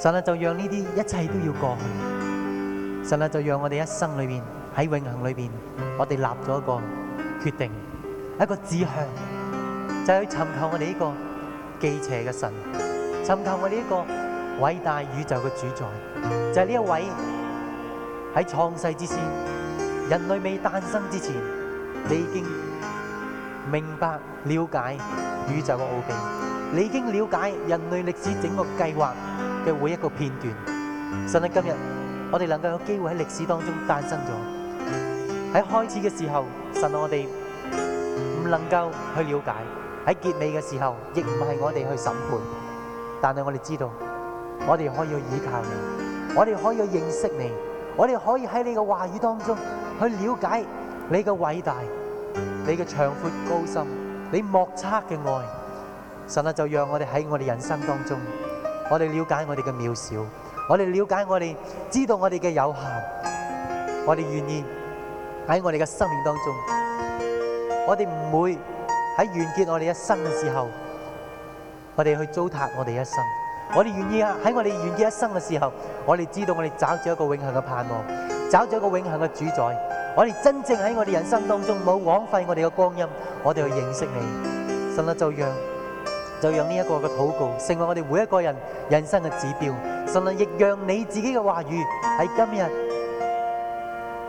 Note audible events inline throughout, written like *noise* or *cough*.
神啊，就讓呢啲一切都要過去。神啊，就讓我哋一生裏面、喺永恒裏邊，我哋立咗一個決定，一個志向，就係去尋求我哋呢個忌邪嘅神，尋求我哋呢個偉大宇宙嘅主宰，就係呢一位喺創世之時，人類未誕生之前，你已經明白了解宇宙嘅奧秘，你已經了解人類歷史整個計劃。嘅每一個片段，神啊，今日我哋能夠有機會喺歷史當中誕生咗。喺開始嘅時候，神啊，我哋唔能夠去了解；喺結尾嘅時候，亦唔係我哋去審判。但係我哋知道，我哋可以去依靠你，我哋可以去認識你，我哋可以喺你嘅話語當中去了解你嘅偉大，你嘅長闊高深，你莫測嘅愛。神啊，就讓我哋喺我哋人生當中。我哋了解我哋嘅渺小，我哋了解我哋知道我哋嘅有限，我哋願意喺我哋嘅生命當中，我哋唔會喺完結我哋一生嘅時候，我哋去糟蹋我哋一生。我哋願意喺我哋完結一生嘅時候，我哋知道我哋找著一個永恒嘅盼望，找著一個永恒嘅主宰。我哋真正喺我哋人生當中冇枉費我哋嘅光陰，我哋去認識你，神啊，救主。就讓呢一個嘅禱告成為我哋每一個人人生嘅指標。神能亦讓你自己嘅話語喺今日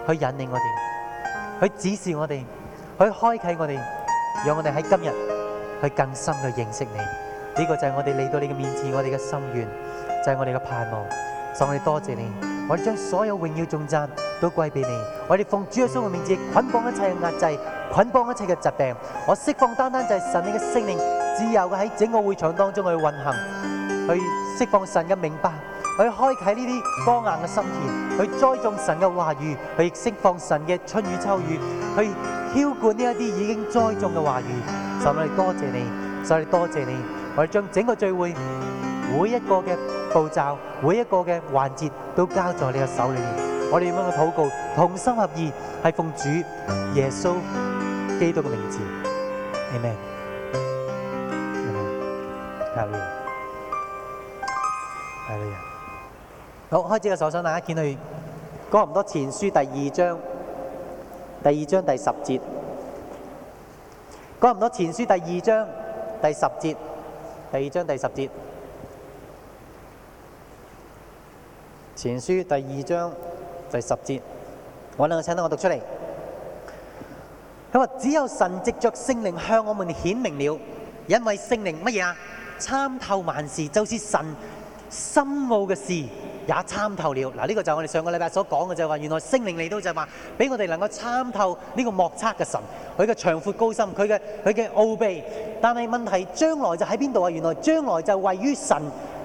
去引領我哋，去指示我哋，去開啟我哋，讓我哋喺今日去更深嘅認識你。呢個就係我哋嚟到你嘅面前，我哋嘅心願就係我哋嘅盼望。所以我哋多謝你，我哋將所有榮耀頌讚都歸俾你。我哋奉主耶穌嘅名字捆綁一切嘅壓制，捆綁一切嘅疾病。我釋放單單就係神你嘅聖靈，自由嘅，喺整個會場當中去運行，去釋放神嘅明白，去開啟呢啲剛硬嘅心田，去栽種神嘅話語，去釋放神嘅春雨秋雨，去澆灌呢一啲已經栽種嘅話語。神啊，我哋多謝你，神啊，我哋多謝你，我哋將整個聚會每一個嘅步驟，每一個嘅環節都交在你嘅手裏面。我哋要噉樣去禱告，同心合意，係奉主耶穌基督嘅名字，阿門。係啦，好，開始嘅時候想大家見佢哥林多前書第二章第二章第十節，哥林多前書第二章第十節，第二章第十節，前書第二章第十節，我兩個請到我讀出嚟。佢話，只有神藉着聖靈向我們顯明了，因為聖靈乜嘢啊？參透萬事，就是神深奧嘅事也參透了。嗱，呢個就係我哋上個禮拜所講嘅，就係話原來聖靈嚟到就係話，俾我哋能夠參透呢個莫測嘅神，佢嘅長闊高深，佢嘅佢嘅奧秘。但係問題將來就喺邊度啊？原來將來就位於神。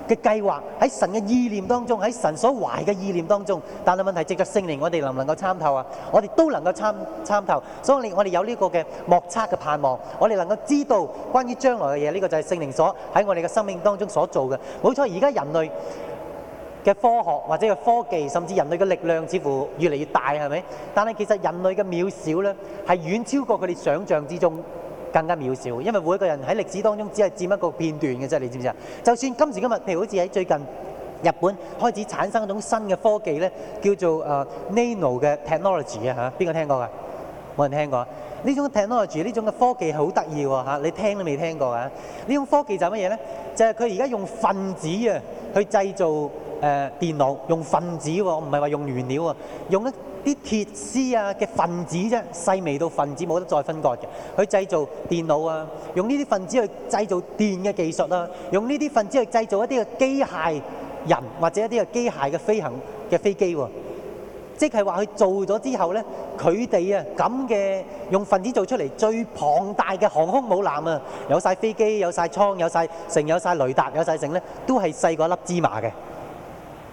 嘅計劃喺神嘅意念當中，喺神所懷嘅意念當中。但係問題，藉着聖靈，我哋能唔能夠參透啊？我哋都能夠參參透。所以，我哋有呢個嘅莫測嘅盼望，我哋能夠知道關於將來嘅嘢。呢個就係聖靈所喺我哋嘅生命當中所做嘅。冇錯，而家人類嘅科學或者嘅科技，甚至人類嘅力量，似乎越嚟越大，係咪？但係其實人類嘅渺小咧，係遠超過佢哋想像之中。更加渺小，因為每個人喺歷史當中只係佔一個片段嘅啫，你知唔知啊？就算今時今日，譬如好似喺最近日本開始產生一種新嘅科技咧，叫做誒 nano 嘅 technology 啊嚇，邊個聽過啊？冇人聽過啊？呢種 technology 呢種嘅科技好得意喎嚇，你聽都未聽過啊？呢種科技就係乜嘢咧？就係佢而家用分子啊去製造誒電腦，用分子喎，唔係話用原料啊，用得。啲鐵絲啊嘅分子啫，細微到分子冇得再分割嘅。佢製造電腦啊，用呢啲分子去製造電嘅技術啦、啊，用呢啲分子去製造一啲嘅機械人或者一啲嘅機械嘅飛行嘅飛機喎、啊。即係話佢做咗之後呢，佢哋啊咁嘅用分子做出嚟最龐大嘅航空母艦啊，有晒飛機，有晒艙，有晒成，有晒雷達，有晒成呢，都係細過一粒芝麻嘅。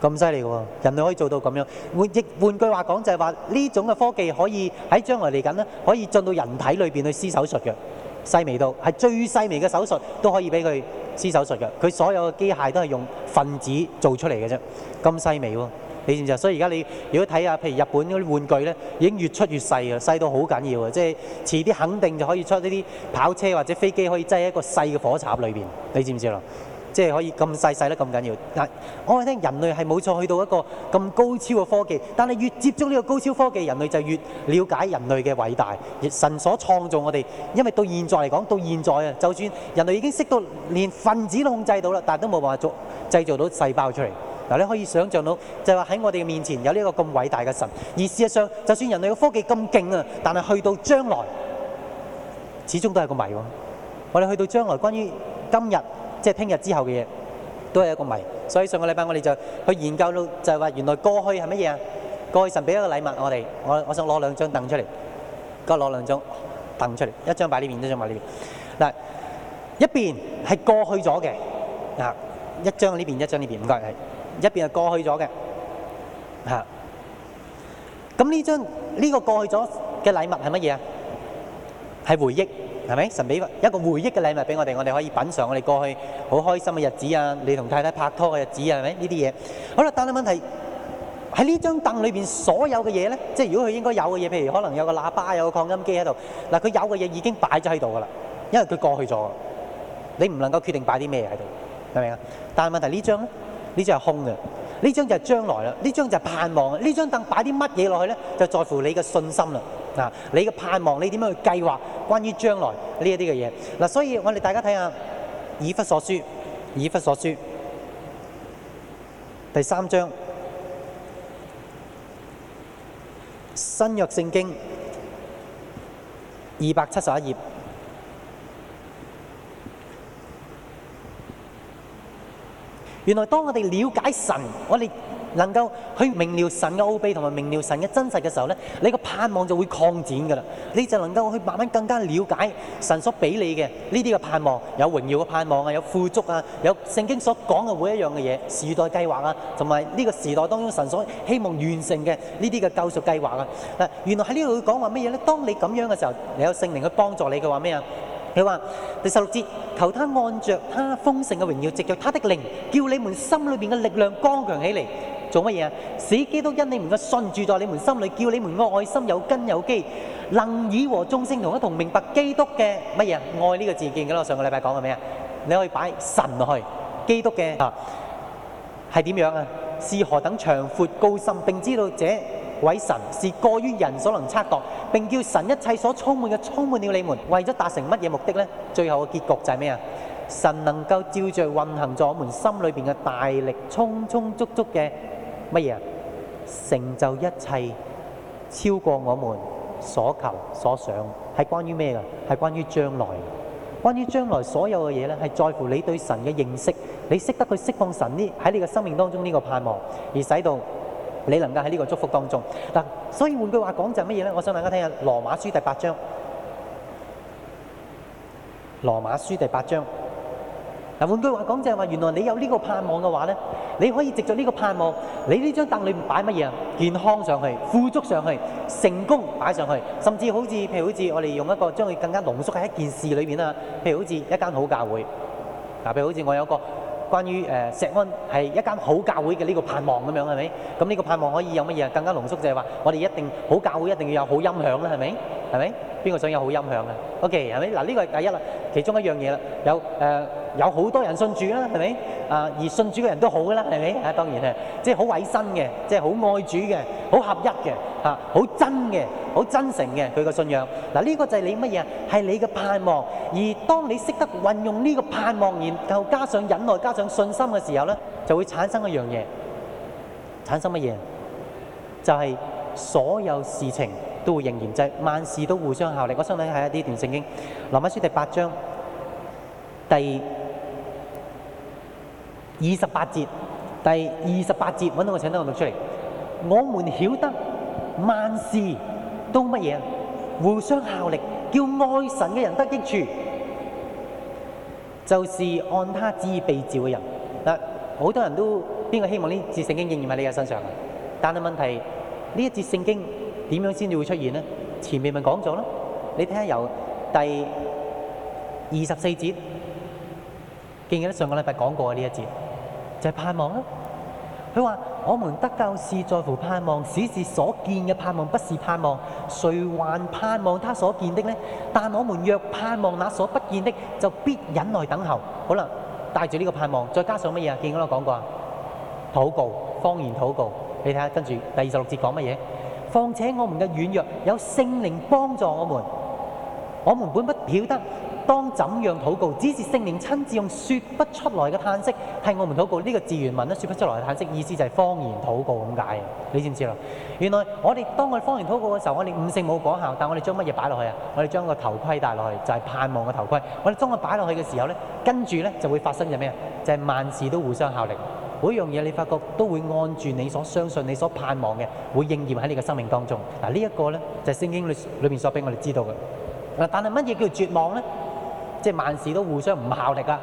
咁犀利喎！人類可以做到咁樣，換句話講就係話呢種嘅科技可以喺將來嚟緊呢可以進到人體裏面去施手術嘅，細微到係最細微嘅手術都可以俾佢施手術嘅。佢所有嘅機械都係用分子做出嚟嘅啫，咁細微喎、啊！你知唔知啊？所以而家你如果睇下譬如日本嗰啲玩具呢，已經越出越細嘅，細到好緊要嘅，即係遲啲肯定就可以出呢啲跑車或者飛機可以擠喺一個細嘅火柴裏面。你知唔知咯？即係可以咁細細粒咁緊要，嗱，我哋聽人類係冇錯去到一個咁高超嘅科技，但係越接觸呢個高超科技，人類就越瞭解人類嘅偉大，而神所創造我哋。因為到現在嚟講，到現在啊，就算人類已經識到連分子都控制到啦，但係都冇辦法做製造到細胞出嚟。嗱，你可以想像到，就係話喺我哋嘅面前有呢個咁偉大嘅神，而事實上，就算人類嘅科技咁勁啊，但係去到將來，始終都係個謎喎。我哋去到將來，關於今日。即係聽日之後嘅嘢，都係一個謎。所以上個禮拜我哋就去研究到，就係話原來過去係乜嘢啊？過去神俾一個禮物我哋，我我想攞兩張凳出嚟，該攞兩張凳出嚟，一張擺呢邊，一張擺呢邊。嗱，一邊係過去咗嘅，啊，一張呢邊，一張呢邊，唔該。係一邊係過去咗嘅，嚇。咁呢張呢個過去咗嘅禮物係乜嘢啊？係回憶。係咪？神俾一個回憶嘅禮物俾我哋，我哋可以品嚐我哋過去好開心嘅日子啊！你同太太拍拖嘅日子啊，係咪呢啲嘢？好啦，但係問題喺呢張凳裏邊所有嘅嘢咧，即係如果佢應該有嘅嘢，譬如可能有個喇叭、有個擴音機喺度。嗱，佢有嘅嘢已經擺咗喺度㗎啦，因為佢過去咗。你唔能夠決定擺啲咩喺度，係咪？啊？但係問題呢張咧，呢張係空嘅，呢張就係將來啦，呢張就係盼望啊！呢張凳擺啲乜嘢落去咧，就在乎你嘅信心啦。嗱，你嘅盼望，你點樣去計劃關於將來呢一啲嘅嘢？所以我哋大家睇下《以弗所書》，《以弗所書》第三章新約聖經二百七十一頁，頁，原來當我哋了解神，我哋能夠去明瞭神嘅奧秘同埋明瞭神嘅真實嘅時候呢，你個盼望就會擴展㗎喇，你就能夠去慢慢更加了解神所俾你嘅呢啲嘅盼望，有榮耀嘅盼望啊，有富足啊，有聖經所講嘅每一樣嘅嘢，時代計劃啊，同埋呢個時代當中神所希望完成嘅呢啲嘅救贖計劃啊。原來喺呢度講話乜嘢呢？當你噉樣嘅時候，你有聖靈去幫助你嘅話咩啊？佢話：第十六節，求他按著他豐盛嘅榮耀，藉著他的靈，叫你們心裏邊嘅力量剛強起嚟，做乜嘢啊？使基督因你們嘅信住在你們心裡，叫你們嘅愛心有根有基，能以和眾聖同一同明白基督嘅乜嘢？愛呢個字見嘅咯，我上個禮拜講係咩啊？你可以擺神落去，基督嘅啊，係點樣啊？是何等長闊高深，並知道這。為神是過於人所能測度，並叫神一切所充滿嘅充滿了你們，為咗達成乜嘢目的呢？最後嘅結局就係咩啊？神能夠照着運行在我們心裏邊嘅大力，充充足足嘅乜嘢啊？成就一切，超過我們所求所想，係關於咩啊？係關於將來，關於將來所有嘅嘢呢，係在乎你對神嘅認識，你識得去釋放神呢喺你嘅生命當中呢個盼望，而使到。你能夠喺呢個祝福當中嗱、啊，所以換句話講就係乜嘢咧？我想大家聽下《羅馬書》第八章，《羅馬書》第八章。嗱，換句話講就係話，原來你有呢個盼望嘅話咧，你可以藉着呢個盼望，你呢張凳裏面擺乜嘢啊？健康上去，富足上去，成功擺上去，甚至好似譬如好似我哋用一個將佢更加濃縮喺一件事裏面啊。譬如好似一間好教會，嗱、啊，譬如好似我有一個。關於誒，石安係一間好教會嘅呢個盼望咁樣係咪？咁呢個盼望可以有乜嘢啊？更加濃縮就係話，我哋一定好教會一定要有好音響啦，係咪？係咪？邊個想有好音響啊？OK，係咪？嗱，呢個係第一啦，其中一樣嘢啦，有誒。有好多人信主啦，係咪？啊，而信主嘅人都好㗎啦，係咪？啊，當然係，即係好委身嘅，即係好愛主嘅，好合一嘅，嚇，好真嘅，好真誠嘅佢個信仰。嗱，呢個就係你乜嘢？係你嘅盼望。而當你識得運用呢個盼望，然後加上忍耐，加上信心嘅時候咧，就會產生一樣嘢。產生乜嘢？就係所有事情都會應驗，就係萬事都互相效力。我想睇下一啲段聖經，羅馬書第八章第。二十八節，第二十八節，揾到我，請單我讀出嚟。我們曉得萬事都乜嘢？互相效力，叫愛神嘅人得益處，就是按他旨意被召嘅人。嗱，好多人都邊個希望呢節聖經應驗喺你嘅身上？但係問題，呢一節聖經點樣先至會出現呢？前面咪講咗啦，你睇下由第二十四節，記唔記得上個禮拜講過嘅呢一節？就係、是、盼望啦。佢話：我們得救是在乎盼望，只是所見嘅盼望不是盼望，誰還盼望他所見的呢？但我們若盼望那所不見的，就必忍耐等候。好啦，帶住呢個盼望，再加上乜嘢啊？記得我講過啊，禱告，方言禱告。你睇下，跟住第二十六節講乜嘢？況且我們嘅軟弱，有聖靈幫助我們，我們本不曉得。當怎樣禱告，只是聖靈親自用說不出來嘅嘆息，替我們禱告呢，這個字原文都說不出來嘅嘆息，意思就係方言禱告咁解。你知唔知啦？原來我哋當我哋方言禱告嘅時候，我哋五性冇果效，但我哋將乜嘢擺落去啊？我哋將個頭盔戴落去，就係、是、盼望嘅頭盔。我哋將佢擺落去嘅時候咧，跟住咧就會發生嘅咩啊？就係、是、萬事都互相效力，每樣嘢你發覺都會按住你所相信、你所盼望嘅，會應驗喺你嘅生命當中。嗱，呢一個咧就係聖經裏裏面所俾我哋知道嘅。但係乜嘢叫絕望咧？即係萬事都互相唔效力啊！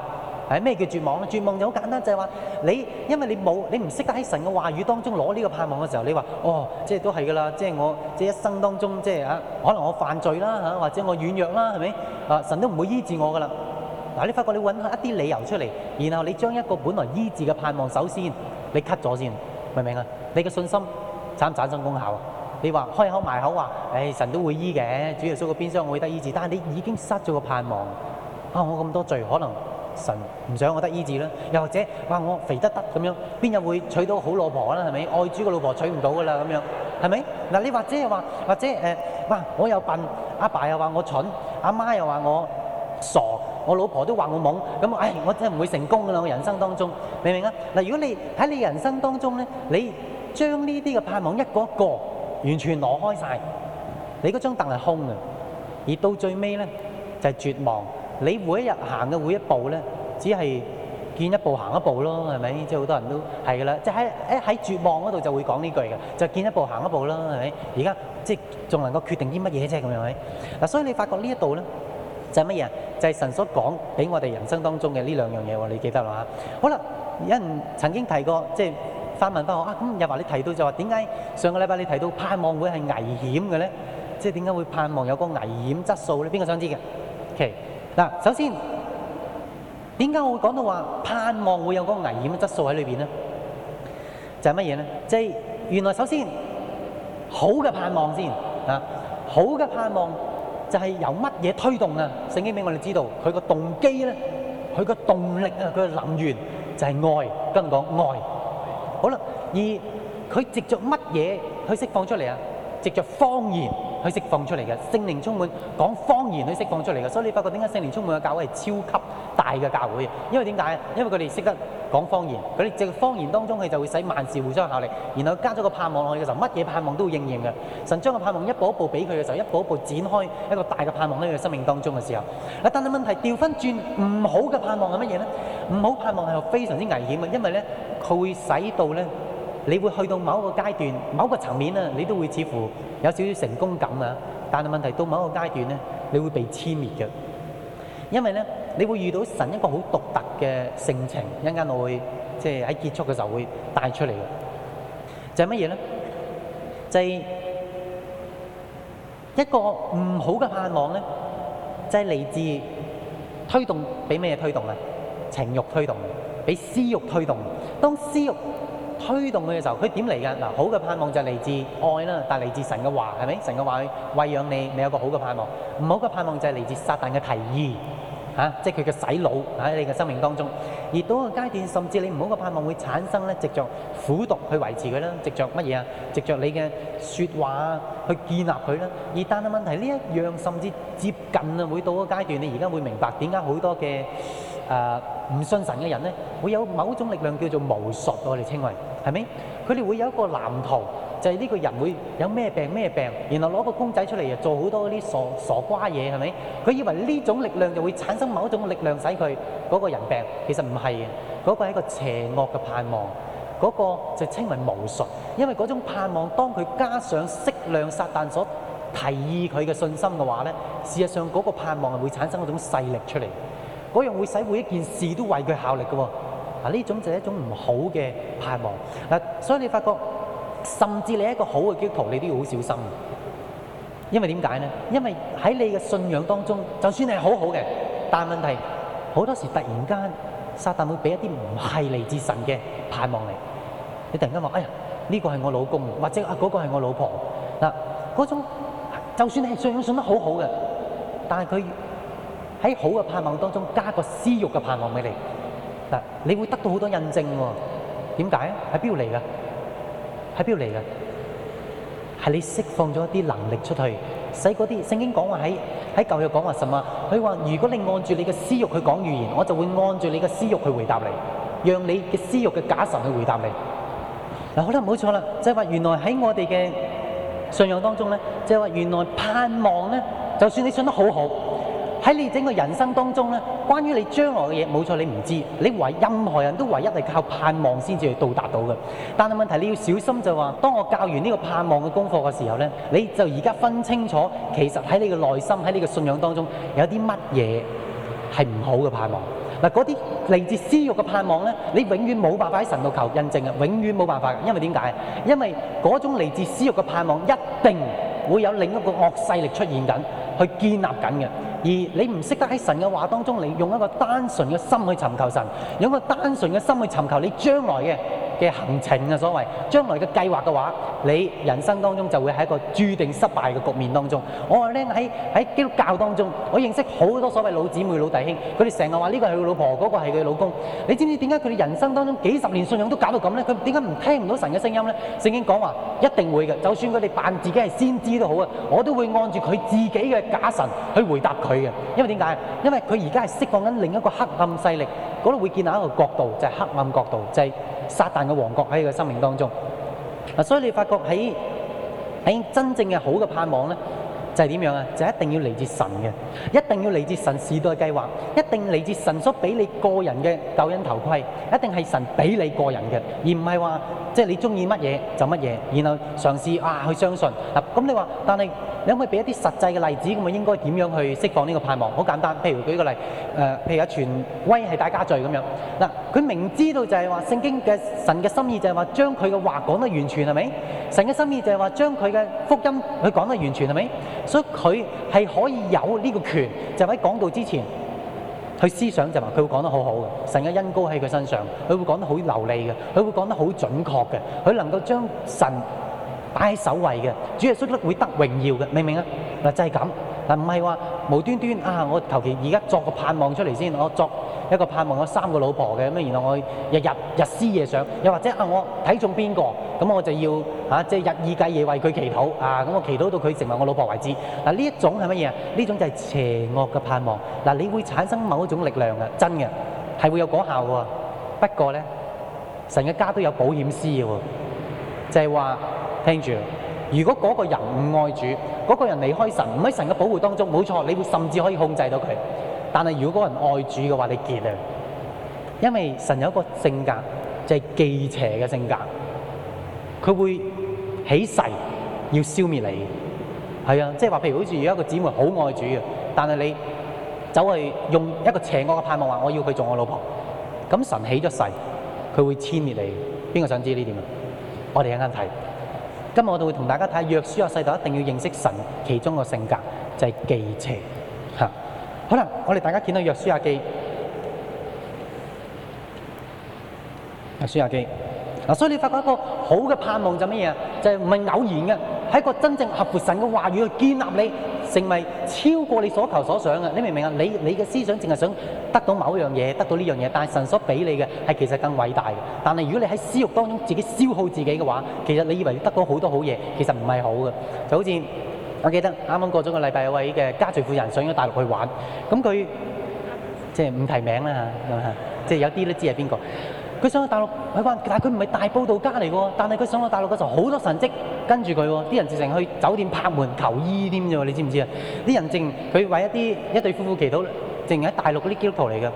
誒咩叫絕望咧？絕望就好簡單，就係話你，因為你冇你唔識得喺神嘅話語當中攞呢個盼望嘅時候，你話哦，即係都係噶啦，即係我即係一生當中，即係嚇可能我犯罪啦嚇，或者我軟弱啦，係咪？啊神都唔會醫治我噶啦！嗱，你發覺你揾一啲理由出嚟，然後你將一個本來醫治嘅盼望，首先你 cut 咗先，明唔明啊？你嘅信心產唔產生功效？你話開口埋口話，誒神都會醫嘅，主耶穌嘅邊廂我會得醫治，但係你已經失咗個盼望。哇、啊！我咁多罪，可能神唔想我得醫治啦。又或者哇！我肥得得咁樣，邊日會娶到好老婆啦？係咪愛主嘅老婆娶唔到噶啦？咁樣係咪？嗱，你或者話，或者誒哇！我又笨，阿爸又話我蠢，阿媽又話我傻，我老婆都話我懵，咁唉！我真係唔會成功噶啦！我人生當中，明唔明啊？嗱，如果你喺你人生當中咧，你將呢啲嘅盼望一個一個完全攞開晒，你嗰張凳係空嘅，而到最尾咧就係絕望。你每一日行嘅每一步咧，只係見一步行一步咯，係咪？即係好多人都係噶啦，即係喺喺絕望嗰度就會講呢句嘅，就見一步行一步咯，係咪？而家即係仲能夠決定啲乜嘢啫？咁樣係咪？嗱，所以你發覺這呢一度咧，就係乜嘢？就係、是、神所講俾我哋人生當中嘅呢兩樣嘢喎，你記得啦嚇。好啦，有人曾經提過，即係發問翻我啊，咁又話你提到就話點解上個禮拜你提到盼望會係危險嘅咧？即係點解會盼望有個危險質素咧？邊個想知嘅？Okay. 嗱，首先點解我會講到話盼望會有嗰個危險嘅質素喺裏邊咧？就係乜嘢咧？即係原來首先好嘅盼望先啊，好嘅盼望就係由乜嘢推動啊？聖經俾我哋知道佢個動機咧，佢個動力啊，佢嘅來源就係愛。跟住講愛，好啦，而佢藉著乜嘢去釋放出嚟啊？藉着方言去釋放出嚟嘅，聖靈充滿講方言去釋放出嚟嘅，所以你發覺點解聖靈充滿嘅教會係超級大嘅教會？因為點解？因為佢哋識得講方言，佢哋藉方言當中，佢就會使萬事互相效力。然後加咗個盼望落去嘅時候，乜嘢盼望都會應驗嘅。神將個盼望一步一步俾佢嘅時候，一步一步展開一個大嘅盼望喺佢生命當中嘅時候。啊，但係問題調返轉，唔好嘅盼望係乜嘢咧？唔好盼望係非常之危險嘅，因為咧佢會使到咧。你會去到某個階段，某個層面你都會似乎有少少成功感，但問題到某個階段你會被殲滅的，因為你會遇到神一個好獨特的性情。一陣間我會即係喺結束的時候會帶出來的就是乜嘢呢?就是一個唔好的盼望就是來自推動，畀咩嘢推動呢？情欲推動，畀私欲推動，當私欲推動佢嘅時候，佢點嚟㗎？嗱，好嘅盼望就係嚟自愛啦，但係嚟自神嘅話係咪？神嘅話餵養你，你有個好嘅盼望。唔好嘅盼望就係嚟自撒旦嘅提議，嚇、啊，即係佢嘅洗腦喺你嘅生命當中。而到個階段，甚至你唔好嘅盼望會產生咧，藉着苦毒去維持佢啦，藉着乜嘢啊？藉着你嘅説話去建立佢啦。而但係問題呢一樣，甚至接近啊，會到個階段，你而家會明白點解好多嘅誒唔信神嘅人咧，會有某種力量叫做巫術，我哋稱為。係咪？佢哋會有一個藍圖，就係、是、呢個人會有咩病咩病，然後攞個公仔出嚟又做好多啲傻傻瓜嘢，係咪？佢以為呢種力量就會產生某一種力量使他，使佢嗰個人病，其實唔係嘅。嗰、那個係一個邪惡嘅盼望，嗰、那個就稱為巫術。因為嗰種盼望，當佢加上適量撒旦所提議佢嘅信心嘅話咧，事實上嗰個盼望係會產生一種勢力出嚟，嗰樣會使每一件事都為佢效力嘅喎、哦。嗱，呢種就係一種唔好嘅盼望。嗱，所以你發覺，甚至你一個好嘅基督徒，你都要好小心。因為點解咧？因為喺你嘅信仰當中，就算你係好好嘅，但問題好多時突然間，撒旦會俾一啲唔係嚟自神嘅盼望你。你突然間話：哎呀，呢個係我老公，或者啊嗰個係我老婆。嗱，嗰種就算你係信仰信得好好嘅，但係佢喺好嘅盼望當中加個私欲嘅盼望俾你。嗱，你會得到好多印證喎？點解？喺邊度嚟㗎，喺邊度嚟㗎，係你釋放咗一啲能力出去，使嗰啲聖經講話喺喺舊約講話什嘛？佢話：如果你按住你嘅私慾去講語言，我就會按住你嘅私慾去回答你，讓你嘅私慾嘅假神去回答你。嗱，好啦，冇錯啦，即係話原來喺我哋嘅信仰當中咧，即係話原來盼望咧，就算你信得好好。喺你整個人生當中咧，關於你將來嘅嘢，冇錯，你不，你唔知，你唯任何人都唯一係靠盼望先至去到達到嘅。但係問題你要小心就話，是，當我教完呢個盼望嘅功課嘅時候咧，你就而家分清楚，其實喺你嘅內心喺你嘅信仰當中，有啲乜嘢係唔好嘅盼望？嗱，嗰啲嚟自私欲嘅盼望咧，你永遠冇辦法喺神度求印證嘅，永遠冇辦法嘅，因為點解？因為嗰種嚟自私欲嘅盼望一定會有另一個惡勢力出現緊，去建立緊嘅。而你唔識得喺神嘅話當中，你用一個單純嘅心去尋求神，用一個單純嘅心去尋求你將來嘅。嘅行程啊，所謂將來嘅計劃嘅話，你人生當中就會喺一個注定失敗嘅局面當中。我話咧，喺喺基督教當中，我認識好多所謂老姊妹老弟兄，佢哋成日話呢個係佢老婆，嗰個係佢老公。你知唔知點解佢哋人生當中幾十年信仰都搞到咁咧？佢點解唔聽唔到神嘅聲音咧？聖經講話一定會嘅，就算佢哋扮自己係先知都好啊，我都會按住佢自己嘅假神去回答佢嘅。因為點解啊？因為佢而家係釋放緊另一個黑暗勢力。嗰度會見到一個角度，就係黑暗角度，就係撒但嘅王國喺佢嘅生命當中。嗱，所以你發覺喺喺真正嘅好嘅盼望咧，就係點樣啊？就一定要嚟自神嘅，一定要嚟自神時代嘅計劃，一定嚟自神所俾你個人嘅救恩頭盔，一定係神俾你個人嘅，而唔係話即係你中意乜嘢就乜嘢，然後嘗試啊去相信。嗱，咁你話，但係。你可唔可以俾一啲實際嘅例子咁啊？應該點樣去釋放呢個盼望？好簡單，譬如舉個例，誒、呃，譬如阿傳威係大家聚咁樣嗱，佢、啊、明知道就係話聖經嘅神嘅心意就係話將佢嘅話講得完全係咪？神嘅心意就係話將佢嘅福音佢講得完全係咪？所以佢係可以有呢個權，就喺、是、講道之前去思想就話、是，佢會講得很好好嘅。神嘅恩膏喺佢身上，佢會講得好流利嘅，佢會講得好準確嘅，佢能夠將神擺喺首位嘅，主耶穌咧會得榮耀嘅，明唔明啊？嗱就係、是、咁，嗱唔係話無端端啊！我求其而家作個盼望出嚟先，我作一個盼望我三個老婆嘅咁樣，然後我日日日思夜想，又或者啊我睇中邊個咁我就要啊，即、就、係、是、日以繼夜為佢祈禱啊！咁我祈禱到佢成為我老婆為止。嗱、啊、呢一種係乜嘢啊？呢種就係邪惡嘅盼望。嗱、啊，你會產生某一種力量嘅，真嘅係會有果效喎。不過咧，神嘅家都有保險絲嘅喎，就係、是、話。聽住，如果嗰個人唔愛主，嗰、嗰個人離開神，唔喺神嘅保護當中，冇錯，你會甚至可以控制到佢。但係如果嗰個人愛主嘅話，你結啊，因為神有一個性格就係、是、忌邪嘅性格，佢會起誓要消滅你。係啊，即係話，譬如好似有一個姊妹好愛主啊，但係你走去用一個邪惡嘅盼望話我要佢做我老婆，咁神起咗誓，佢會殲滅你。邊個想知呢點啊？我哋一陣間睇。今日我哋會同大家睇《約書亞世代》，一定要認識神其中個性格，就係忌邪。可能我哋大家見到《約書亞記》，《約書亞記》嗱，所以你發覺一個好嘅盼望就乜嘢？就係唔係偶然嘅，喺個真正合乎神嘅話語去建立你。成為超過你所求所想嘅，你明唔明啊？你你嘅思想淨係想得到某一樣嘢，得到呢樣嘢，但係神所俾你嘅係其實更偉大嘅。但係如果你喺私慾當中自己消耗自己嘅話，其實你以為得到好多好嘢，其實唔係好嘅。就好似我記得啱啱過咗個禮拜，有位嘅家財富人上咗大陸去玩，咁佢即係唔提名啦嚇，即係有啲都知係邊個。佢上到大陸，佢話但係佢唔係大佈道家嚟喎，但係佢上到大陸嘅時候好多神蹟跟住佢喎，啲人直情去酒店拍門求醫添啫，你知唔知啊？啲人淨佢為一啲一對夫婦祈禱，淨喺大陸嗰啲基督徒嚟嘅。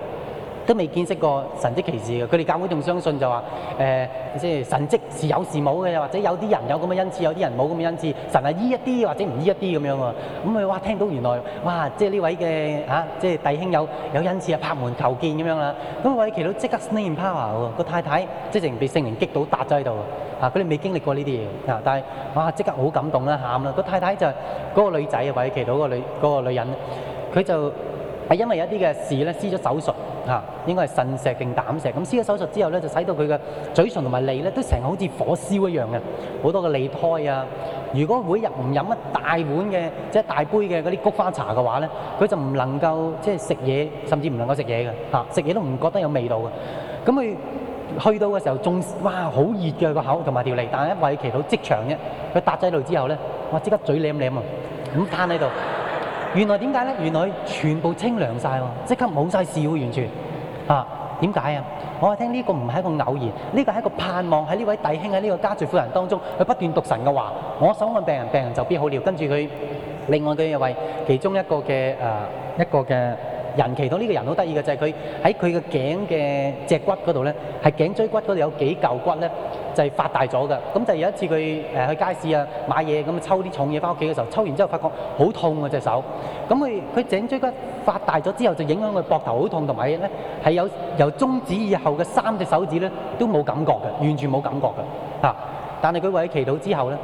都未見識過神蹟奇事嘅，佢哋教會仲相信就話誒，即、呃、係神蹟是有是冇嘅，又或者有啲人有咁嘅恩賜，有啲人冇咁嘅恩賜，神係醫一啲或者唔醫一啲咁樣喎。咁佢話哇！聽到原來，哇！即係呢位嘅嚇，即係弟兄有有恩賜啊，拍門求見咁樣啦。咁位基督徒即刻 snap power 喎，個太太即係被聖靈擊到打咗喺度啊！佢哋、啊、未經歷過呢啲嘢嗱，但係哇！即、啊、刻好感動啦，喊啦！個太太就嗰個女仔啊，位基督徒個女嗰女人，佢就。係因為有啲嘅事咧，施咗手術，嚇應該係腎石定膽石。咁施咗手術之後咧，就使到佢嘅嘴唇同埋脷咧，都成好似火燒一樣嘅，好多個脷苔啊！如果每日唔飲一大碗嘅即係大杯嘅嗰啲菊花茶嘅話咧，佢就唔能夠即係食嘢，甚至唔能夠食嘢嘅，嚇食嘢都唔覺得有味道嘅。咁佢去到嘅時候，仲哇好熱嘅個口同埋條脷，但係一為祈禱即場啫。佢搭仔到之後咧，哇！即刻嘴舐舐啊，咁攤喺度。原來點解咧？原來全部清涼晒喎，即刻冇曬事完全啊！點解啊？我係聽呢個唔係一個偶然，呢、這個係一個盼望喺呢位弟兄喺呢個家族婦人當中，佢不斷讀神嘅話。我手按病人，病人就必好了。跟住佢另外嘅一位，其中一個嘅誒、呃、一個嘅人，祈禱呢個人好得意嘅就係佢喺佢嘅頸嘅脊骨嗰度咧，係頸椎骨嗰度有幾嚿骨咧？就係、是、發大咗嘅，咁就有一次佢誒去街市啊，買嘢，咁啊抽啲重嘢翻屋企嘅時候，抽完之後發覺好痛啊，隻手，咁佢佢頸椎骨發大咗之後就影響佢膊頭好痛，同埋咧係有，呢有由中指以後嘅三隻手指咧都冇感覺嘅，完全冇感覺嘅，啊！但係佢為咗祈禱之後咧，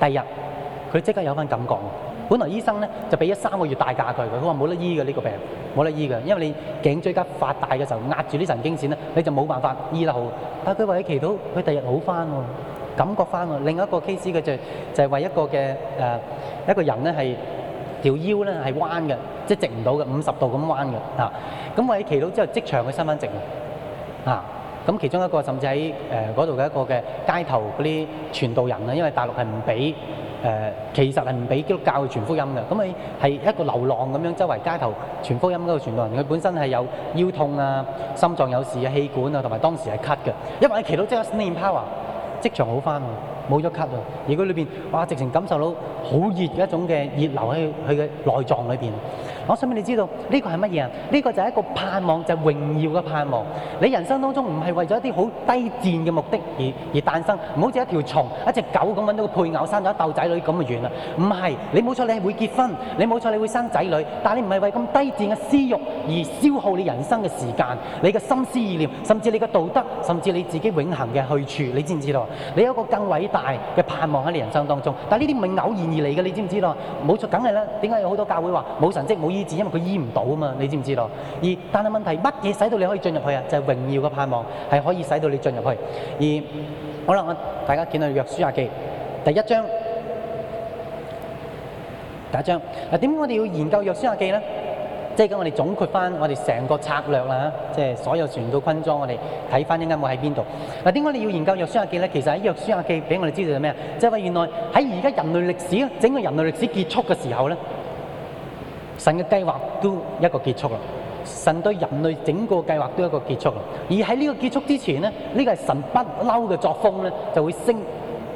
第二日佢即刻有翻感覺。本來醫生咧就俾咗三個月大假。佢，佢話冇得醫嘅呢個病，冇得醫嘅，因為你頸椎急發大嘅時候壓住啲神經線咧，你就冇辦法醫得好。但係佢為你祈禱，佢第日好翻喎，感覺翻喎。另一個 case 嘅就就係、是、為一個嘅誒、呃、一個人咧係條腰咧係彎嘅，即係直唔到嘅五十度咁彎嘅啊。咁為你祈禱之後即場嘅身份直啊。咁其中一個甚至喺誒嗰度嘅一個嘅街頭嗰啲傳道人啊，因為大陸係唔俾。誒其實係唔俾基督教去傳福音㗎，咁佢係一個流浪咁樣，周圍街頭傳福音嗰個傳道人，佢本身係有腰痛啊、心臟有事啊、氣管啊，同埋當時係咳嘅。因為佢祈到即刻 spirit power，即場好翻喎，冇咗咳啊！而佢裏邊哇，直情感受到好熱嘅一種嘅熱流喺佢嘅內臟裏邊。我想俾你知道呢、這個是乜嘢啊？呢、這個就係一個盼望，就是榮耀嘅盼望。你人生當中唔是為咗一啲好低賤嘅目的而而誕生，唔好似一條蟲一隻狗咁揾到個配偶生咗一竇仔女咁就完啦。唔係，你冇錯你係會結婚，你冇錯你會生仔女，但係你唔係為咁低賤嘅私欲而消耗你人生嘅時間，你嘅心思意念，甚至你嘅道德，甚至你自己永恒嘅去處，你知唔知道？你有一個更偉大嘅盼望喺你人生當中。但係呢啲唔係偶然而嚟嘅，你知唔知道？冇錯梗係啦。點解有好多教會話冇神跡、冇？因為佢醫唔到啊嘛，你知唔知道？而但係問題，乜嘢使到你可以進入去啊？就係、是、榮耀嘅盼望，係可以使到你進入去。而好啦，我大家見到《約書亞記》第一章，第一章嗱，點解我哋要研究《約書亞記》咧？即係我哋總括翻我哋成個策略啦，即、就、係、是、所有全副軍裝我看看，我哋睇翻一間我喺邊度。嗱，點解我要研究《約書亞記》咧？其實喺《約書亞記》俾我哋知道係咩啊？即係話原來喺而家人類歷史，整個人類歷史結束嘅時候咧。神嘅計劃都一個結束啦，神對人類整個計劃都一個結束啦。而喺呢個結束之前咧，呢個係神不嬲嘅作風咧，就會升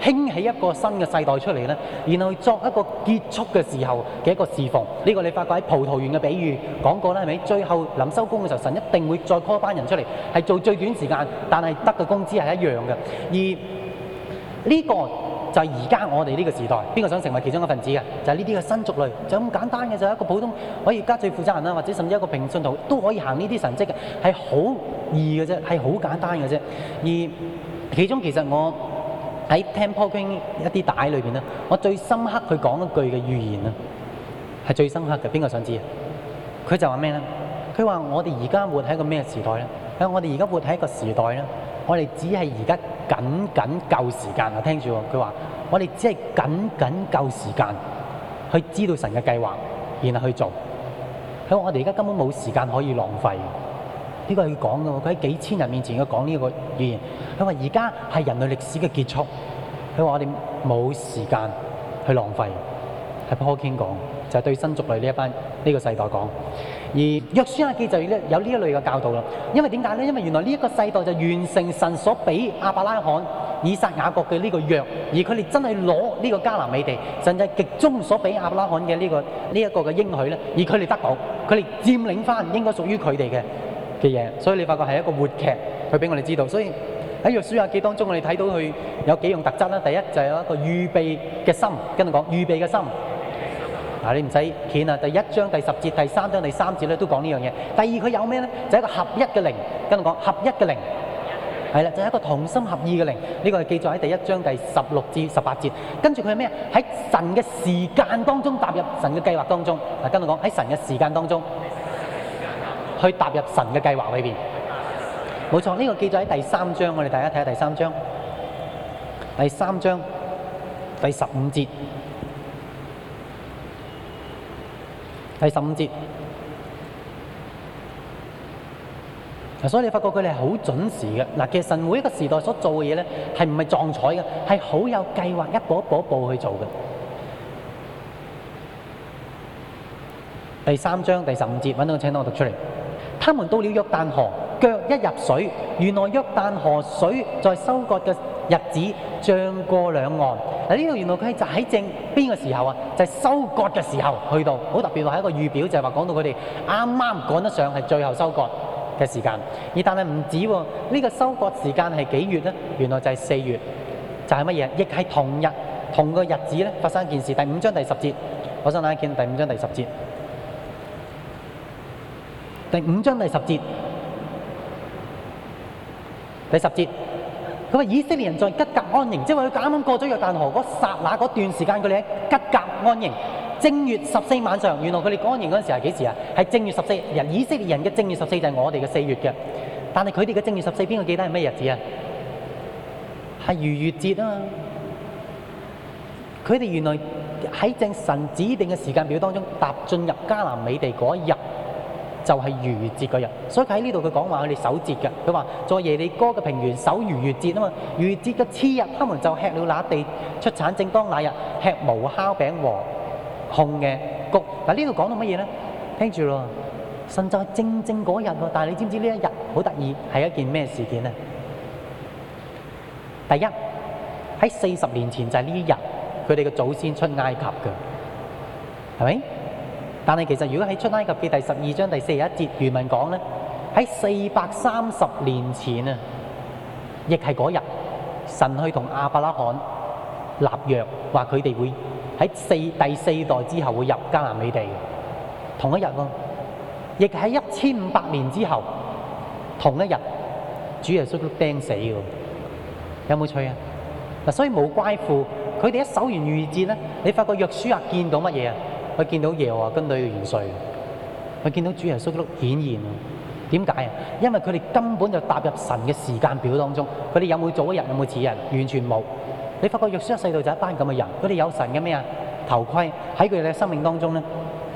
興起一個新嘅世代出嚟咧，然後作一個結束嘅時候嘅一個侍奉。呢個你發覺喺葡萄園嘅比喻講過啦，係咪？最後臨收工嘅時候，神一定會再 call 一班人出嚟，係做最短時間，但係得嘅工資係一樣嘅。而呢個。就係而家我哋呢個時代，邊個想成為其中一份子嘅？就係呢啲嘅新族類，就咁簡單嘅就係、是、一個普通可以而家最負責人啦，或者甚至一個平信徒都可以行呢啲神跡嘅，係好易嘅啫，係好簡單嘅啫。而其中其實我喺 t e m p l King 一啲帶裏邊啦，我最深刻佢講一句嘅預言啊，係最深刻嘅。邊個想知啊？佢就話咩咧？佢話我哋而家活喺一個咩時代咧？啊，我哋而家活喺一個時代咧。我哋只係而家僅僅夠時間啊！聽住佢話，我哋、哦、只係僅僅夠時間去知道神嘅計劃，然後去做。佢話我哋而家根本冇時間可以浪費。呢、這個係佢講嘅喎，佢喺幾千人面前要講呢個語言。佢話而家係人類歷史嘅結束。佢話我哋冇時間去浪費。係 p a r k 講，就係、是、對新族類呢一班呢、這個世代講。而約書亞記就有呢一類嘅教導啦，因為點解呢？因為原來呢一個世代就是完成神所俾亞伯拉罕以撒雅各嘅呢個約，而佢哋真係攞呢個迦南美地，甚至極終所俾亞伯拉罕嘅呢個呢一個嘅應許呢，而佢哋得到，佢哋佔領翻應該屬於佢哋嘅嘅嘢，所以你發覺係一個活劇，佢俾我哋知道。所以喺約書亞記當中，我哋睇到佢有幾樣特質呢。第一就係、是、有一個預備嘅心，跟住講預備嘅心。啊！你唔使攰啦，第一章第十節、第三章第三節咧都講呢樣嘢。第二佢有咩咧？就係一個合一嘅靈，跟住講合一嘅靈，係啦，就係一個同心合意嘅靈。呢個係記載喺第一章第十六至十八節。跟住佢係咩啊？喺神嘅時間當中踏入神嘅計劃當中。啊，跟住講喺神嘅時間當中，去踏入神嘅計劃裏邊。冇錯，呢個記載喺第三章。我哋大家睇下第三章，第三章第十五節。第十五節，所以你發覺佢哋係好準時嘅。其實神每一個時代所做嘅嘢咧，係唔係撞彩嘅？係好有計劃，一步一步一步去做嘅。第三章第十五節，搵到個，請我讀出嚟。他們到了約旦河，腳一入水，原來約旦河水在收割嘅日子將過兩岸，但呢度原來佢喺正...佢話以色列人在吉甲安營，即係佢啱啱過咗約旦河嗰剎那嗰段時間，佢哋喺吉甲安營。正月十四晚上，原來佢哋安營嗰陣時係幾時啊？係正月十四日。以色列人嘅正月十四就係我哋嘅四月嘅，但係佢哋嘅正月十四邊個記得係咩日子是啊？係逾越節啊！佢哋原來喺正神指定嘅時間表當中踏進入迦南美地嗰一日。就係、是、逾節嗰日，所以喺呢度佢講話佢哋守節嘅。佢話在耶利哥嘅平原守逾越節啊嘛，逾越節嘅次日，他們就吃了那地出產，正當那日吃無烤餅和烘嘅穀。嗱，呢度講到乜嘢咧？聽住咯，甚至係正正嗰日喎。但係你知唔知呢一日好得意？係一件咩事件啊？第一喺四十年前就係呢一日，佢哋嘅祖先出埃及嘅，係咪？但係其實如果喺出埃及記第十二章第四十一節，原文講咧喺四百三十年前啊，亦係嗰日，神去同亞伯拉罕立約，話佢哋會喺四第四代之後會入迦南美地。同一日喎，亦喺一千五百年之後，同一日，主耶穌釘死嘅，有冇趣啊？嗱，所以冇怪乎，佢哋一守完逾越節咧，你發覺約書亞見到乜嘢啊？佢見到耶和華軍隊嘅元帥，佢見到主耶穌顯現。點解啊？因為佢哋根本就踏入神嘅時間表當中。佢哋有冇早一日？有冇遲一日？完全冇。你發覺約書亞世代就係一班咁嘅人。佢哋有神嘅咩啊？頭盔喺佢哋嘅生命當中咧，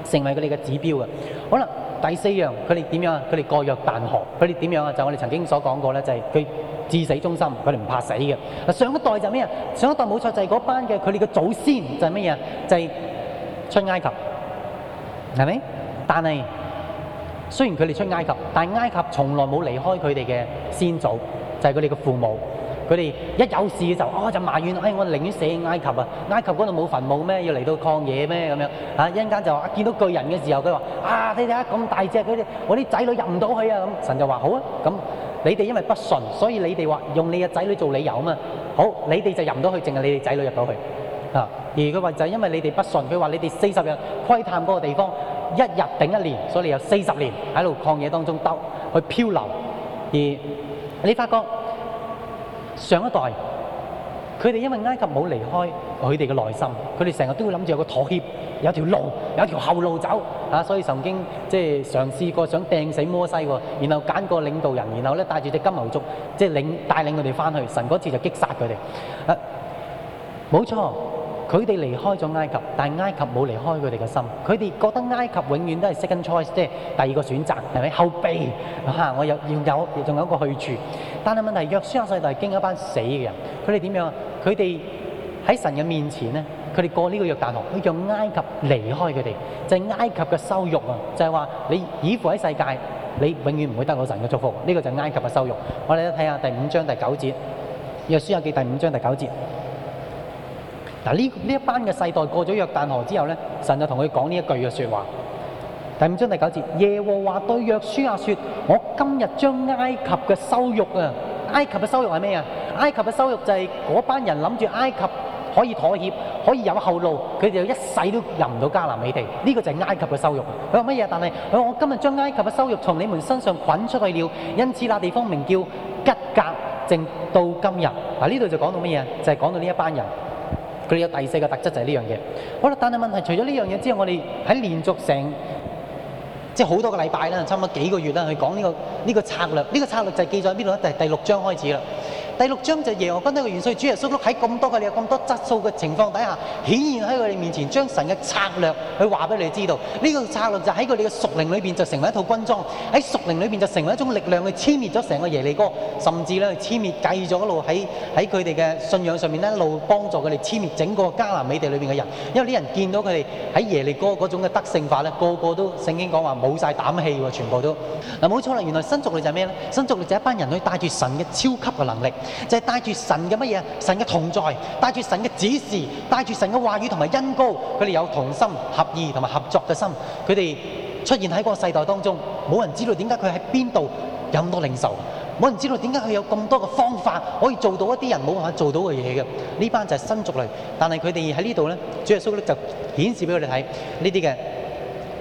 成為佢哋嘅指標啊！好啦，第四樣佢哋點樣啊？佢哋過約但河。佢哋點樣啊？就我哋曾經所講過咧，就係、是、佢至死忠心，佢哋唔怕死嘅。上一代就咩啊？上一代冇錯就係嗰班嘅，佢哋嘅祖先就係咩啊？就係、是。出埃及，係咪？但係雖然佢哋出埃及，但係埃及從來冇離開佢哋嘅先祖，就係佢哋嘅父母。佢哋一有事嘅時候，哦就埋怨，哎，我寧願死喺埃及啊！埃及嗰度冇墳墓咩？要嚟到曠野咩？咁樣啊，一陣間就話，啊，見到巨人嘅時候，佢話，啊，你睇下咁大隻佢哋，我啲仔女入唔到去啊！咁神就話：好啊，咁你哋因為不順，所以你哋話用你嘅仔女做理由啊嘛。好，你哋就入唔到去，淨係你哋仔女入到去啊。而佢話就係因為你哋不順，佢話你哋四十日窺探嗰個地方，一日頂一年，所以你有四十年喺度曠野當中兜去漂流。而你發覺上一代佢哋因為埃及冇離開佢哋嘅內心，佢哋成日都會諗住有個妥協，有條路，有條後路走啊，所以曾經即係嘗試過想掟死摩西喎，然後揀個領導人，然後咧帶住隻金牛犢，即係領帶領佢哋翻去。神嗰次就擊殺佢哋。冇錯。佢哋離開咗埃及，但係埃及冇離開佢哋嘅心。佢哋覺得埃及永遠都係 second choice，即係第二個選擇，係咪後備嚇、啊？我有要有仲有一個去處。但係問題是，約書亞世代經一班死嘅人，佢哋點樣？佢哋喺神嘅面前咧，佢哋過呢個約旦河，佢叫埃及離開佢哋，就係、是、埃及嘅羞辱啊！就係、是、話你依附喺世界，你永遠唔會得到神嘅祝福。呢、這個就係埃及嘅羞辱。我哋都睇下第五章第九節《約書亞記》第五章第九節。嗱，呢呢一班嘅世代過咗約旦河之後咧，神就同佢講呢一句嘅說話。第五章第九節，耶和華對約書亞、啊、說，我今日將埃及嘅羞辱啊，埃及嘅羞辱係咩啊？埃及嘅羞辱就係嗰班人諗住埃及可以妥協，可以有後路，佢哋就一世都入唔到迦南美地。呢、這個就係埃及嘅羞辱。佢話乜嘢？但係佢話我今日將埃及嘅羞辱從你們身上滾出去了，因此那地方名叫吉甲。直到今日。嗱，呢度就講到乜嘢？就係、是、講到呢一班人。佢有第四個特質，就係呢樣嘢。好啦，但係問題是除咗呢樣嘢之後，我哋喺連續成，即係好多個禮拜啦，差唔多幾個月啦，去講、呢個、呢個策略。呢個策略就記在邊度咧就係第六章開始啦。第六章就是耶和軍呢個元帥，主耶穌喺咁多佢哋咁多質素嘅情況底下，顯現喺佢哋面前，將神嘅策略去話俾你哋知道。呢個策略就喺佢哋嘅屬靈裏面，就成為一套軍裝；喺屬靈裏面，就成為一種力量，去殲滅咗成個耶利哥，甚至呢，殲滅繼續一路喺佢哋嘅信仰上面，一路幫助佢哋殲滅整個迦南美地裏面嘅人。因為啲人見到佢哋喺耶利哥嗰種嘅得勝法，呢個個都聖經講話冇晒膽氣喎，全部都嗱，冇錯啦。原來新族類就係咩呢？新族類就係一班人可以帶住神嘅超級嘅能力。就係、是、帶住神嘅乜嘢？神嘅同在，帶住神嘅指示，帶住神嘅話語同埋恩膏。佢哋有同心合意同埋合作嘅心，佢哋出現喺嗰個世代當中，冇人知道點解佢喺邊度有咁多領袖，冇人知道點解佢有咁多嘅方法可以做到一啲人冇辦法做到嘅嘢嘅。呢班就係新族類，但係佢哋喺呢度咧，主耶穌就顯示俾佢哋睇呢啲嘅。這些的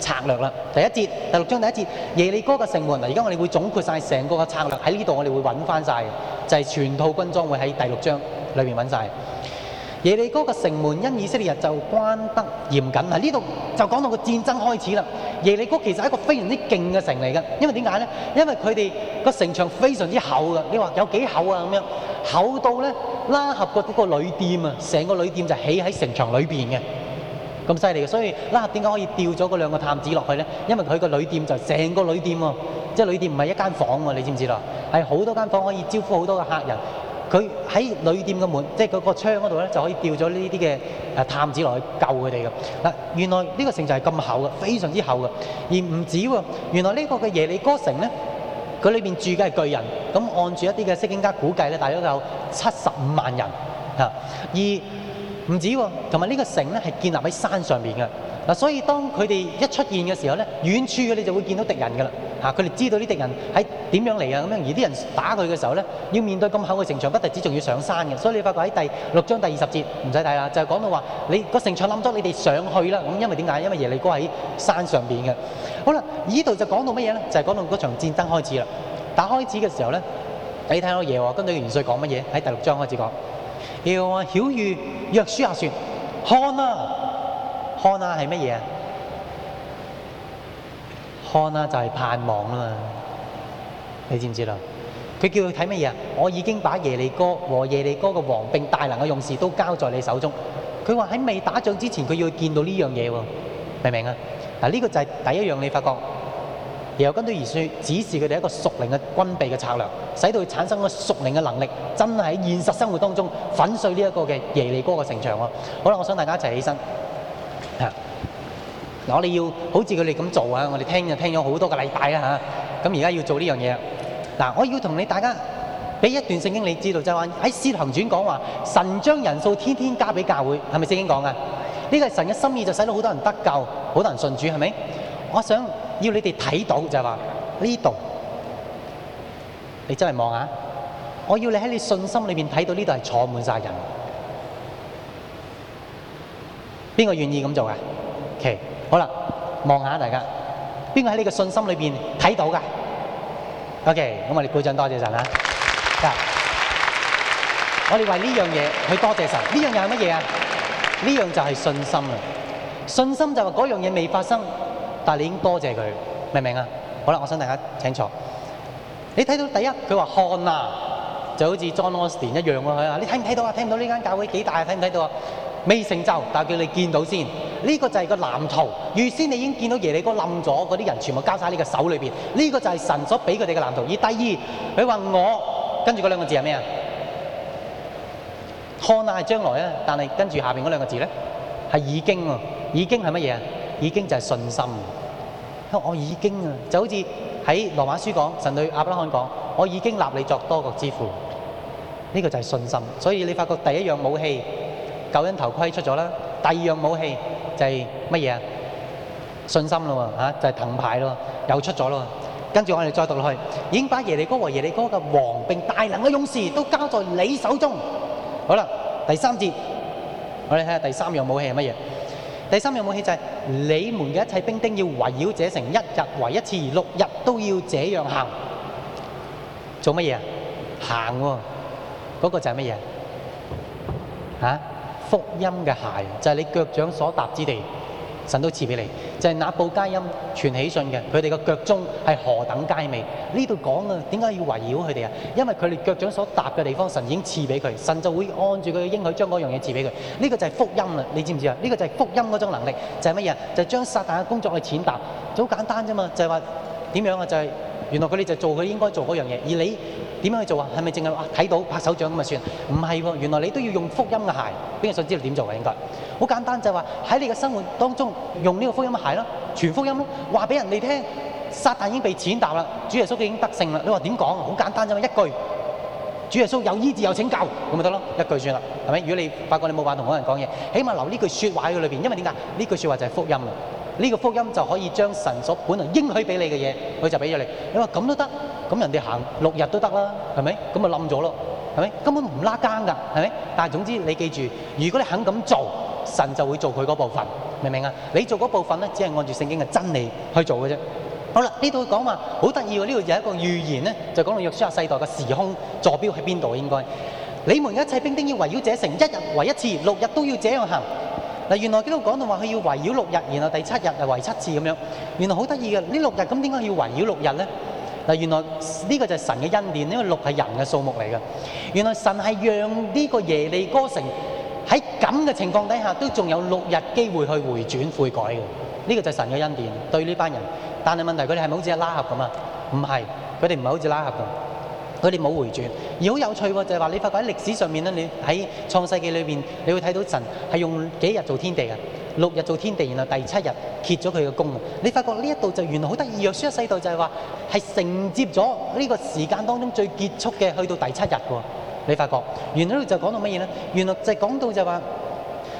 策略啦，第一節第六章第一節耶利哥嘅城門嗱，而家我哋會總括曬成個嘅策略喺呢度，我哋會揾翻曬，就係全套軍裝會喺第六章裏邊揾曬。耶利哥嘅城門因以色列人就關得嚴緊，喺呢度就講到個戰爭開始啦。耶利哥其實係一個非常之勁嘅城嚟嘅，因為點解咧？因為佢哋個城牆非常之厚嘅，你話有幾厚啊？咁樣厚到咧拉合個嗰個旅店啊，成個旅店就起喺城牆裏邊嘅。咁犀利嘅，所以嗱點解可以掉咗嗰兩個探子落去咧？因為佢個旅店就成個旅店喎，即係旅店唔係一間房喎，你知唔知啦？係好多間房可以招呼好多嘅客人。佢喺旅店嘅門，即係嗰個窗嗰度咧，就可以掉咗呢啲嘅誒探子落去救佢哋嘅嗱。原來呢個城就係咁厚嘅，非常之厚嘅，而唔止喎。原來呢個嘅耶利哥城咧，佢裏邊住嘅係巨人，咁按住一啲嘅釋經家估計咧，大概有七十五萬人嚇。二唔止喎，同埋呢個城咧係建立喺山上邊嘅嗱，所以當佢哋一出現嘅時候咧，遠處你就會見到敵人嘅啦嚇，佢哋知道啲敵人喺點樣嚟啊咁樣，而啲人打佢嘅時候咧，要面對咁厚嘅城牆，不單止仲要上山嘅，所以你發覺喺第六章第二十節唔使睇啦，就係講到話你個城牆冧咗，你哋上去啦咁，因為點解？因為耶利哥喺山上邊嘅。好啦，呢度就講到乜嘢咧？就係講到嗰場戰爭開始啦。打開始嘅時候咧，你睇下耶和跟住元帥講乜嘢？喺第六章開始講。叫啊，曉喻約書亞説：看啊，看啊，係乜嘢啊？看啊，就係盼望啊嘛！你知唔知道？佢叫你睇乜嘢啊？我已經把耶利哥和耶利哥嘅王並大能嘅勇士都交在你手中。佢話喺未打仗之前，佢要見到呢樣嘢喎，明唔明啊？嗱，呢個就係第一樣你發覺。然後跟到而説，指示佢哋一個屬靈嘅軍備嘅策略，使到佢產生嘅屬靈嘅能力，真係喺現實生活當中粉碎呢一個嘅耶利哥嘅城牆喎。好啦，我想大家一齊起，起身。嗱、啊，我哋要好似佢哋咁做啊！我哋聽就聽咗好多個禮拜啦、啊、嚇，咁而家要做呢樣嘢。嗱、啊，我要同你大家俾一段聖經，你知道就係話喺詩行傳講話，神將人數天天加俾教會，係咪聖經講啊？呢個係神嘅心意，就使到好多人得救，好多人信主，係咪？我想。要你哋睇到就係話呢度，你真係望下。我要你喺你信心裏邊睇到呢度係坐滿晒人。邊個願意咁做啊？OK，好啦，望下大家。邊個喺你嘅信心裏邊睇到㗎？OK，咁我哋鼓掌多謝神啊！我哋為呢樣嘢去多謝神。呢樣嘢係乜嘢啊？呢樣就係信心啊！信心就係嗰樣嘢未發生。但係你已經多謝佢，明唔明啊？好啦，我想大家請坐。你睇到第一，佢話看啊，就好似 John Austin 一樣，佢話你睇唔睇到啊？睇唔到呢間教會幾大啊？睇唔睇到啊？未成就，但係叫你見到先。呢、這個就係個藍圖預先，你已經見到耶利哥冧咗，嗰啲人全部交晒你嘅手裏邊。呢、這個就係神所俾佢哋嘅藍圖。而第二，佢話我跟住嗰兩個字係咩啊？看啊，係將來啊，但係跟住下邊嗰兩個字咧係已經啊。「已經係乜嘢啊？已經就係信心，因為我已經啊，就好似喺羅馬書講，神對亞伯拉罕講：我已經立你作多國之父。呢個就係信心，所以你發覺第一樣武器救恩頭盔出咗啦，第二樣武器就係乜嘢啊？信心咯喎，嚇就係盾牌咯，又出咗咯。跟住我哋再讀落去，已經把耶利哥和耶利哥嘅王並大能嘅勇士都交在你手中。好啦，第三節，我哋睇下第三樣武器係乜嘢。第三樣武器就係：你們嘅一切兵丁要圍繞這城，一日圍一次，六日都要這樣行。做乜嘢啊？行。嗰個就係乜嘢啊？福音嘅鞋就係你腳掌所踏之地，神都賜俾你。就係、是、那部皆音傳喜信嘅，佢哋嘅腳蹤係何等佳美？呢度講啊，點解要圍繞佢哋啊？因為佢哋腳掌所踏嘅地方，神已經賜俾佢，神就會按住佢嘅應許將嗰樣嘢賜俾佢。呢、這個就係福音啦，你知唔知啊？呢、這個就係福音嗰種能力，就係乜嘢？就係、是、將撒旦嘅工作去踐踏，就好簡單啫嘛。就係話點樣啊？就係、是、原來佢哋就做佢應該做嗰樣嘢，而你。點樣去做啊？係咪淨係睇到拍手掌咁啊算？唔係喎，原來你都要用福音嘅鞋。邊個想知道點做啊？應該好簡單就係，就係話喺你嘅生活當中用呢個福音嘅鞋咯，全福音咯，話俾人哋聽，撒旦已經被踐踏啦，主耶穌已經得勝啦。你話點講？好簡單啫嘛，一句。主耶穌有醫治有拯救，咁咪得咯，一句算啦，係咪？如果你發覺你冇辦法同好人講嘢，起碼留呢句説話喺裏邊，因為點解？呢句説話就係福音啦。呢個福音就可以將神所本來應許俾你嘅嘢，佢就俾咗你。你話咁都得，咁人哋行六日都得啦，係咪？咁咪冧咗咯，係咪？根本唔拉更㗎，係咪？但係總之你記住，如果你肯咁做，神就會做佢嗰部分，明唔明啊？你做嗰部分咧，只係按住聖經嘅真理去做嘅啫。好啦，呢度講話好得意喎，呢度有一個預言咧，就講到約書亞世代嘅時空座標喺邊度應該。你們一切兵丁要圍繞這城，一日圍一次，六日都要這樣行。嗱，原來基督教講到話佢要圍繞六日，然後第七日係圍七次咁樣。原來好得意嘅呢六日，咁點解要圍繞六日咧？嗱，原來呢個就係神嘅恩典，因為六係人嘅數目嚟嘅。原來神係讓呢個耶利哥城喺咁嘅情況底下都仲有六日機會去回轉悔改嘅。呢個就係神嘅恩典對呢班人。但係問題佢哋係咪好似係拉合咁啊？唔係，佢哋唔係好似拉合咁。佢哋冇回轉，而好有趣喎，就係話你發覺喺歷史上面咧，你喺創世記裏邊，你會睇到神係用幾日做天地嘅，六日做天地，然後第七日揭咗佢嘅功啊！你發覺呢一度就原來好得意，約書亞世代就係話係承接咗呢個時間當中最結束嘅去到第七日喎。你發覺原來呢度就講到乜嘢咧？原來就係講到就係話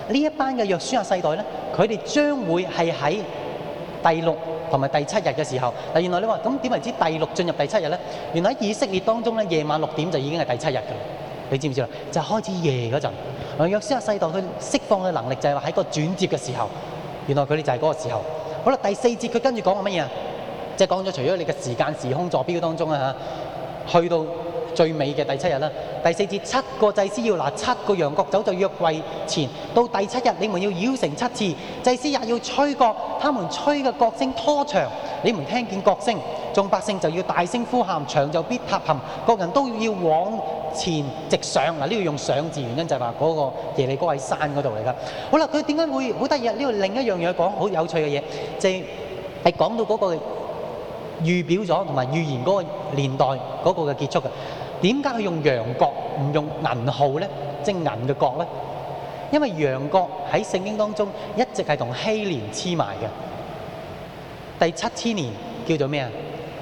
呢一班嘅約書亞世代咧，佢哋將會係喺第六同埋第七日嘅時候，嗱，原來你話咁點為之第六進入第七日咧？原來喺以色列當中咧，夜晚六點就已經係第七日㗎啦。你知唔知啦？就係、開始夜嗰陣，嗱，約書亞世代佢釋放嘅能力就係話喺個轉接嘅時候，原來佢哋就係嗰個時候。好啦，第四節佢跟住講緊乜嘢？即係講咗除咗你嘅時間時空坐標當中啊，去到。最尾嘅第七日啦，第四節七個祭司要拿七個羊角走在約櫃前，到第七日你們要繞城七次，祭司也要吹角，他們吹嘅角聲拖長，你們聽見角聲，眾百姓就要大聲呼喊，牆就必塌陷，各人都要往前直上。嗱，呢個用上字原因就係話嗰個耶利哥喺山嗰度嚟噶。好啦，佢點解會好得意啊？呢個另一樣嘢講好有趣嘅嘢，即係係講到嗰個預表咗同埋預言嗰個年代嗰個嘅結束嘅。點解佢用羊角唔用銀號咧？即是銀嘅角咧？因為羊角喺聖經當中一直係同禧年黐埋嘅。第七千年叫做咩啊？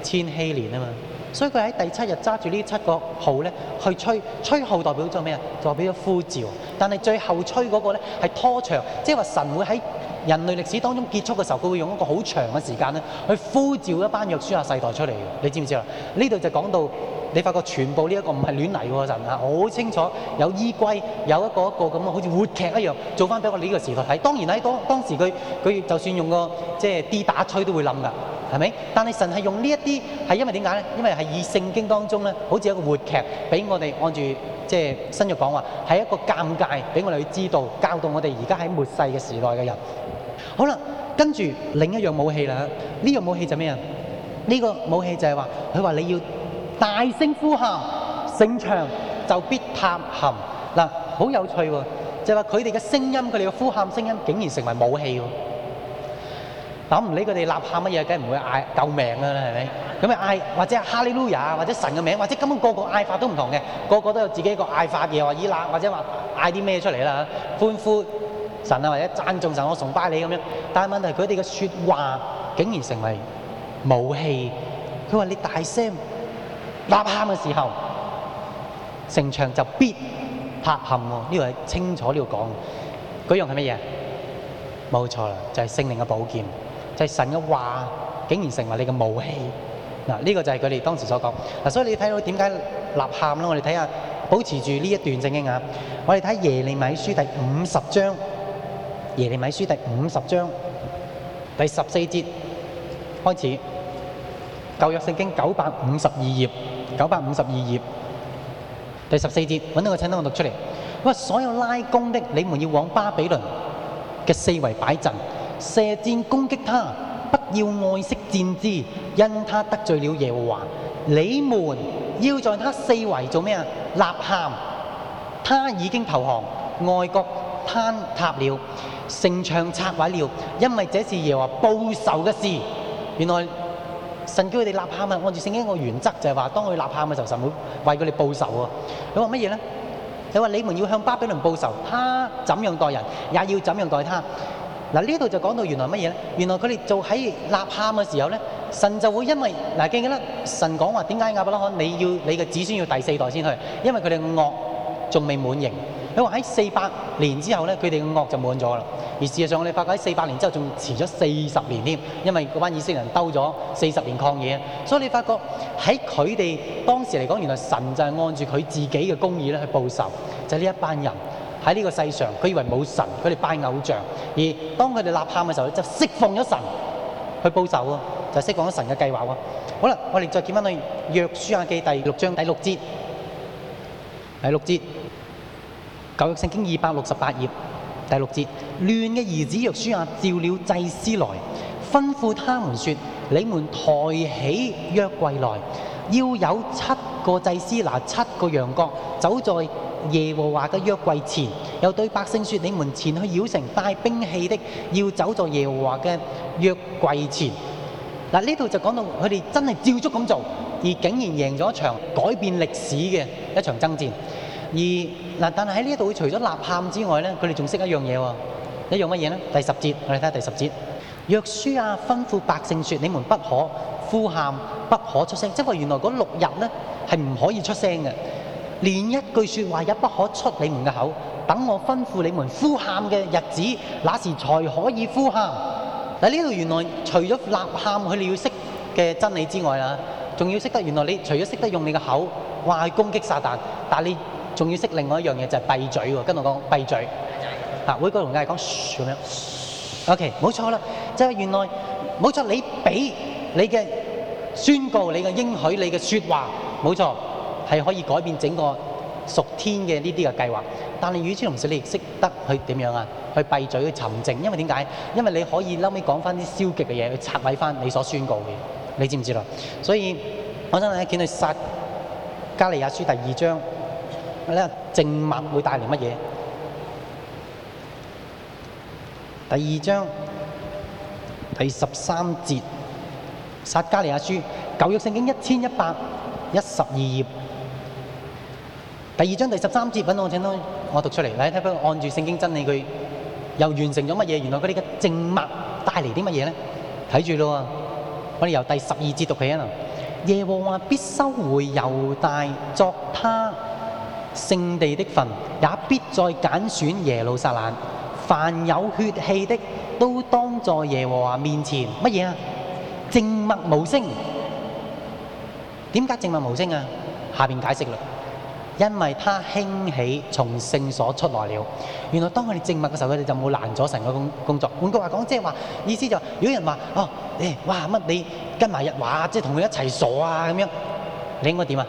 千禧年啊嘛。所以佢喺第七日揸住呢七個號咧，去吹吹號代表咗咩啊？代表咗呼召。但係最後吹嗰個咧係拖長，即係話神會喺人類歷史當中結束嘅時候，佢會用一個好長嘅時間咧，去呼召一班約書亞世代出嚟。你知唔知啊？呢度就講到。你發覺全部呢一個唔係亂嚟喎，神啊，好清楚有衣櫃，有一個一個咁咯，好似活劇一樣，做翻俾我哋呢個時代睇。當然喺當當時佢佢就算用個即係滴打吹都會冧噶，係咪？但係神係用呢一啲係因為點解咧？因為係以聖經當中咧，好似一個活劇俾我哋按住即係新約講話，係一個尷尬，俾我哋去知道，教導我哋而家喺末世嘅時代嘅人。好啦，跟住另一樣武器啦，呢樣武器就咩啊？呢個武器就係話佢話你要。大聲呼喊，城牆就必塌陷。嗱、嗯，好有趣喎、哦，就係話佢哋嘅聲音，佢哋嘅呼喊聲音，竟然成為武器、哦。咁唔理佢哋吶喊乜嘢，梗係唔會嗌救命㗎啦，係咪？咁啊嗌，或者係哈利路亞，或者神嘅名，或者根本個個嗌法都唔同嘅，個個都有自己一個嗌法嘅，話以吶，或者話嗌啲咩出嚟啦，歡呼神啊，或者讚頌神，我崇拜你咁樣。但係問題是他們的說，佢哋嘅説話竟然成為武器。佢話你大聲。吶喊嘅時候，城牆就必塌陷喎。呢個係清楚噉講。嗰樣係乜嘢？冇錯啦，就係聖靈嘅寶劍，就係神嘅話，竟然成為你嘅武器。嗱，呢個就係佢哋當時所講。嗱，所以你睇到點解吶喊啦？我哋睇下，保持住呢一段聖經。我哋睇耶利米書第五十章，耶利米書第五十章第十四節開始。舊約聖經九百五十二頁，九百五十二頁，第十四節揾到個，請等我讀出嚟。喂，所有拉弓的，你們要往巴比倫嘅四圍擺陣，射箭攻擊他，不要愛惜箭枝，因他得罪了耶和華。你們要在他四圍做咩啊？吶喊！他已經投降，外國坍塌了，城牆拆毀了，因為這是耶和華報仇嘅事。原來。神叫佢哋吶喊啊！按照聖經個原則就是說，就係話當佢吶喊嘅時候，神會為佢哋報仇啊。佢話乜嘢咧？佢話你們要向巴比倫報仇，他怎樣待人，也要怎樣待他。嗱，呢度就講到原來乜嘢咧？原來佢哋做喺吶喊嘅時候咧，神就會因為，嗱，記唔記得了，神講話點解亞伯拉罕你要你嘅子孫要第四代先去？因為佢哋惡仲未滿盈。你話喺四百年之後咧，佢哋嘅惡就滿咗啦。而事實上，我哋發覺喺四百年之後仲遲咗四十年添，因為嗰班以色列人兜咗四十年曠野。所以你發覺喺佢哋當時嚟講，原來神就係按住佢自己嘅公義咧去報仇，就係呢一班人喺呢個世上，佢以為冇神，佢哋拜偶像。而當佢哋吶喊嘅時候，就釋放咗神去報仇啊，就釋放咗神嘅計劃啊。好啦，我哋再見翻去約書亞記第六章第六節，第六節。舊約聖經二百六十八頁第六節，亂嘅兒子約書亞召了祭司來，吩咐他們說：你們抬起約櫃來，要有七個祭司拿七個羊角，走在耶和華嘅約櫃前。又對百姓說：你們前去繞城帶兵器的，要走在耶和華嘅約櫃前。嗱，呢度就講到佢哋真係照足咁做，而竟然贏咗場改變歷史嘅一場爭戰。而嗱，但係喺呢一度佢除咗吶喊之外咧，佢哋仲識一樣嘢喎。一樣乜嘢咧？第十節，我哋睇下第十節。約書亞吩咐百姓說：你們不可呼喊，不可出聲。即係話原來嗰六日咧係唔可以出聲嘅，連一句説話也不可出你們嘅口。等我吩咐你們呼喊嘅日子，那時才可以呼喊。嗱，呢度原來除咗吶喊，佢哋要識嘅真理之外啦，仲要識得原來你除咗識得用你嘅口，話去攻擊撒但，但係你。仲要識另外一樣嘢就係、是、閉嘴喎，跟我講閉嘴，啊會哥同曬講咁樣，OK 冇錯啦，即、就、係、是、原來冇錯，你俾你嘅宣告，你嘅應許，你嘅説話，冇錯係可以改變整個屬天嘅呢啲嘅計劃。但係與此同時，你亦識得去點樣啊？去閉嘴去沉靜，因為點解？因為你可以嬲尾講翻啲消極嘅嘢去拆毀翻你所宣告嘅嘢。你知唔知道？所以我真係見到撒迦利亞書第二章。咧，靜默會帶嚟乜嘢？第二章第十三節《撒迦利亞書》，舊約聖經一千一百一十二頁。第二章第十三節，揾我整多，我讀出嚟。嚟睇下，不過按住聖經真理，佢又完成咗乜嘢？原來嗰啲嘅靜默帶嚟啲乜嘢咧？睇住咯。我哋由第十二節讀起啊。耶和華必收回猶大作他，聖地的份，也必再揀選耶路撒冷。凡有血氣的，都當在耶和華面前乜嘢啊？靜默無聲。點解靜默無聲啊？下邊解釋啦。因為他興起從聖所出來了。原來當我哋靜默嘅時候，我哋就冇攔咗神嘅工工作。換句話講，即係話意思就：如果人話哦，誒，哇，乜你跟埋入，哇，即係同佢一齊傻啊咁樣，你應該點啊？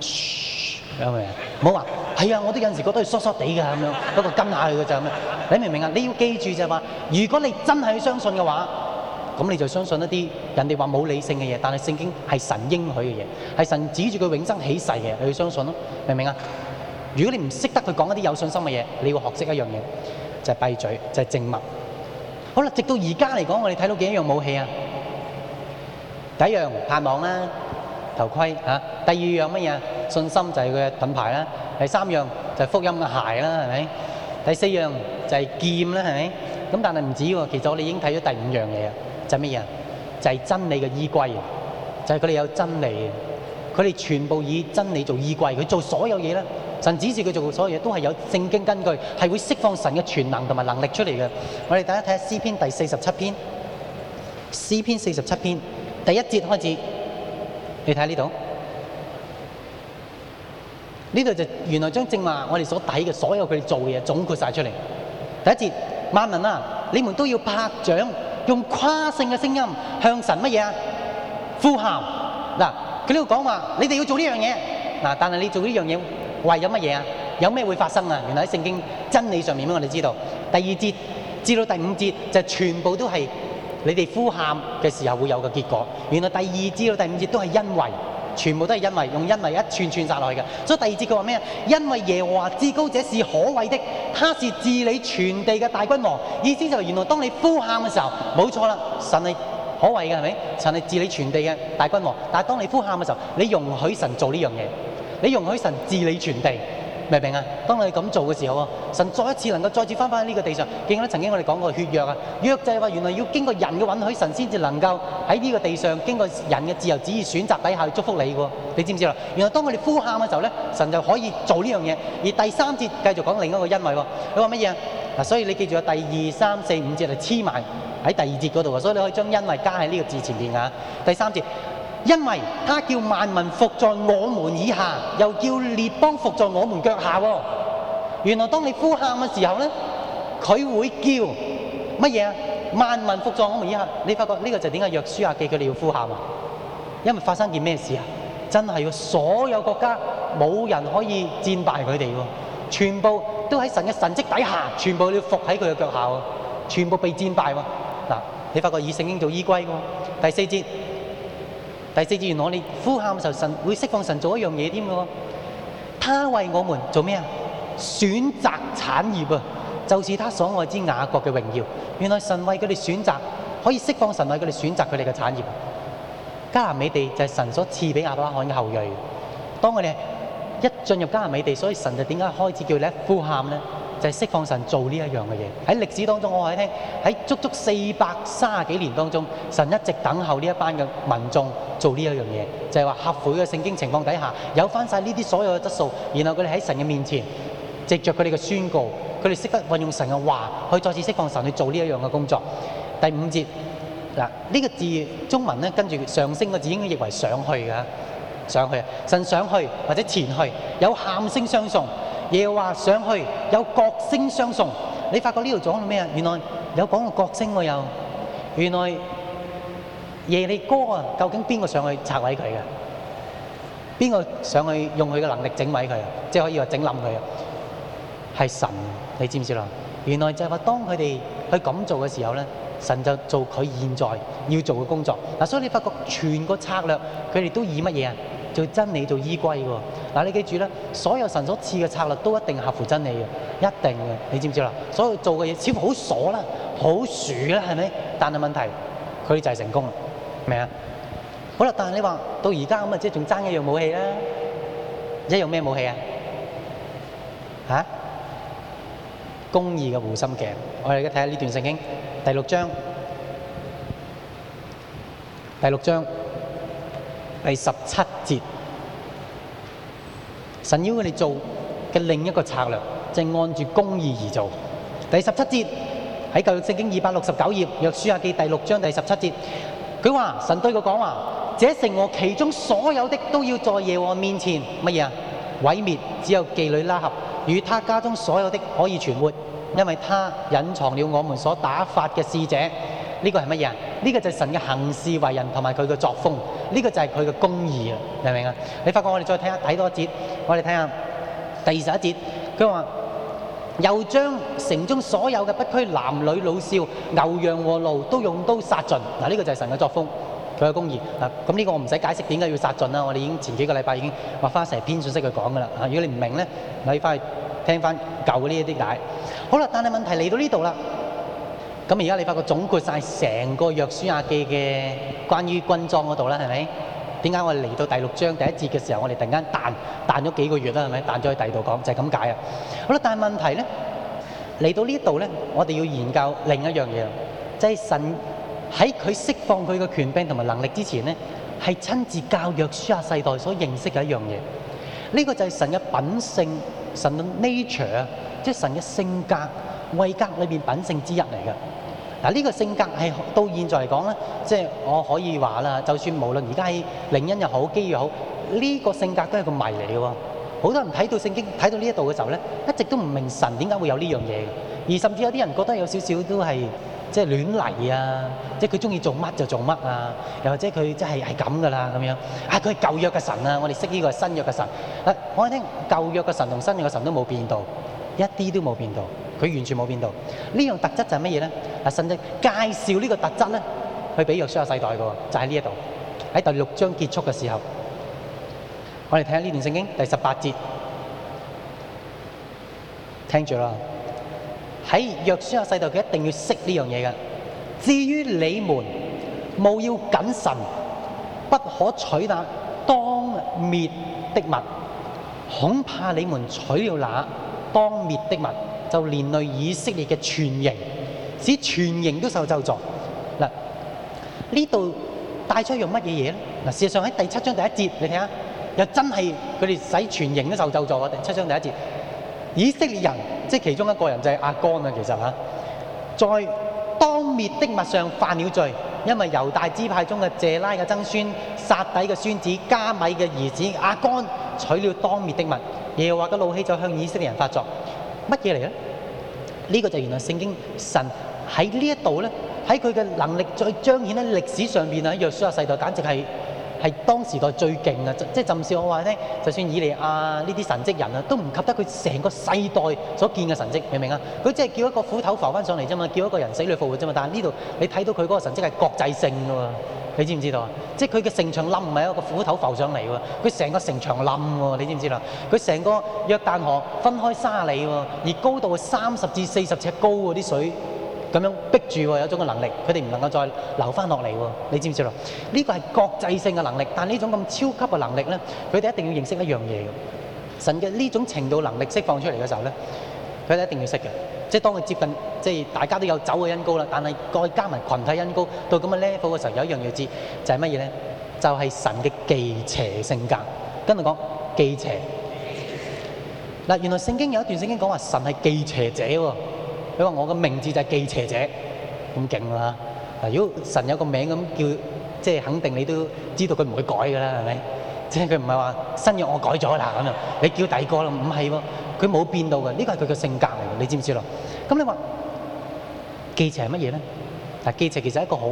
嘘。冇話，係啊！我都有時覺得佢疏疏地㗎咁樣，不過跟下去嘅就咁樣。你明唔明啊？你要記住就係話，如果你真係要相信嘅話，咁你就相信一啲人哋話冇理性嘅嘢，但係聖經係神應許嘅嘢，係神指住佢永生起誓嘅，你去相信咯。明唔明啊？如果你唔識得佢講一啲有信心嘅嘢，你要學識一樣嘢，就係閉嘴，就係靜默。好啦，直到而家嚟講，我哋睇到幾樣武器啊？第一樣，盼望啦。頭盔嚇，第二樣乜嘢？信心就係佢嘅盾牌啦。第三樣就係福音嘅鞋啦，係咪？第四樣就係劍啦，係咪？咁但係唔止喎，其實我哋已經睇咗第五樣嘢啊！就係乜嘢？就係、是、真理嘅依歸，就係佢哋有真理。佢哋全部以真理做依歸，佢做所有嘢咧，神指示佢做所有嘢都係有聖經根據，係會釋放神嘅全能同埋能力出嚟嘅。我哋大家睇下詩篇第四十七篇，詩篇四十七篇第一節開始。你睇呢度，呢度就原來將正話我哋所睇嘅所有佢哋做嘅嘢總括曬出嚟。第一節，萬民啊，你們都要拍掌，用誇勝嘅聲音向神乜嘢呼喊？嗱，佢呢度講話，你哋要做呢樣嘢。嗱，但係你做呢樣嘢為咗乜嘢啊？有咩會發生啊？原來喺聖經真理上面，我哋知道。第二節至到第五節就是、全部都係。你哋呼喊嘅時候會有個結果，原來第二節到第五節都係因為，全部都係因為用因為一串串殺落去嘅。所以第二節佢話咩？因為耶和華至高者是可畏的，他是治理全地嘅大君王。意思就係原來當你呼喊嘅時候，冇錯啦，神係可畏嘅，係咪？神係治理全地嘅大君王。但係當你呼喊嘅時候，你容許神做呢樣嘢，你容許神治理全地。明唔明啊？當你咁做嘅時候啊，神再一次能夠再次翻返喺呢個地上，記唔記得曾經我哋講過血約啊？約制話原來要經過人嘅允許，神先至能夠喺呢個地上經過人嘅自由旨意選擇底下去祝福你嘅喎。你知唔知啊？原來當佢哋呼喊嘅時候咧，神就可以做呢樣嘢。而第三節繼續講另一個因為喎，你話乜嘢啊？嗱，所以你記住啊，第二三四五節係黐埋喺第二節嗰度啊，所以你可以將因為加喺呢個字前面㗎嚇。第三節。因為他叫萬民服在我們以下，又叫列邦服在我們腳下喎。原來當你呼喊嘅時候咧，佢會叫乜嘢啊？萬民服在我們以下，你發覺呢個就係點解約書亞記佢哋要呼喊啊？因為發生件咩事啊？真係喎，所有國家冇人可以戰敗佢哋喎，全部都喺神嘅神蹟底下，全部要伏喺佢嘅腳下喎，全部被戰敗喎。嗱，你發覺以聖經做依歸嘅喎，第四節。第四節，原來我哋呼喊嘅時候，神會釋放神做一樣嘢添嘅喎。他為我們做咩啊？選擇產業啊，就是他所愛之雅各嘅榮耀。原來神為佢哋選擇，可以釋放神為佢哋選擇佢哋嘅產業。迦南美地就係神所賜俾亞伯拉罕嘅後裔。當我哋一進入迦南美地，所以神就點解開始叫咧呼喊咧？就係釋放神做呢一樣嘅嘢。喺歷史當中，我話你聽，喺足足四百三十幾年當中，神一直等候呢一班嘅民眾做呢一樣嘢，就係話合乎嘅聖經情況底下，有翻曬呢啲所有嘅質素，然後佢哋喺神嘅面前，藉著佢哋嘅宣告，佢哋識得運用神嘅話，去再次釋放神去做呢一樣嘅工作。第五節，嗱，呢個字中文咧跟住上升個字應該譯為上去嘅，上去。神上去或者前去，有喊聲相送。耶話上去有角聲相送，你發覺呢度講緊咩啊？原來有講到角聲喎又，原來做真理做依歸喎，嗱你記住啦，所有神所賜嘅策略都一定合乎真理嘅，一定嘅，你知唔知啦？所有做嘅嘢似乎好傻啦，好薯啦，係咪？但係問題佢就係成功啦，係咪啊？好啦，但係你話到而家咁啊，即係仲爭一樣武器啦，一樣咩武器啊？吓？公義嘅護心鏡，我哋而家睇下呢段聖經第六章，第六章。第十七節，神要我哋做嘅另一個策略，就係、是、按住公義而做。第十七節喺舊約聖經二百六十九頁，約書亞記第六章第十七節，佢話：神對佢講話，這城我其中所有的都要在耶和華面前乜嘢啊？毀滅，只有妓女拉合與他家中所有的可以存活，因為他隱藏了我們所打發嘅使者。呢、這個係乜嘢啊？呢、這個就係神嘅行事為人同埋佢嘅作風，呢、這個就係佢嘅公義啊！明唔明啊？你發覺我哋再睇下睇多一節，我哋睇下第二十一節，佢話又將城中所有嘅不拘男女老少，牛羊和驢都用刀殺盡。嗱，呢個就係神嘅作風，佢嘅公義嗱。咁、這、呢個我唔使解釋點解要殺盡啦。我哋已經前幾個禮拜已經畫翻成篇信息去講噶啦。如果你唔明咧，嗱，要翻去聽翻舊嘅呢一啲解。好啦，但係問題嚟到呢度啦。咁而家你發覺總括晒成個約書亞記嘅關於軍裝嗰度啦，係咪？點解我嚟到第六章第一節嘅時候，我哋突然間彈彈咗幾個月啦，係咪？彈咗去第二度講就係咁解啊！好啦，但係問題咧，嚟到這裡呢度咧，我哋要研究另一樣嘢，就係、是、神喺佢釋放佢嘅權柄同埋能力之前咧，係親自教約書亞世代所認識嘅一樣嘢。呢、這個就係神嘅品性，神嘅 nature，即係神嘅性格、位格裏邊品性之一嚟嘅。嗱，呢個性格係到現在嚟講咧，即係我可以話啦，就算無論而家係靈恩又好、基語好，呢個性格都係個謎嚟嘅喎。好多人睇到聖經，睇到呢一度嘅時候咧，一直都唔明神點解會有呢樣嘢嘅，而甚至有啲人覺得有少少都係即係亂嚟啊，即係佢中意做乜就做乜啊，又或者佢即係係咁㗎啦咁樣。啊，佢係舊約嘅神啊，我哋識呢個係新約嘅神。啊，我聽舊約嘅神同新約嘅神都冇變到。一啲都冇變到，佢完全冇變到。呢樣特質就係乜嘢咧？嗱，甚至介紹呢個特質咧，去俾約書亞世代嘅喎，就喺呢一度。喺第六章結束嘅時候，我哋睇下呢段聖經第十八節，聽住啦。喺約書亞世代，佢一定要識呢樣嘢嘅。至於你們，務要謹慎，不可取那當滅的物，恐怕你們取了那當滅的物，就連累以色列嘅全營，使全營都受咒詛。嗱，呢度帶出一樣乜嘢嘢咧？嗱，事實上喺第七章第一節，你睇下，又真係佢哋使全營都受咒詛。嘅。第七章第一節，以色列人，即係其中一個人就係亞干啊，其實啊，在當滅的物上犯了罪。因為猶大支派中嘅謝拉嘅曾孫撒底嘅孫子加米嘅兒子亞干取了當滅的物，耶和華嘅怒氣就向以色列人發作。乜嘢嚟呢？呢、呢個就原來聖經神喺呢一度呢，喺佢嘅能力再彰顯喺歷史上邊啊！約書亞世代簡直係～係當時代最勁啊！即係甚至我話咧，就算以利亞呢啲神蹟人啊，都唔及得佢成個世代所見嘅神蹟，明唔明啊？佢即係叫一個斧頭浮翻上嚟啫嘛，叫一個人死裡復活啫嘛。但係呢度你睇到佢嗰個神蹟係國際性嘅喎，你知唔知道啊？即係佢嘅城牆冧唔係一個斧頭浮上嚟喎，佢成個城牆冧喎，你知唔知啦？佢成個約旦河分開沙裡喎，而高度係三十至四十尺高嗰啲水。咁樣逼住喎，有一種嘅能力，佢哋唔能夠再留翻落嚟喎。你知唔知咯？呢個係國際性嘅能力，但係呢種咁超級嘅能力咧，佢哋一定要認識一樣嘢嘅。神嘅呢種程度能力釋放出嚟嘅時候咧，佢哋一定要認識嘅。即係當佢接近，即係大家都有走嘅恩膏啦，但係再加埋群體恩膏到咁嘅 level 嘅時候，有一樣嘢要知就係乜嘢咧？就係神嘅忌邪性格。跟住講忌邪嗱，原來聖經有一段聖經講話神係忌邪者喎。佢話我個名字就係記邪者咁勁啦！嗱、啊，如果神有個名咁叫，即係肯定你都知道佢唔會改噶啦，係咪？即係佢唔係話新約我改咗啦咁啊！你叫第個啦，唔係喎，佢冇變到嘅，呢個係佢嘅性格嚟嘅，你知唔知咯？咁你話記邪係乜嘢咧？嗱，記邪其實係一個好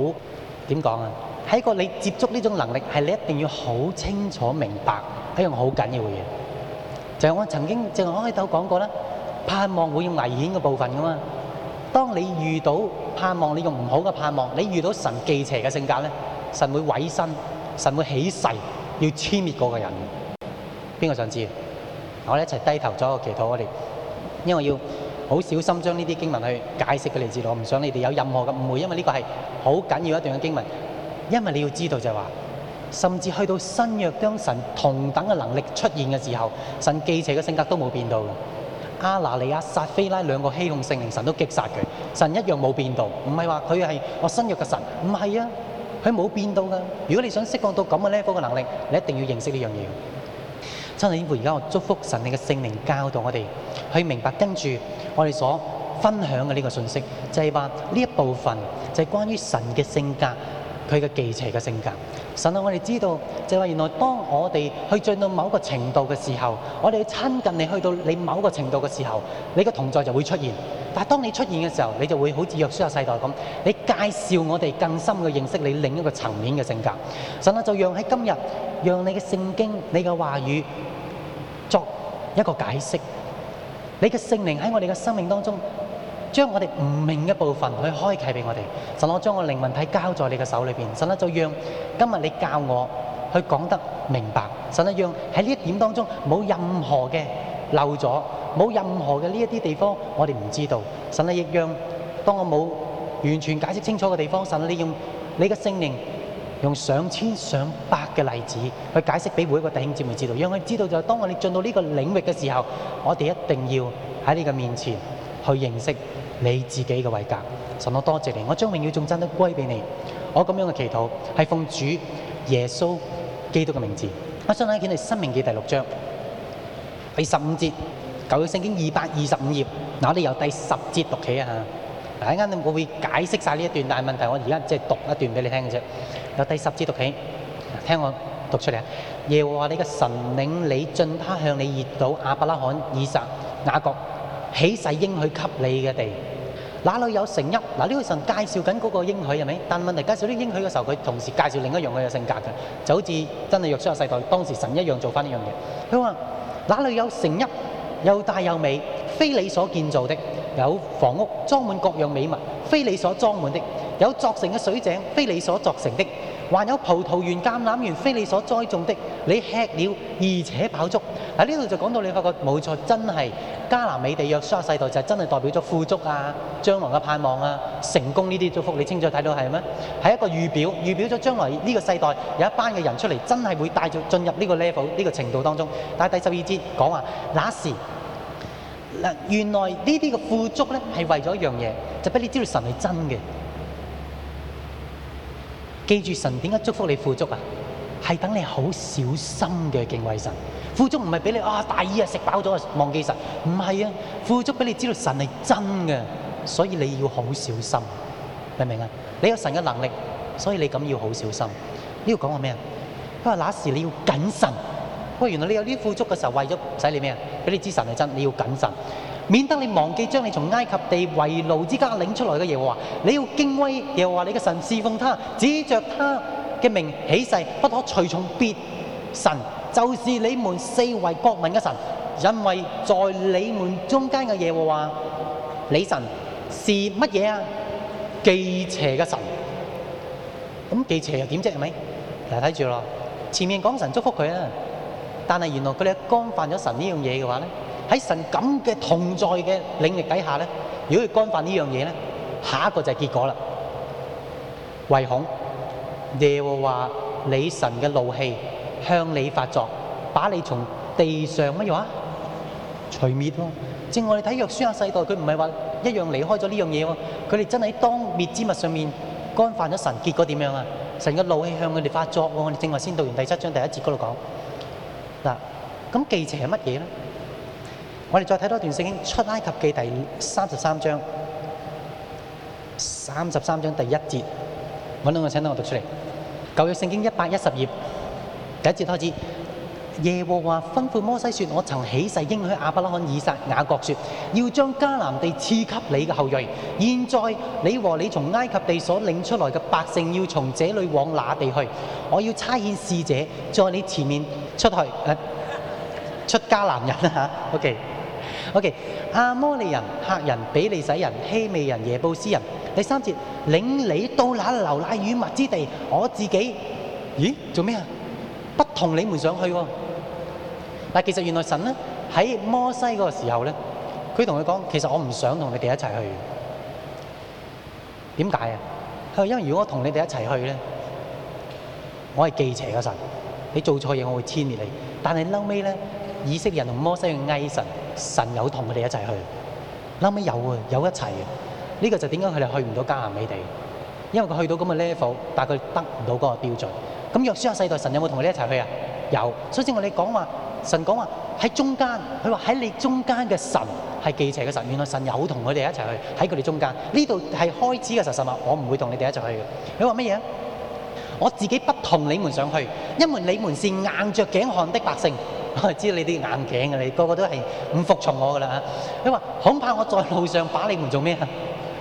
點講啊，係一個你接觸呢種能力，係你一定要好清楚明白，係一個好緊要嘅嘢。就係、係、我曾經正我開頭講過啦。盼望會用危險嘅部分噶嘛？當你遇到盼望，你用唔好嘅盼望，你遇到神忌邪嘅性格咧，神會毀身，神會起誓，要殲滅嗰個人。邊個想知？我哋一齊低頭做一個祈禱，我哋，因為要好小心將呢啲經文去解釋俾你哋，我唔想你哋有任何嘅誤會，因為呢個係好緊要一段嘅經文。因為你要知道就係話，甚至去到新約當神同等嘅能力出現嘅時候，神忌邪嘅性格都冇變到。亞拿利亞薩菲拉兩個欺哄聖靈，神都擊殺佢。神一樣冇變動，唔係話佢係我新約嘅神，唔係啊，佢冇變動噶。如果你想釋放到咁嘅 level 嘅能力，你一定要認識呢樣嘢。親愛的天父，而家我祝福神，你嘅聖靈教導我哋去明白跟住我哋所分享嘅呢個信息，就係話呢一部分就係關於神嘅性格，佢嘅忌邪嘅性格。神啊，我哋知道，就係話原來當我哋去進到某個程度嘅時候，我哋去親近你，去到你某個程度嘅時候，你嘅同在就會出現，但當你出現嘅時候，你就會好似約書亞世代咁，你介紹我哋更深嘅認識你另一個層面嘅性格。神啊，就讓喺今日，讓你嘅聖經、你嘅話語作一個解釋，你嘅聖靈喺我哋嘅生命當中，將我哋唔明嘅部分去開啟俾我哋，神啊，我將我靈魂體交在你嘅手裏邊，神啊，就讓今日你教我去講得明白，神啊，讓喺呢一點當中冇任何嘅漏咗，冇任何嘅呢一啲地方我哋唔知道，神啊，亦讓當我冇完全解釋清楚嘅地方，神啊，你用你嘅聖靈，用上千上百嘅例子去解釋俾每一個弟兄姊妹知道，讓佢知道就係當我哋進到呢個領域嘅時候，我哋一定要喺你嘅面前去認識。你自己嘅位格，神，我多謝你，我將榮耀仲爭得歸俾你。我咁樣嘅祈禱係奉主耶穌基督嘅名字。我想睇見《申命記》第六章第十五節，舊約聖經二百二十五頁。嗱，我哋由第十節讀起啊！嗱，一陣我會解釋晒呢一段，但係，問題我而家即係讀一段俾你聽嘅啫。由第十節讀起，聽我讀出嚟啊！耶和華你嘅神領你進他向你列祖亞伯拉罕、以撒、雅各起誓應許給你嘅地。哪裏有城邑？嗱，呢個神介紹緊嗰個應許係咪？但問題介紹呢應許嘅時候，佢同時介紹另一樣佢嘅性格嘅，就好似真係約書亞世代當時神一樣做翻一樣嘢。佢話：哪裏有城邑，又大又美，非你所建造的；有房屋裝滿各樣美物，非你所裝滿的；有作成嘅水井，非你所作成的。還有葡萄園、橄欖園，非你所栽種的，你吃了而且飽足。嗱，呢度就講到你發覺冇錯，真係加南美地約書亞世代就係真係代表咗富足啊、將來嘅盼望啊、成功呢啲祝福，你清楚睇到係咩？係一個預表，預表咗將來呢個世代有一班嘅人出嚟，真係會帶著進入呢個 level 呢個程度當中。但係第十二節講話，那時，嗱，原來呢啲嘅富足咧係為咗一樣嘢，就俾你知道神係真嘅。記住神點解祝福你富足啊？係等你好小心嘅敬畏神。富足唔係俾你啊！大意啊食飽咗啊忘記神，唔係啊！富足俾你知道神係真嘅，所以你要好小心，明唔明啊？你有神嘅能力，所以你咁要好小心。呢度講過咩啊？佢話那時你要謹慎。喂，原來你有啲富足嘅時候，為咗唔使你咩啊？俾你知神係真，你要謹慎。免得你忘記將你從埃及地為奴之家領出來嘅耶和華，你要敬畏耶和華你嘅神，侍奉他，指着他嘅名起誓，不可隨從別神，就是你們四圍國民嘅神，因為在你們中間嘅耶和華，你神是乜嘢啊？忌邪嘅神，咁忌邪又點啫？係咪？嚟睇住咯，前面講神祝福佢啊，但係原來佢哋干犯咗神呢樣嘢嘅話咧。喺神咁嘅同在嘅領域底下咧，如果要干犯呢樣嘢咧，下一個就係結果啦。唯恐耶和華你神嘅怒氣向你發作，把你從地上乜嘢話除滅喎？正我哋睇約書亞世代，佢唔係話一樣離開咗呢樣嘢喎，佢哋真係當滅之物上面干犯咗神，結果點樣啊？神嘅怒氣向佢哋發作喎！我哋正話先讀完第七章第一節嗰度講嗱，咁記者係乜嘢咧？我哋再睇多段聖經，《出埃及記》第三十三章，三十三章第一節，揾到我請到我讀出嚟。舊約聖經一百一十頁，第一節開始。耶和華吩咐摩西說：我曾起誓應許亞伯拉罕、以撒、雅各說，要將迦南地賜給你嘅後裔。現在你和你從埃及地所領出來嘅百姓，要從這裏往那地去？我要差遣使者在你前面出去，誒，出迦南人啦吓、啊。OK。O.K. 阿摩利人、客人、比利洗人、希未人、耶布斯人。第三節領你到那流奶與蜜之地，我自己，咦？做咩啊？不同你們上去喎。但其實原來神咧喺摩西嗰個時候咧，佢同佢講：其實我唔想同你哋一齊去。點解啊？佢話：因為如果我同你哋一齊去咧，我係忌邪嘅神，你做錯嘢，我會殲滅你。但係嬲尾咧。以色列人同摩西去埃神，神有同佢哋一齊去，啱啱有啊，有一齊啊。呢個就點解佢哋去唔到迦南美地？因為佢去到咁嘅 level，但係佢得唔到嗰個標準。咁約書亞世代，神有冇同佢哋一齊去啊？有，所以先我哋講話，神講話喺中間，佢話喺你中間嘅神係忌邪嘅神，原來神有同佢哋一齊去喺佢哋中間。呢度係開始嘅時候，神話，我唔會同你哋一齊去嘅。你話乜嘢？我自己不同你們上去，因為你們是硬著頸項的百姓。我係知你啲硬頸嘅你個個都係唔服從我嘅啦嚇！佢話恐怕我在路上把你們做咩啊？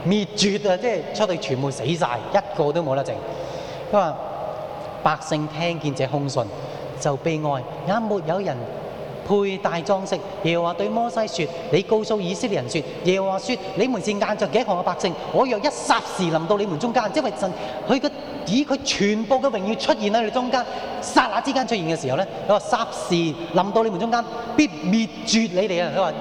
滅絕啊！即係出到全部死曬，一個都冇得剩。佢話百姓聽見這兇信，就悲哀，也沒有人。佩戴裝飾，耶和華對摩西說：你告訴以色列人說，耶和華說：你們是硬着頸項嘅百姓，我若一霎時臨到你們中間，即係神，佢嘅以佢全部嘅榮耀出現喺佢中間，剎那之間出現嘅時候咧，佢話霎時臨到你們中間，必滅絕你哋啊！佢話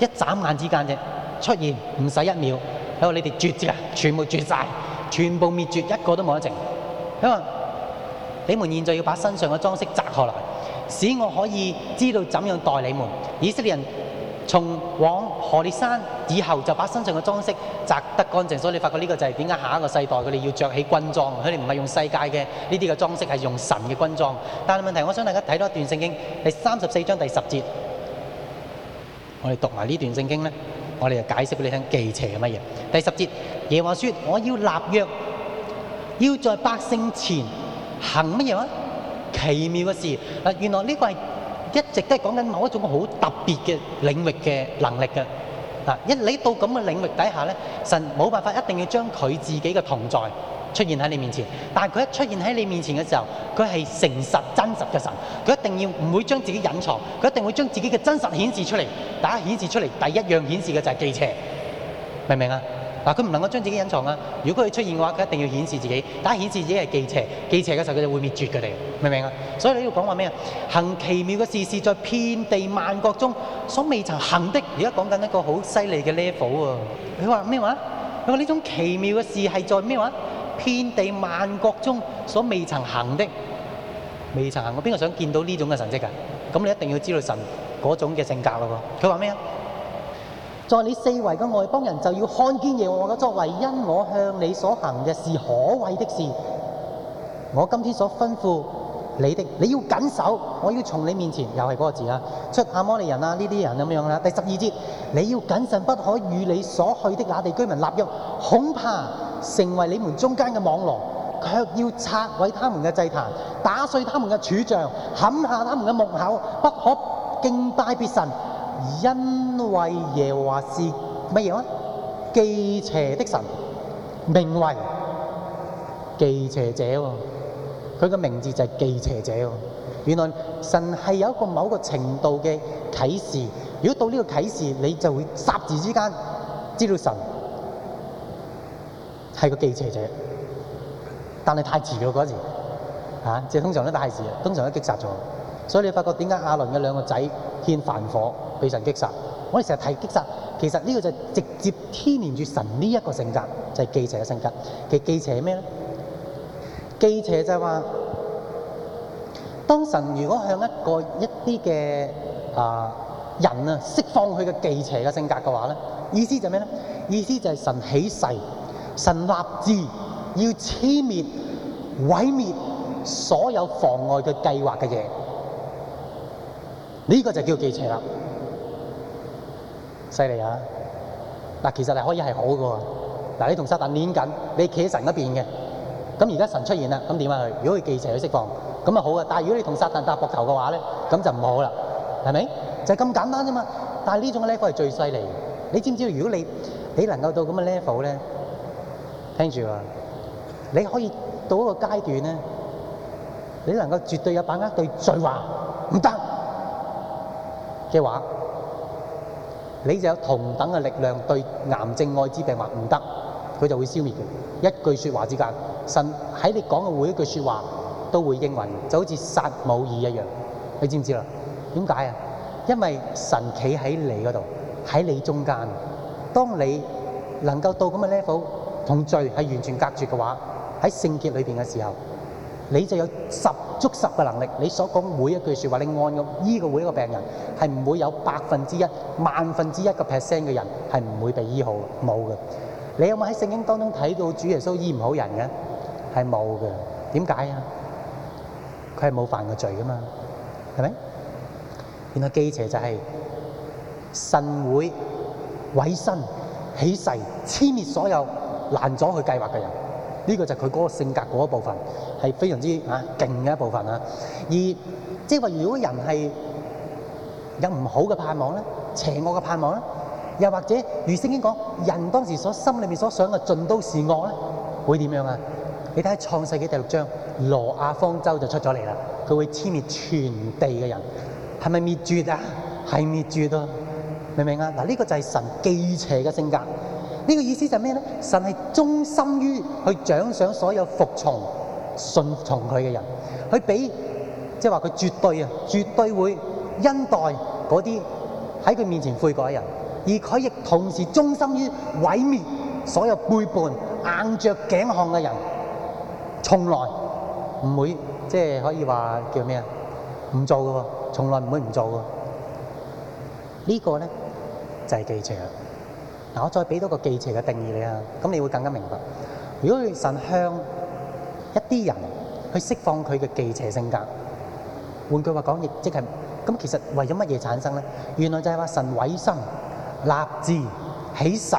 一眨眼之間啫，出現唔使一秒，佢話你哋絕絕啊，全部絕晒，全部滅絕一個都冇得剩。佢話你們現在要把身上嘅裝飾摘下來。使我可以知道怎樣待你們。以色列人從往何烈山以後，就把身上嘅裝飾摘得乾淨。所以你發覺呢個就係點解下一個世代佢哋要著起軍裝，佢哋唔係用世界嘅呢啲嘅裝飾，係用神嘅軍裝。但係問題，我想大家睇多一段聖經，第三十四章第十節，我哋讀埋呢段聖經咧，我哋就解釋俾你聽忌邪係乜嘢？第十節，耶和華說：我要立約要在百姓前行乜嘢啊？奇妙嘅事啊！原來呢個係一直都係講緊某一種好特別嘅領域嘅能力嘅啊！一嚟到咁嘅領域底下咧，神冇辦法一定要將佢自己嘅同在出現喺你面前。但係佢一出現喺你面前嘅時候，佢係誠實真實嘅神，佢一定要唔會將自己隱藏，佢一定會將自己嘅真實顯示出嚟。大家顯示出嚟，第一樣顯示嘅就係記邪，明唔明啊？嗱，佢唔能夠將自己隱藏啊！如果佢出現嘅話，佢一定要顯示自己。但係顯示自己係忌邪，忌邪嘅時候佢就會滅絕佢哋，明唔明啊？所以你要講話咩啊？行奇妙嘅事，是在遍地萬國中所未曾行的。而家講緊一個好犀利嘅 level 啊。佢話咩話？佢話呢種奇妙嘅事係在咩話？遍地萬國中所未曾行的，未曾行。我邊個想見到呢種嘅神跡㗎？咁你一定要知道神嗰種嘅性格咯。佢話咩啊？在你四圍嘅外邦人就要看見耶和華嘅作為，因我向你所行嘅是可畏的事。我今天所吩咐你的，你要謹守。我要從你面前又係嗰個字啊，出亞摩利人啊，呢啲人咁樣啦。第十二節，你要謹慎，不可與你所去的那地居民立約，恐怕成為你們中間嘅網羅，卻要拆毀他們嘅祭壇，打碎他們嘅柱像，砍下他們嘅木口，不可敬拜別神。因為耶華是乜嘢啊？忌邪的神，名為忌邪者、哦。佢個名字就係忌邪者、哦。原來神係有一個某個程度嘅啟示。如果到呢個啟示，你就會霎時之間知道神係個忌邪者。但係太遲咗嗰陣，吓即係通常都太遲，通常都擊殺咗。所以你發覺點解亞倫嘅兩個仔獻燔火被神擊殺？我哋成日睇擊殺，其實呢個就是直接牽連住神呢一個性格，就係忌邪嘅性格。其忌邪係咩呢？忌邪就係話，當神如果向一個一啲嘅、啊、人啊、啊、釋放佢嘅忌邪嘅性格嘅話，意思就係咩呢？意思就係神起誓，神立志要痴滅、毀滅所有妨礙佢計劃嘅嘢。呢個就叫記邪啦，犀利啊！嗱，其實係可以係好嘅喎。嗱，你同撒旦黏緊，你企喺神一邊嘅，咁而家神出現啦，咁點啊佢？如果佢記邪佢釋放，咁啊好嘅。但係如果你同撒旦搭膊頭嘅話咧，咁就唔好啦，係咪？就係咁簡單啫嘛。但係呢種 level 係最犀利嘅。你知唔知？如果你你能夠到咁嘅 level 咧，聽住啊，你可以到一個階段咧，你能夠絕對有把握對罪話唔得。嘅話，你就有同等嘅力量對癌症、艾滋病話唔得，佢就會消滅嘅。一句説話之間，神喺你講嘅每一句説話都會應允，就好似撒母耳一樣。你知唔知啊？點解啊？因為神企喺你嗰度，喺你中間。當你能夠到咁嘅 level，同罪係完全隔絕嘅話，喺聖潔裏邊嘅時候，你就有十足十嘅能力，你所講每一句說話，你按咁醫過每一個病人，係唔會有百分之一、萬分之一個 percent 嘅人係唔會被醫好，冇嘅。你有冇喺聖經當中睇到主耶穌醫唔好人嘅？係冇嘅。點解啊？佢係冇犯過罪嘅嘛，係咪？原來忌邪就係神會毀身、起誓、殲滅所有攔阻佢計劃嘅人。呢、這個就係佢嗰個性格嗰、啊、一部分，係非常之啊勁嘅一部分啊。而即係話，如果人係有唔好嘅盼望咧，邪惡嘅盼望咧，又或者如聖經講，人當時所心裏面所想嘅盡都是惡咧，會點樣啊？你睇下創世紀第六章，羅亞方舟就出咗嚟啦，佢會殲滅全地嘅人，係咪滅絕啊？係滅絕啊！明唔明啊？嗱，呢個就係神忌邪嘅性格。呢個意思就係咩呢？神係忠心於去獎賞所有服從、順從佢嘅人，佢俾即係話佢絕對啊，絕對會恩待嗰啲喺佢面前悔改嘅人。而佢亦同時忠心於毀滅所有背叛、硬着頸項嘅人，從來唔會即係可以話叫咩啊？唔做嘅喎，從來唔會唔做嘅。呢個呢，就係記住啊！嗱，我再俾多個忌邪嘅定義你啊，咁你會更加明白。如果神向一啲人去釋放佢嘅忌邪性格，換句話講，亦即係咁，其實為咗乜嘢產生呢？原來就係話神委身立志起誓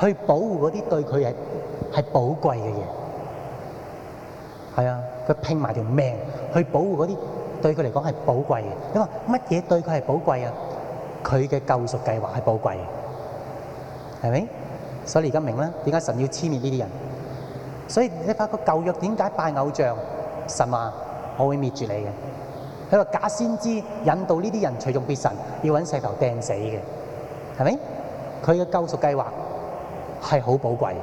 去保護嗰啲對佢係係寶貴嘅嘢。係啊，佢拼埋條命去保護嗰啲對佢嚟講係寶貴嘅。你話乜嘢對佢係寶貴啊？佢嘅救贖計劃係寶貴。係咪？所以你而家明啦，點解神要黐滅呢啲人？所以你發覺舊約點解拜偶像？神話，我會滅住你嘅。佢話假先知引導呢啲人隨眾別神，要揾石頭掟死嘅。係咪？佢嘅救贖計劃係好寶貴。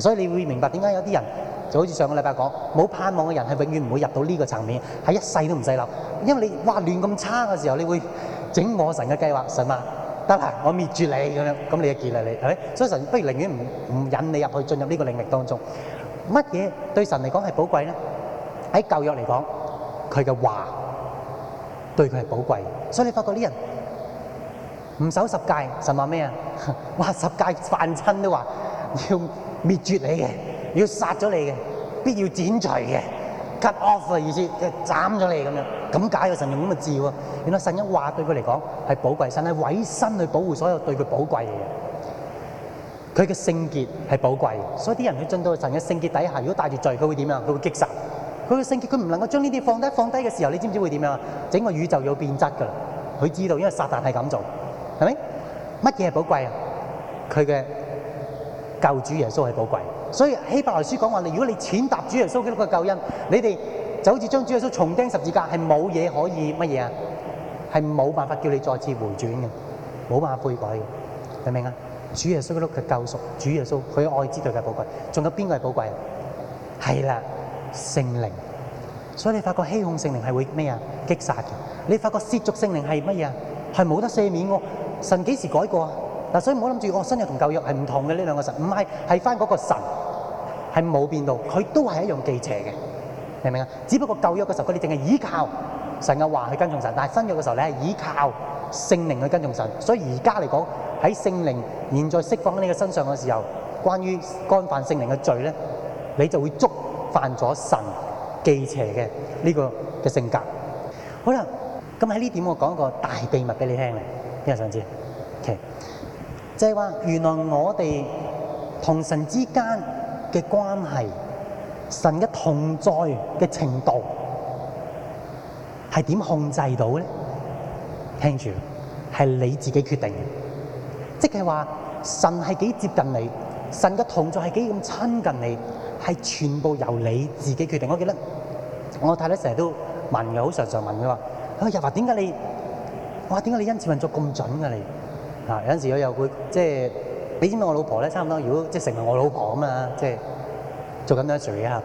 所以你會明白點解有啲人就好似上個禮拜講，冇盼望嘅人係永遠唔會入到呢個層面，係一世都唔使諗。因為你話亂咁差嘅時候，你會整我神嘅計劃。神話。得啦，我滅絕你咁樣，咁你就劫啦你，所以神不如寧願唔唔引你入去進入呢個領域當中。乜嘢對神嚟講係寶貴咧？喺舊約嚟講，佢嘅話對佢係寶貴。所以你發覺啲人唔守十戒，神話咩啊？話十戒犯親都話要滅絕你嘅，要殺咗你嘅，必要剪除嘅。cut off 嘅意思，即係斬咗你咁樣。咁解個神用咁嘅字喎。原來神一話對佢嚟講係寶貴，神係委身去保護所有對佢寶貴嘅嘢。佢嘅聖潔係寶貴，所以啲人去進到神嘅聖潔底下，如果帶住罪，佢會點啊？佢會擊殺。佢嘅聖潔，佢唔能夠將呢啲放低。放低嘅時候，你知唔知會點樣啊？整個宇宙要變質㗎啦。佢知道，因為撒但係咁做，係咪？乜嘢係寶貴啊？佢嘅救主耶穌係寶貴。所以希伯來書講話你，如果你踐踏主耶穌基督嘅救恩，你哋就好似將主耶穌重釘十字架，係冇嘢可以乜嘢啊？係冇辦法叫你再次回轉嘅，冇辦法悔改嘅，明唔明啊？主耶穌基督嘅救贖，主耶穌佢嘅愛之對，係寶貴。仲有邊個係寶貴啊？係啦，聖靈。所以你發覺欺哄聖靈係會咩啊？擊殺嘅。你發覺褻瀆聖靈係乜嘢啊？係冇得赦免嘅。神幾時改過啊？嗱，所以唔好諗住我新約同舊約係唔同嘅呢兩個神，唔係係翻嗰個神係冇變到，佢都係一樣忌邪嘅，明唔明啊？只不過舊約嘅時候，佢哋淨係依靠神嘅話去跟從神；但係新約嘅時候，你係依靠聖靈去跟從神。所以而家嚟講，喺聖靈現在釋放喺你嘅身上嘅時候，關於干犯聖靈嘅罪咧，你就會觸犯咗神忌邪嘅呢個嘅性格。好啦，咁喺呢點我講一個大秘密俾你聽咧，今日想知？即係話，原來我哋同神之間嘅關係，神嘅同在嘅程度，係點控制到咧？聽住，係你自己決定嘅。即係話，神係幾接近你，神嘅同在係幾咁親近你，係全部由你自己決定。我記得我太太成日都問嘅，好常常問嘅話，佢又話點解你？我話點解你恩賜運作咁準㗎你？啊！有陣時我又會即係，你知唔知我老婆咧？差唔多，如果即係成為我老婆咁嘛，即係做緊 nursery 啊。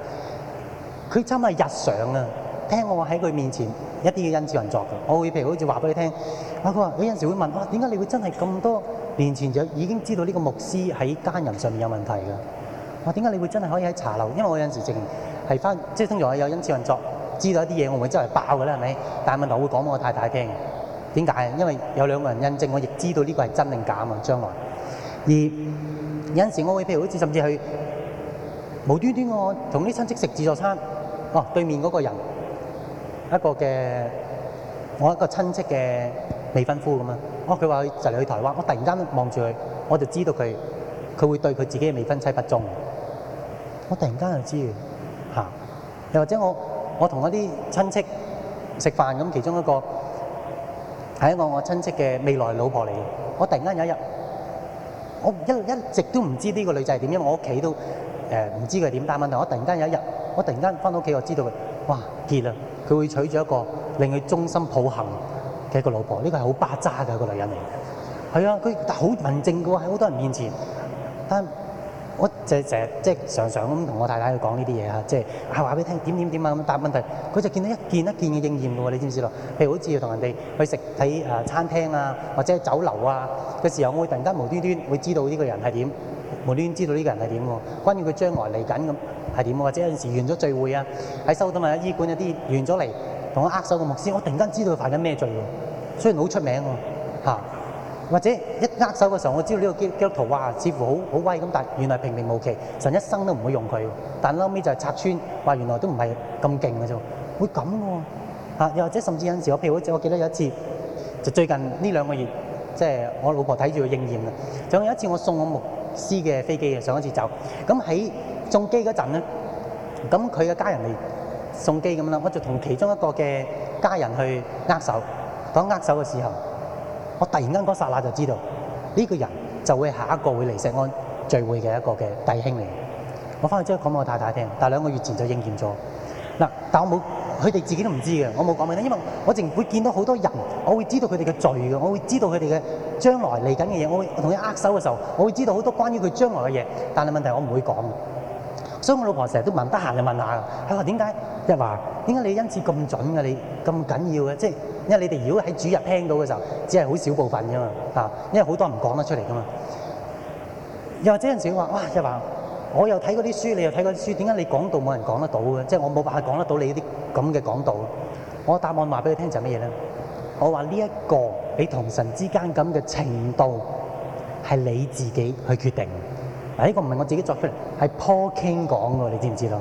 佢真係日常啊，聽我話喺佢面前一啲嘅恩慈運作嘅。我會譬如好似話俾你聽，我佢話：有陣時會問，哇、啊！點解你會真係咁多年前就已經知道呢個牧師喺奸淫上面有問題㗎？哇、啊！點解你會真係可以喺茶樓？因為我有陣時淨係翻即係通常我有恩慈運作，知道一啲嘢，我會真係爆㗎啦，係咪？但係問題會講俾我太太聽。點解？因為有兩個人印證，我亦知道呢個係真定假啊嘛！將來而有陣時，我會譬如好似甚至去無端端我同啲親戚食自助餐，哦對面嗰個人一個嘅我一個親戚嘅未婚夫咁樣！哦，佢話佢就嚟去台灣，我突然間望住佢，我就知道佢佢會對佢自己嘅未婚妻不忠。我突然間就知嚇。又或者我我同一啲親戚食飯咁，其中一個。係我我親戚嘅未來老婆嚟，我突然間有一日，我一,一直都唔知呢個女仔係點，因為我屋企都誒唔、呃、知佢係點，但係問題我突然間有一日，我突然間返到屋企我知道佢，哇結啦，佢會娶住一個令佢忠心抱幸嘅一個老婆，呢、呢個係好巴渣嘅一個女人嚟嘅，係啊，佢好文靜嘅喎，喺好多人面前，但是。我就成日即係常常咁同我太太去講呢啲嘢，即係啊話俾你聽點點點啊，咁。答、就、問、是、問題佢就見到一件一件嘅應驗嘅喎，你知唔知咯？譬如好似要同人哋去食睇餐廳啊，或者係酒樓啊嘅時候，我會突然間無端端會知道呢個人係點，無端端知道呢個人係點喎。關於佢將來嚟緊咁係點，或者有陣時完咗聚會啊，喺收緊啊醫館有啲完咗嚟同我握手嘅牧師，我突然間知道佢犯緊咩罪喎。雖然好出名喎、啊或者一握手嘅時候，我知道呢個基基督徒，哇，似乎好好威咁，但原來平平無奇，神一生都唔會用佢。但嬲尾就係拆穿，話原來都唔係咁勁嘅啫，會咁嘅喎。嚇！又或者甚至有陣時，我譬如我我記得有一次，就最近呢兩個月，即係我老婆睇住佢應驗嘅。仲有一次，我送我牧師嘅飛機嘅上一次走，咁喺送機嗰陣咧，咁佢嘅家人嚟送機咁啦，我就同其中一個嘅家人去握手，當握手嘅時候。我突然間嗰剎那就知道呢個人就會下一個會嚟錫安聚會嘅一個嘅弟兄嚟。我翻去之後講俾我太太聽，但兩個月前就應驗咗。嗱，但我冇佢哋自己都唔知嘅，我冇講俾你聽，因為我淨會見到好多人，我會知道佢哋嘅罪嘅，我會知道佢哋嘅將來嚟緊嘅嘢。我會同佢握手嘅時候，我會知道好多關於佢將來嘅嘢，但係問題是我唔會講。所以我老婆成日都問，得閒就問下。佢話點解？即係話點解你恩賜咁準㗎？你咁緊要嘅即係。因為你哋如果喺主日聽到嘅時候，只係好少部分啫嘛，嚇！因為好多人唔講得出嚟噶嘛。又或者有陣時話：哇，日華，我又睇過啲書，你又睇過啲書，點解你講到冇人講得到嘅？即係我冇辦法講得到你呢啲咁嘅講道。我答案話俾你聽就係咩嘢咧？我話呢一個你同神之間咁嘅程度，係你自己去決定。嗱，呢個唔係我自己作出嚟，係 Paul King 講嘅，你知唔知道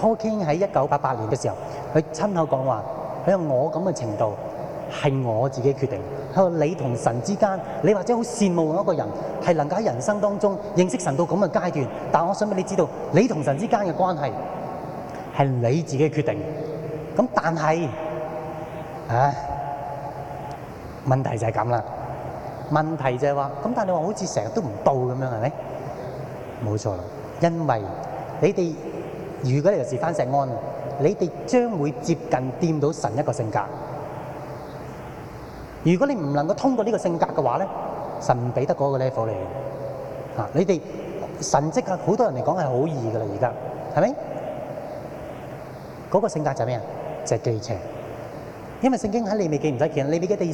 ？Paul King 喺一九八八年嘅時候，佢親口講話：佢有我咁嘅程度。係我自己決定。喺度，你同神之間，你或者好羨慕嗰一個人，係能夠喺人生當中認識神到咁嘅階段。但係我想俾你知道，你同神之間嘅關係係你自己決定。咁但係，啊問題就係咁啦。問題就係話，咁但係你話好似成日都唔到咁樣係咪？冇錯啦，因為你哋，如果你又持翻聖安，你哋將會接近掂到神一個性格。如果你唔能夠通過呢個性格嘅話呢，神唔畀得嗰個呢，你神蹟好多人嚟講係好易嘅，係咪？level 因為聖經你你你你第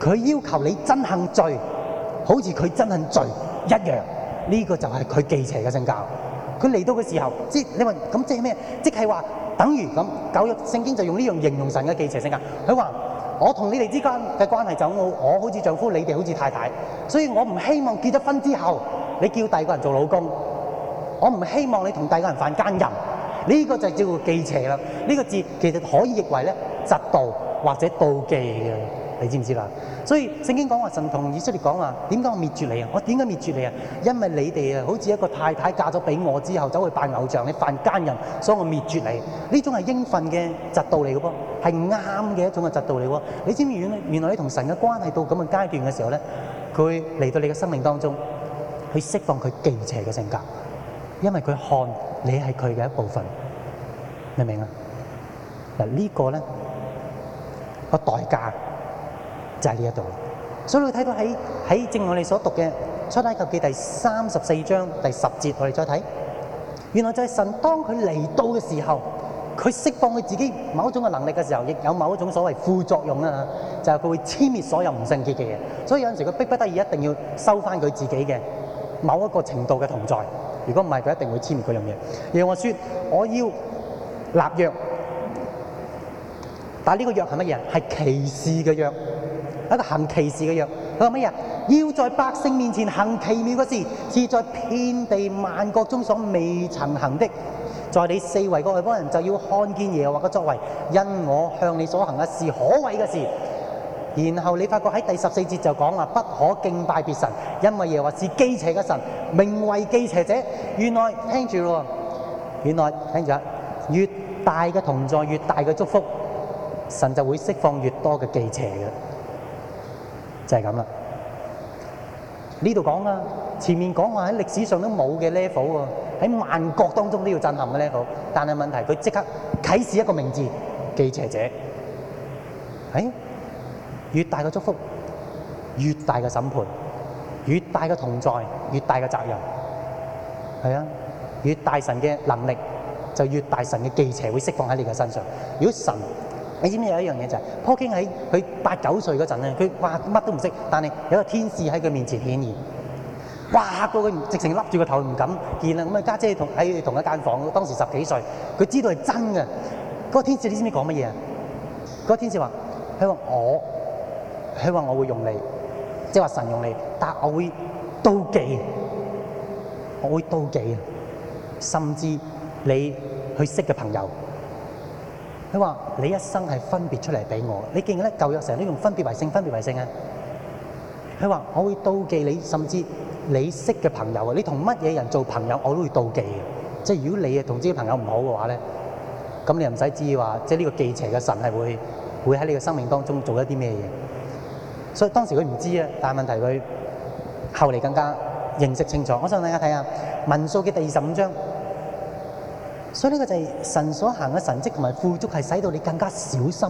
佢要求你憎恨罪，好似佢憎恨罪一樣。呢、這個就係佢忌邪嘅性格。佢嚟到嘅時候，你問即你話咁即係咩？即係話等於咁，舊約聖經就用呢樣形容神嘅忌邪性格。佢話：我同你哋之間嘅關係就好我好似丈夫，你哋好似太太。所以我唔希望結咗婚之後，你叫第二個人做老公。我唔希望你同第二個人犯奸淫。呢、這個就叫做忌邪啦。呢、這個字其實可以譯為咧，嫉妒或者妒忌嘅。你知唔知啦？所以聖經講話，神同以色列講話，點解我滅絕你啊？我點解滅絕你啊？因為你哋啊，好似一個太太嫁咗俾我之後，走去扮偶像，你犯奸淫，所以我滅絕你。呢種係應份嘅窒道，嚟嘅噃，係啱嘅一種嘅窒道嚟嘅。你知唔知原？原來你同神嘅關係到咁嘅階段嘅時候咧，佢會嚟到你嘅生命當中，去釋放佢忌邪嘅性格，因為佢看你係佢嘅一部分，明唔明啊？嗱，呢個咧個代價。就喺呢一度，所以你睇到喺喺正我哋所讀嘅出埃及記第三十四章第十節，我哋再睇，原來就係神當佢嚟到嘅時候，佢釋放佢自己某一種嘅能力嘅時候，亦有某一種所謂副作用啊，就係佢會殲滅所有唔聖潔嘅嘢。所以有陣時佢逼不得已一定要收翻佢自己嘅某一個程度嘅同在。如果唔係，佢一定會殲滅嗰樣嘢。而我說，我要立約，但係呢個約係乜嘢？係歧視嘅約。一個行奇事嘅約，佢話乜嘢？要在百姓面前行奇妙嘅事，是在遍地萬國中所未曾行的。在你四圍嘅外邦人就要看見耶和華嘅作為，因我向你所行嘅事，可畏嘅事。然後你發覺喺第十四節就講話不可敬拜別神，因為耶和華是忌邪嘅神，名為忌邪者。原來聽住咯，原來聽住啦，越大嘅同在，越大嘅祝福，神就會釋放越多嘅忌邪嘅。就係咁啦。呢度講啦，前面講話喺歷史上都冇嘅 level 喎，喺萬國當中都要震撼嘅 level。但係問題，佢即刻啟示一個名字，忌邪者，者、欸。越大嘅祝福，越大嘅審判，越大嘅同在，越大嘅責任。係啊，越大神嘅能力，就越大神嘅忌邪會釋放喺你嘅身上。如果神你知唔知道有一樣嘢就係，Paul King 喺佢八九歲嗰陣咧，佢話乜都唔識，但係有個天使喺佢面前顯現，哇過佢直情笠住個頭唔敢見到咁啊，家姐同喺同一間房，當時十幾歲，佢知道係真嘅嗰個天使你知唔知道講乜嘢啊？嗰個天使話：佢話我，佢話我會用你，即係話神用你，但係我會妒忌，我會妒忌，甚至你去識嘅朋友。佢話：你一生係分別出嚟俾我。你見咧舊約成日都用分別為聖，分別為聖啊！佢話：我會妒忌你，甚至你識嘅朋友。你同乜嘢人做朋友，我都會妒忌。即如果你啊同啲朋友唔好嘅話呢，咁你唔使知話，即係呢個忌邪嘅神係會喺你嘅生命當中做一啲咩嘢。所以當時佢唔知道，但問問題佢後來更加認識清楚。我想大家睇下民數記第二十五章。所以呢個就係神所行嘅神蹟同埋富足，係使到你更加小心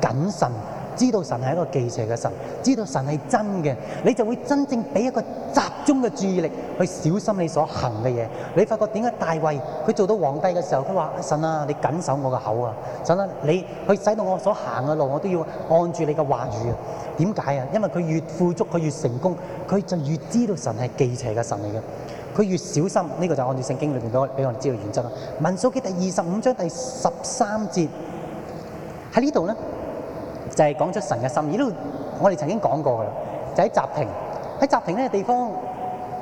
謹慎，知道神係一個忌邪嘅神，知道神係真嘅，你就會真正給一個集中嘅注意力去小心你所行嘅嘢。你發覺點解大衛佢做到皇帝嘅時候，佢話：神啊，你緊守我的口啊，神啊，你去使到我所行嘅路，我都要按住你嘅話語啊。點解啊？因為佢越富足，佢越成功，佢就越知道神係忌邪嘅神嚟嘅。佢越小心，呢、這個就是按照聖經裏面俾我哋知道的原則啦。民數記第二十五章第十三節喺呢度咧，就係講出神嘅心意。而呢度我哋曾經講過嘅啦，就喺集亭，喺集亭地方，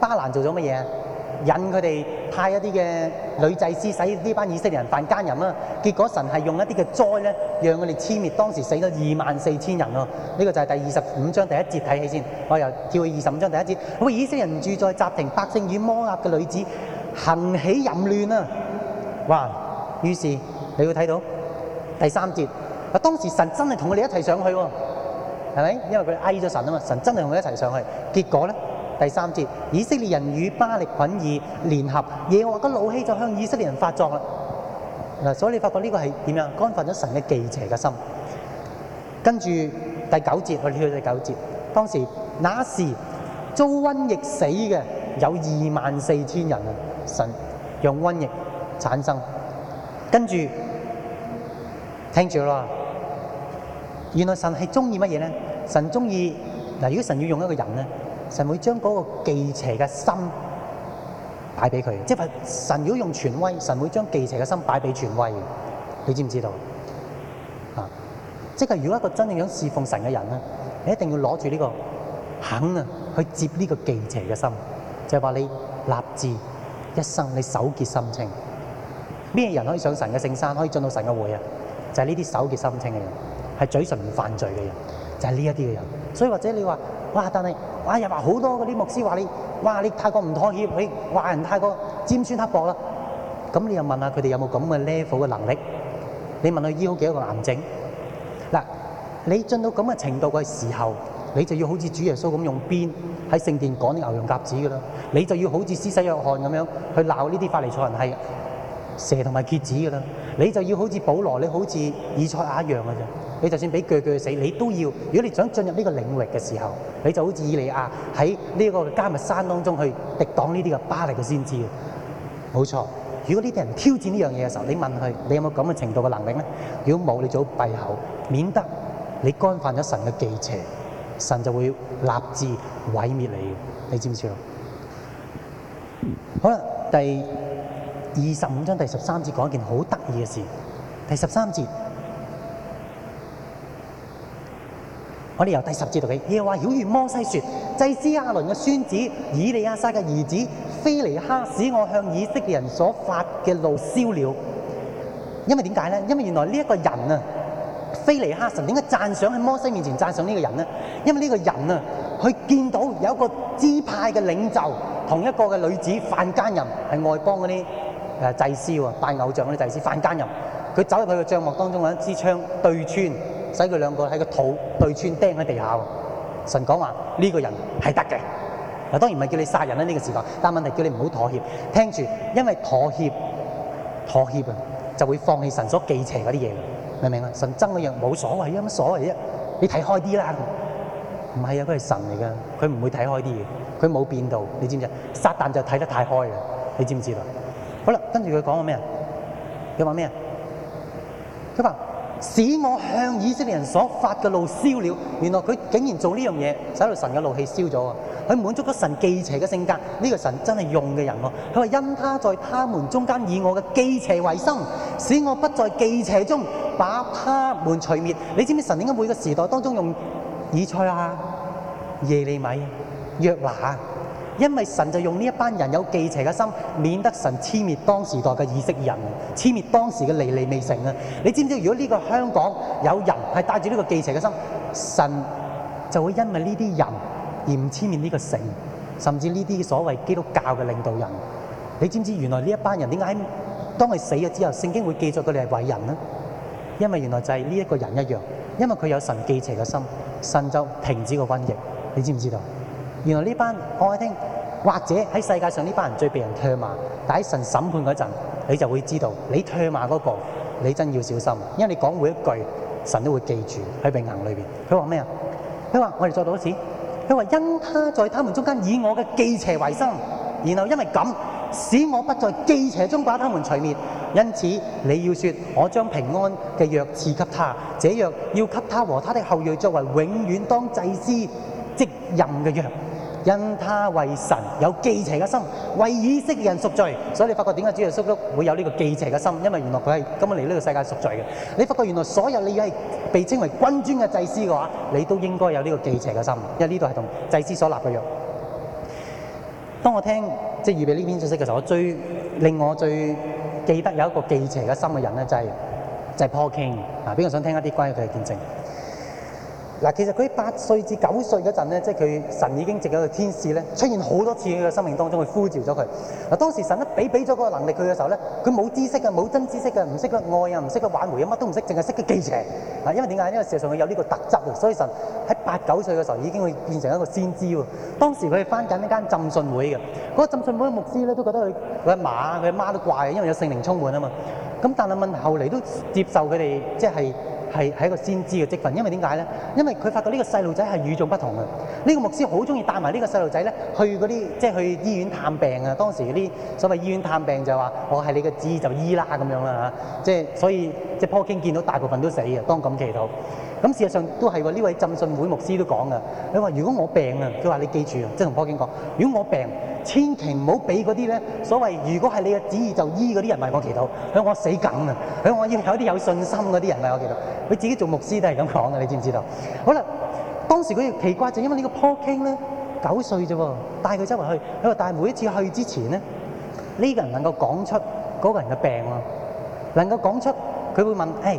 巴蘭做咗乜嘢？引佢哋派一啲嘅女祭司使呢班以色列人犯奸淫啊，結果神係用一啲嘅災咧，讓佢哋殲滅，當時死咗二萬四千人啊，呢個就係第二十五章第一節睇起先，我又叫佢二十五章第一節，喂，以色列人住在集庭，百姓與摩押嘅女子行起淫亂啊！哇，於是你會睇到第三節啊，當時神真係同佢哋一齊上去喎，啊，係咪？因為佢嗌咗神啊嘛，神真係同佢一齊上去，結果咧。第三節，以色列人與巴力毘珥聯合，耶和華嘅怒氣就向以色列人發作了。所以你發覺呢個係點樣？干犯咗神嘅忌邪嘅心。跟住第九節，我哋去到第九節。當時，那時遭瘟疫死嘅有二萬四千人啊！神讓瘟疫產生。跟住聽住了。原來神係中意乜嘢呢？神中意，如果神要用一個人呢。神會將嗰個忌邪嘅心擺俾佢，即係神如果用權威，神會將忌邪嘅心擺俾權威，你知唔知道？啊，即係如果一個真正想侍奉神嘅人咧，你一定要攞住呢個肯啊，去接呢個忌邪嘅心，就係話你立志一生，你手潔心清。咩人可以上神嘅聖山，可以進到神嘅會啊？就係呢啲手潔心清嘅人，係嘴唇唔犯罪嘅人，就係呢一啲嘅人。所以或者你話。哇！但係，哇又話好多嗰啲牧師話你，哇你太過唔妥協，你話人太過尖酸刻薄啦。咁你又問下佢哋有冇咁嘅 level 嘅能力？你問佢醫好幾多個癌症？嗱，你進到咁嘅程度嘅時候，你就要好似主耶穌咁用鞭喺聖殿趕啲牛羊鴿子嘅啦。你就要好似施洗約翰咁樣去鬧呢啲法利賽人係蛇同埋蝎子嘅啦。你就要好似保羅，你好似以賽亞一樣嘅啫。你就算俾鋸鋸死，你都要。如果你想進入呢個領域嘅時候，你就好似以利亞喺呢個加密山當中去敵擋呢啲巴力嘅先知嘅。冇錯。如果呢啲人挑戰呢樣嘢嘅時候，你問佢你有冇咁嘅程度嘅能力呢？如果冇，你就好閉口，免得你干犯咗神嘅忌邪，神就會立志毀滅你。你知唔知道？好啦，第二十五章第十三節講一件好得意嘅事。第十三節。我哋由第十節讀起，又話，曉諭摩西說，祭司亞倫嘅孫子以利亞撒嘅兒子非尼哈，使我向以色列人所發嘅怒燒了。因為點解咧？因為原來呢一個人啊，非尼哈神，神點解讚賞喺摩西面前讚賞呢個人咧？因為呢個人啊，佢見到有一個支派嘅領袖，同一個嘅女子犯姦淫，係外邦嗰啲誒祭司啊，拜偶像嗰啲祭司犯姦淫。佢走入去個帳幕當中一支槍對穿。使佢兩個喺個肚對穿釘喺地下。神講話呢個人係得嘅。嗱，當然唔係叫你殺人啦、啊、呢、呢個時代，但係問題叫你唔好妥協。聽住，因為妥協、妥協啊，就會放棄神所忌邪嗰啲嘢。明唔明啊？神憎嗰樣冇所謂啊，乜所謂啊？你睇開啲啦。唔係啊，佢係、啊、神嚟噶，佢唔會睇開啲嘢。佢冇變道，你知唔知？撒旦就睇得太開啦，你知唔知啦？好啦，跟住佢講話咩啊？佢話咩啊？佢話。使我向以色列人所發嘅怒燒了，原來佢竟然做呢樣嘢，使到神嘅怒氣燒咗啊，佢滿足了神忌邪嘅性格，呢個神真係用嘅人，啊、他佢話，因他在他們中間以我嘅忌邪為心，使我不在忌邪中把他們除滅。你知唔知神點解每個時代當中用以賽亞、耶利米、約拿？因為神就用呢一班人有忌邪嘅心，免得神殲滅當時代嘅以色列人，殲滅當時嘅離離未成啊！你知唔知道如果呢個香港有人係帶住呢個忌邪嘅心，神就會因為呢啲人而唔殲滅呢個城，甚至呢啲所謂基督教嘅領導人。你知唔知道原來呢一班人點解喺當佢死咗之後，聖經會記載佢哋係偉人呢？因為原來就係呢一個人一樣，因為佢有神忌邪嘅心，神就停止個瘟疫。你知唔知道？原來呢班，我聽，或者喺世界上呢班人最被人唾罵，但喺神審判嗰陣，你就會知道，你唾罵嗰步，你真要小心，因為你講每一句，神都會記住喺永恆裏面，佢話咩啊？佢話我哋再說一次。佢話因他在他們中間以我嘅忌邪為生，然後因為咁，使我不在忌邪中把他們除滅。因此你要說，我將平安嘅藥賜給他，這藥要給他和他的後裔作為永遠當祭司職任嘅藥。因他為神有忌邪嘅心，為以色列人贖罪，所以你發覺點解主耶穌會有呢個忌邪嘅心？因為原來佢係根本嚟呢個世界贖罪嘅。你發覺原來所有你係被稱為君尊嘅祭司嘅話，你都應該有呢個忌邪嘅心，因為呢度係同祭司所立嘅約。當我聽即係預備呢篇信息嘅時候，我最令我最記得有一個忌邪嘅心嘅人咧，就係、是、就係、是、Paul King 啊！邊個想聽一啲關於佢嘅見證？嗱，其實佢八歲至九歲嗰陣咧，即係佢神已經藉咗一個天使咧出現好多次喺佢生命當中去呼召咗佢。嗱，當時神一俾俾咗個能力佢嘅時候咧，佢冇知識嘅，冇真知識嘅，唔識得愛啊，唔識得挽回啊，乜都唔識，淨係識得記帳。嗱，因為點解，因為事實上佢有呢個特質，所以神喺八九歲嘅時候已經會變成一個先知喎。當時佢係翻緊一間浸信會嘅，嗰個浸信會嘅牧師咧都覺得佢佢阿媽佢阿媽都怪，因為有聖靈充滿啊嘛。咁但係問後嚟都接受佢哋，即係。係係，一個先知嘅職分，因為為什麼呢，因為點解咧？因為佢發覺呢個細路仔係與眾不同嘅。呢個牧師好鍾意帶埋呢個細路仔咧去嗰啲，即係去醫院探病啊！當時啲所謂醫院探病就話：我係你嘅旨就醫啦咁、啊、樣啦嚇。即係所以，即係 p 見到大部分都死嘅，當咁祈禱。咁事實上都係喎，呢位浸信會牧師都講噶。佢話如果我病啊，佢話你記住，即係同 Paul King 講，如果我病，千祈唔好俾嗰啲咧所謂如果係你嘅旨意就醫嗰啲人為我祈禱。佢話我死梗啊，佢話我要有啲有信心嗰啲人為我祈禱。佢自己做牧師都係咁講噶，你知唔知道？好啦，當時佢奇怪就因為呢個 Paul King 咧九歲啫喎，帶佢周圍去。佢話但係每一次去之前咧，呢個人能夠講出嗰個人嘅病喎，能夠講出佢會問誒。欸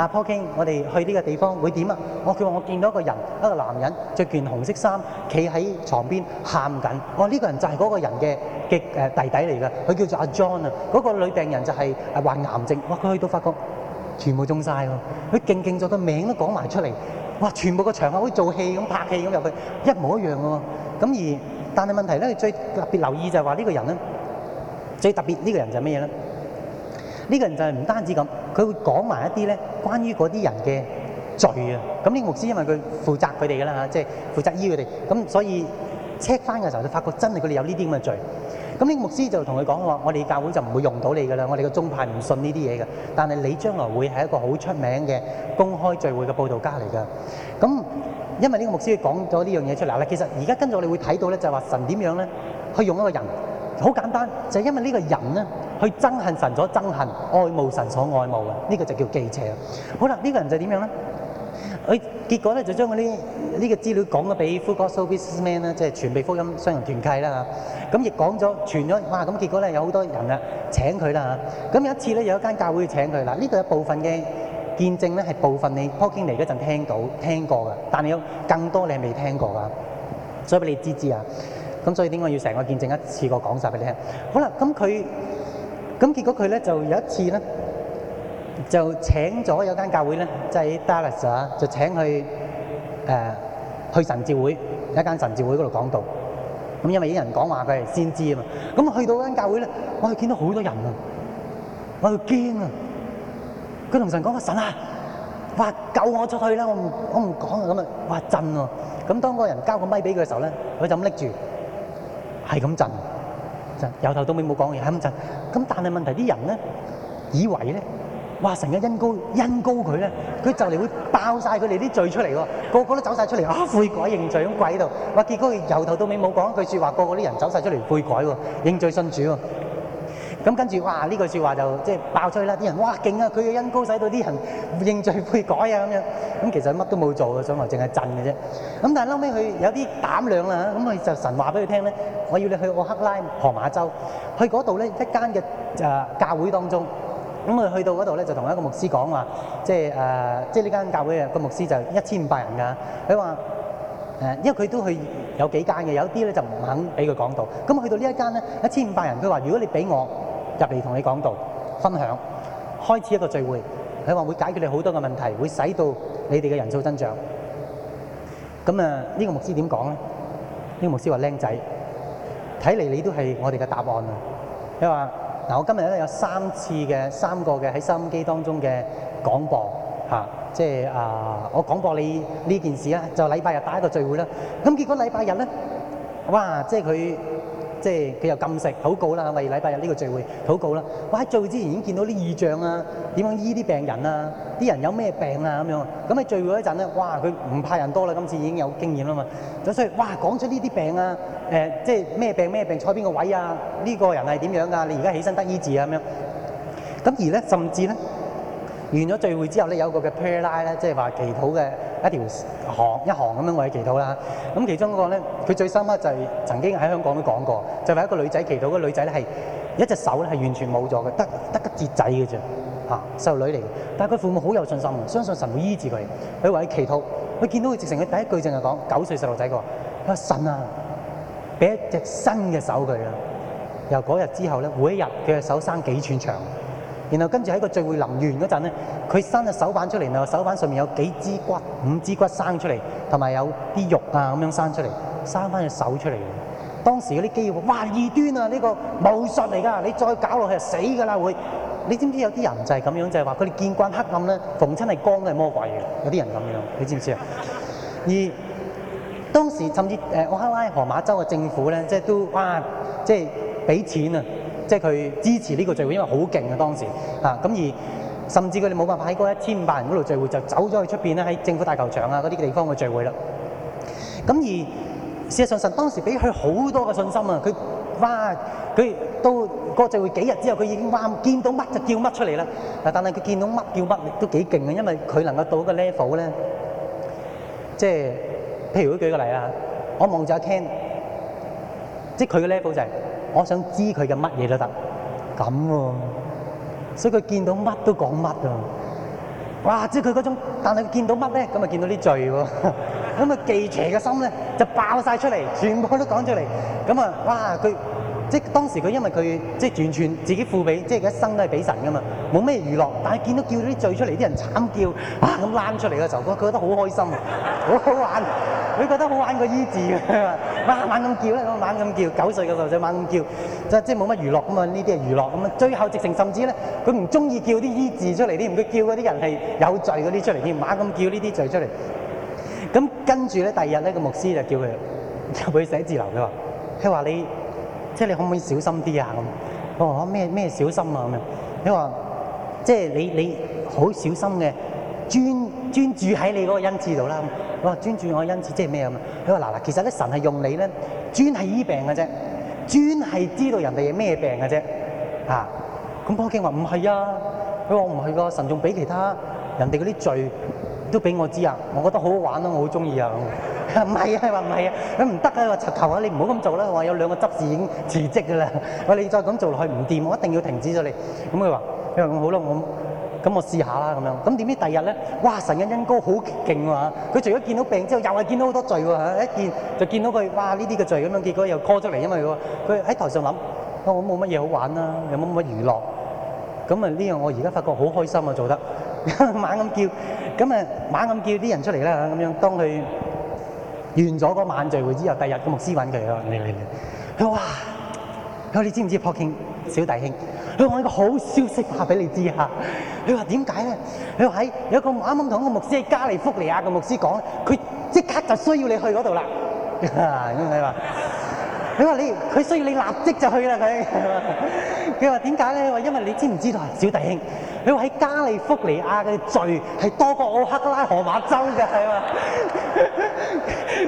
阿 Paul King，我哋去呢個地方會點啊？我佢話我見到一個人，一個男人着件紅色衫，企喺床邊喊緊。我呢、呢個人就係嗰個人嘅嘅誒弟弟嚟嘅，佢叫做阿 John 啊。嗰個女病人就係患癌症。我佢去到發覺全部中晒喎，佢勁勁仲個名都講埋出嚟。哇！全部個場合好似做戲咁、拍戲咁入去，一模一樣喎、啊。咁而但係問題咧，最特別留意就係話呢個人咧，最特別呢、呢個人就係咩嘢咧？呢個人就係唔單止咁，佢會講埋一啲咧關於嗰啲人嘅罪啊！咁呢個牧師因為佢負責佢哋嘅啦嚇，即係負責醫佢哋，咁所以 check 翻嘅時候就發覺真係佢哋有呢啲咁嘅罪。咁呢個牧師就同佢講話：我哋教會就唔會用到你嘅啦，我哋嘅宗派唔信呢啲嘢嘅。但係你將來會係一個好出名嘅公開聚會嘅報道家嚟㗎。咁因為呢個牧師講咗呢樣嘢出嚟嗱，其實而家跟住我哋會睇到咧，就係話神點樣咧去用一個人。好簡單，就係因為呢個人去憎恨神所憎恨，愛慕神所愛慕，呢個就叫記者。好啦，呢個人就係點樣呢？結果咧就將呢個資料講咗俾咁所以點解要成個見證一次過講曬俾你聽？好啦，咁佢咁結果佢咧就有一次咧，就請咗有間教會咧，就係 Dallas 啊，就請佢去誒去神召會一間神召會嗰度講道。咁因為啲人講話，佢係先知啊嘛。咁去到間教會咧，我就見到好多人啊，我就驚啊！佢同神講：阿神啊，話救我出去啦！我唔我唔講啊！咁啊哇震啊！咁當個人交個咪俾佢嘅時候咧，佢就咁拎住。係咁震，震由頭到尾冇講嘢，係咁震。咁但係問題啲人咧，以為咧，哇！成日恩膏，恩膏佢咧，佢就嚟會爆晒佢哋啲罪出嚟喎，個個都走晒出嚟啊，悔改認罪咁跪喺度。哇！結果佢由頭到尾冇講一句說話，個個啲人走晒出嚟悔改喎，認罪信主喎。咁跟住，哇！呢句説話就即係爆出去啦！啲人哇勁啊！佢嘅恩膏使到啲人認罪悔改啊咁樣。咁其實乜都冇做嘅，想話淨係震嘅啫。咁但係後尾佢有啲膽量啦嚇，咁佢就神話俾佢聽咧，我要你去奧克拉荷馬州，去嗰度咧一間嘅誒教會當中。咁佢去到嗰度咧，就同一個牧師講話，即係誒，即係呢間教會嘅個牧師就一千五百人㗎。佢話誒，因為佢都去有幾間嘅，有啲咧就唔肯俾佢講道。咁去到呢一間咧，一千五百人，佢話如果你俾我，入嚟同你講道、分享，開始一個聚會，佢話會解決你好多嘅問題，會使到你哋嘅人數增長。咁啊，呢個牧師點講咧？呢個牧師話：靚仔，睇嚟你都係我哋嘅答案啊！佢話嗱，我今日咧有三次嘅三個嘅喺收音機當中嘅廣播吓、啊，即係啊，我廣播你呢件事啊，就禮拜日打一個聚會啦。咁結果禮拜日咧，哇！即係佢。即係佢又禁食禱告啦，為禮拜日呢個聚會禱告啦。哇！喺聚會之前已經見到啲異象啊，點樣醫啲病人啊？啲人有咩病啊？咁樣，咁喺聚會嗰陣咧，哇！佢唔怕人多啦，今次已經有經驗啦嘛。咁所以哇，講咗呢啲病啊，誒、呃，即係咩病咩病坐邊個位啊？呢、呢個人係點樣㗎？你而家起身得醫治啊？咁樣，咁而咧，甚至咧。完咗聚會之後咧，有一個嘅 prayer line 咧，即係話祈禱嘅一條行一行咁樣為祈禱啦。咁其中嗰個咧，佢最深刻就係曾經喺香港都講過，就係、為、一個女仔祈禱。嗰、那個、女仔咧係一隻手咧係完全冇咗嘅，得得個節仔嘅啫。嚇、啊，細路女嚟嘅，但係佢父母好有信心，相信神會醫治佢。佢為祈禱，佢見到佢直成直情佢第一句就係講九歲細路仔喎。佢話神啊，俾一隻新嘅手佢啊。」由嗰日之後咧，每一日佢嘅手生幾寸長。然後跟住喺個聚會臨完嗰陣咧，佢伸隻手板出嚟，然後手板上面有幾支骨、五支骨生出嚟，同埋有啲肉啊咁樣生出嚟，生翻隻手出嚟嘅。當時嗰啲機要部，哇！異端啊，呢、這個巫術嚟㗎，你再搞落去死㗎啦會。你知唔知有啲人就係咁樣，就係話佢哋見慣黑暗咧，逢親係光都係魔鬼嘅。有啲人咁樣，你知唔知啊？而當時甚至誒奧克拉荷馬州嘅政府咧，即係都哇，即係俾錢啊！即係佢支持呢個聚會，因為好勁啊當時，啊咁而甚至佢哋冇辦法喺嗰一千五百人嗰度聚會，就走咗去出邊咧，喺政府大球場啊嗰啲地方嘅聚會啦。咁而事實上，神當時俾佢好多嘅信心啊！佢哇，佢到個聚會幾日之後，佢已經話見到乜就叫乜出嚟啦。嗱，但係佢見到乜叫乜都幾勁啊，因為佢能夠到一個 level 咧，即係譬如舉個例啊，我望住阿 Ken，即係佢嘅 level 就係。我想知佢嘅乜嘢都得，咁喎、啊，所以佢見到乜都講乜啊！哇，即係佢嗰種，但係佢見到乜咧，咁啊見到啲罪喎、啊，咁啊忌邪嘅心咧就爆晒出嚟，全部都講出嚟，咁啊，哇佢。他即係當時佢因為佢即係完全自己付俾，即係一生都係俾神㗎嘛，冇咩娛樂。但係見到叫啲罪出嚟，啲人慘叫啊咁攬出嚟嘅時候，佢覺得好開心，好好玩，佢覺得好玩過醫治啊！猛咁叫咧，猛咁叫，九歲嘅時候猛咁叫，就即係即係冇乜娛樂咁啊！呢啲係娛樂咁啊！咁最後直情甚至咧，佢唔中意叫啲醫治出嚟啲，佢叫嗰啲人係有罪嗰啲出嚟添，猛咁叫呢啲罪出嚟。咁跟住咧，第二日呢個牧師就叫佢入去寫字樓，佢話：，佢話你。即係你可唔可以小心啲啊？咁佢話咩咩小心啊？咁樣你話即係你你好小心嘅專專注喺你嗰個恩賜度啦。咁，佢話專注我恩賜即係咩咁，嘛，你話嗱嗱，其實咧神係用你咧，專係醫病嘅啫，專係知道人哋咩病嘅啫。嚇咁波經話唔係啊，佢話我唔係個神仲俾其他人哋嗰啲罪。都俾我知啊！我覺得好好玩啊，我好中意啊！唔 *laughs* 係啊，佢話唔係啊，佢唔得啊！話求下啊，你唔好咁做啦！我話有兩個執事已經辭職嘅啦，我話你再咁做落去唔掂，我一定要停止咗你。咁佢話：咁好啦、啊，我咁我試下啦、啊、咁樣。咁、嗯、點知第二日咧，哇！神恩恩膏好勁喎！佢除咗見到病之後，又係見到好多罪喎、啊、一見就見到佢，哇！呢啲嘅罪咁樣，結果又 call 出嚟因為喎，佢喺台上諗，我冇乜嘢好玩啊，有冇乜娛樂？咁啊呢樣我而家發覺好開心啊，做得！猛咁叫，咁啊猛咁叫啲人出嚟啦咁樣。當佢完咗嗰晚聚會之後，第日個牧師揾佢咯。你你你，佢話：佢話你知唔知樸慶小弟兄？佢話我有一個好消息話俾你知嚇。佢話點解咧？佢話喺有一個啱啱同個牧師喺加利福尼亞個牧師講，佢即刻就需要你去嗰度啦。你話你話你佢需要你立即就去啦。佢話。佢話點解咧？佢話因為你知唔知道啊，小弟兄，你話喺加利福尼亞嘅罪係多過奧克拉荷馬州嘅，係嘛？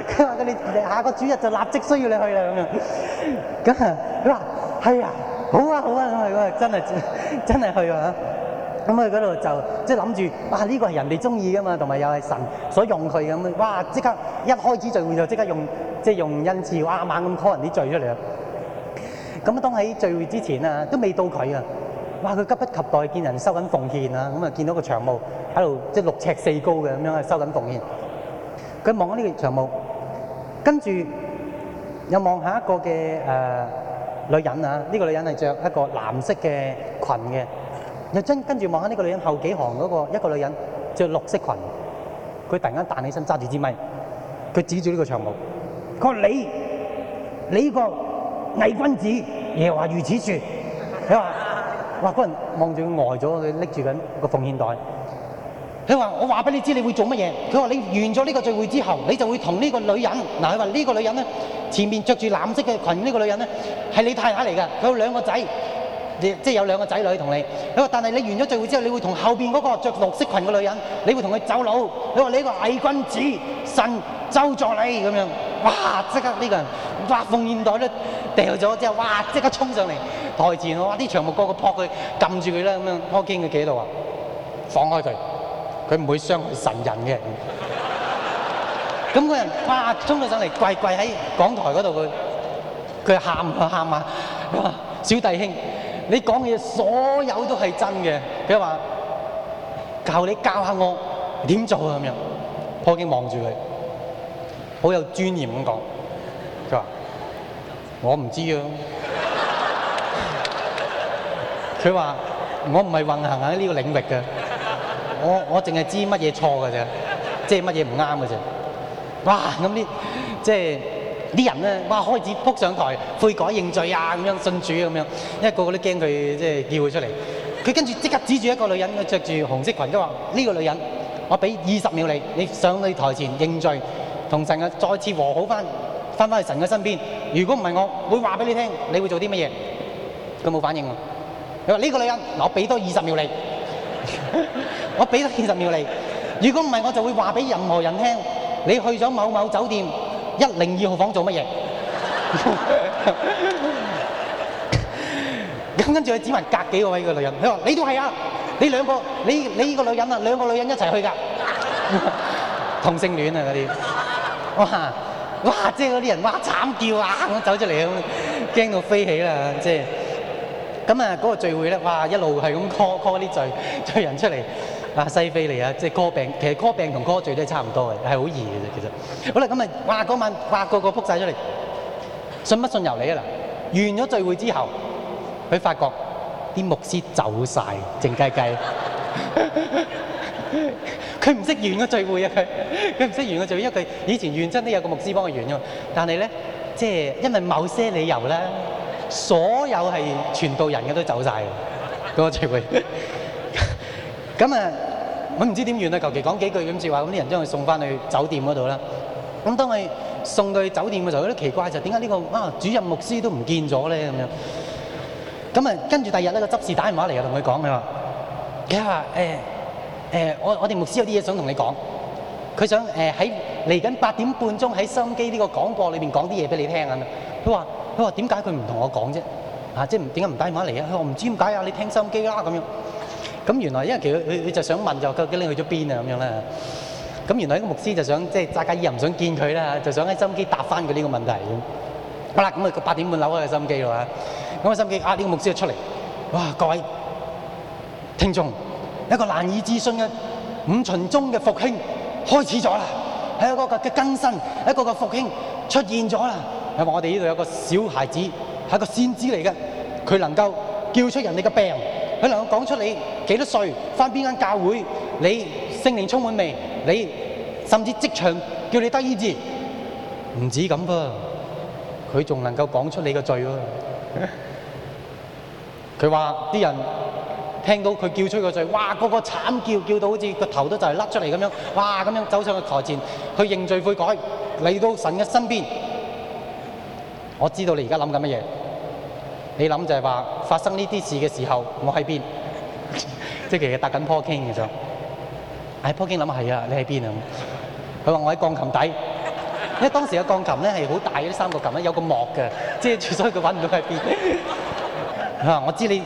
佢話咁你下個主日就立即需要你去啦，咁樣。咁啊，佢話係啊，好啊，好啊，咁去真係真係去啊！咁佢嗰度就即係諗住，哇！呢個係人哋中意噶嘛，同埋又係神所用佢咁樣。哇！即刻一開始聚會就即刻用，即係用恩賜，哇！猛咁拖人啲罪出嚟啊！咁啊，當喺聚會之前啊，都未到佢啊，哇！佢急不及待見人收緊奉獻啦，咁啊見到個長毛喺度，即係六尺四高嘅咁樣啊收緊奉獻。佢望緊呢個長毛，跟住又望下一個嘅誒女人啊，呢個女人係著一個藍色嘅裙嘅，又跟跟住望下呢個女人後幾行嗰個一個女人著綠色裙，佢突然間彈起身揸住支咪，佢指住呢個長毛，佢話你你個偽君子，爺話如此他說，佢、啊、話，哇！嗰人望住佢呆咗，佢拎住緊個奉獻袋。佢話我話俾你知你會做乜嘢，佢話你完咗呢個聚會之後，你就會同呢個女人，嗱、啊，佢話呢個女人咧，前面着住藍色嘅裙呢，這個女人咧，係你太太嚟嘅。佢有兩個仔，即、就、係、是、有兩個仔女同你。佢話但係你完咗聚會之後，你會同後邊嗰個着綠色裙嘅女人，你會同佢走佬。」佢話你個偽君子，神周助你咁樣，哇！即刻呢、這個人。哇！奉獻袋咧掉咗之後，哇！即刻衝上嚟台前，哇！啲長毛個個撲佢，撳住佢啦咁樣。破堅佢企喺度啊，放開佢，佢唔會傷害神人嘅。咁個人哇！衝咗上嚟跪跪喺講台嗰度，佢佢喊啊喊啊！佢話小弟兄，你講嘢所有都係真嘅，佢話求你教下我點做咁樣。破堅望住佢，好有尊嚴咁講。我唔知啊！佢話：我唔係運行喺呢個領域嘅，我我淨係知乜嘢錯嘅啫，即係乜嘢唔啱嘅啫。哇！咁啲即係啲人咧，哇！開始撲上台悔改認罪啊，咁樣信主咁樣，因為個個都驚佢即係叫佢出嚟。佢跟住即刻指住一個女人，着住紅色裙，都話呢個女人，我俾二十秒你，你上去台前認罪，同神啊再次和好翻。翻返去神嘅身邊。如果唔係，我會話俾你聽，你會做啲乜嘢？佢冇反應。佢話呢個女人，嗱，我俾多二十秒你，我俾多二十秒你。如果唔係，我就會話俾任何人聽，你去咗某某酒店一零二號房做乜嘢？咁跟住佢指埋隔幾個位嘅女人，佢話：你都係啊，你兩個，你你呢個女人啊，兩個女人一齊去㗎，同性戀啊嗰啲，哇！哇！即係嗰啲人哇慘叫啊！咁走出嚟咁，驚到飛起啦！即係咁啊，嗰個聚會咧，哇！一路係咁 call call 啲罪罪人出嚟啊，西非嚟啊！即係 call 病，其實 call 病同 call 罪都係差唔多嘅，係好易嘅啫，其實。好啦，咁啊，哇！嗰晚哇個個撲曬出嚟，信不信由你啊嗱！完咗聚會之後，佢發覺啲牧師走曬，靜雞雞。佢唔識完個聚會啊！佢佢唔識完個聚會，因為佢以前原真都有個牧師幫佢完噶。但係咧，即係因為某些理由咧，所有係全部人嘅都走晒。嗰、那個聚會。咁 *laughs* 啊、嗯，我唔知點完啊。求其講幾句咁説話，咁啲人將佢送翻去酒店嗰度啦。咁當佢送到去酒店嘅時候，有啲奇怪就點解呢個啊主任牧師都唔見咗咧咁樣？咁、嗯、啊、那個，跟住第日呢個執事打電話嚟啊，同佢講佢話：，呀、欸、誒。誒，我我哋牧師有啲嘢想同你講，佢想誒喺嚟緊八點半鐘喺收音機呢個廣播裏邊講啲嘢俾你聽啊！佢話佢話點解佢唔同我講啫？嚇，即係點解唔打電話嚟啊？佢話唔知點解啊！你聽收音機啦咁樣。咁原來因為其實佢佢就想問就究竟你去咗邊啊咁樣啦。咁原來呢個牧師就想即係扎加爾又唔想見佢啦嚇，就想喺收音機答翻佢呢個問題。好啦，咁啊佢八點半扭開個心機啦，咁個心機啊呢個牧師就出嚟，哇，各位聽眾。一個難以置信嘅五旬宗嘅復興開始咗啦，喺一個個嘅更新，一個個復興出現咗啦。佢話我哋呢度有個小孩子係個先知嚟嘅，佢能夠叫出人哋嘅病，佢能夠講出你幾多歲，翻邊間教會，你聖靈充滿未，你甚至職場叫你得醫治，唔止咁噃，佢仲能夠講出你嘅罪喎，啊。佢話啲人。聽到佢叫出個罪，哇！個個慘叫，叫到好似個頭都就係甩出嚟咁樣，哇！咁樣走上個台前，去認罪悔改，嚟到神嘅身邊。我知道你而家諗緊乜嘢？你諗就係話發生呢啲事嘅時候，我喺邊？即係其實搭緊 parking 嘅啫。喺 parking 諗係啊，你喺邊啊？佢話我喺鋼琴底，因為當時嘅鋼琴咧係好大嗰啲三角琴咧，有個幕嘅遮住，所以佢揾唔到喺邊。嚇！我知你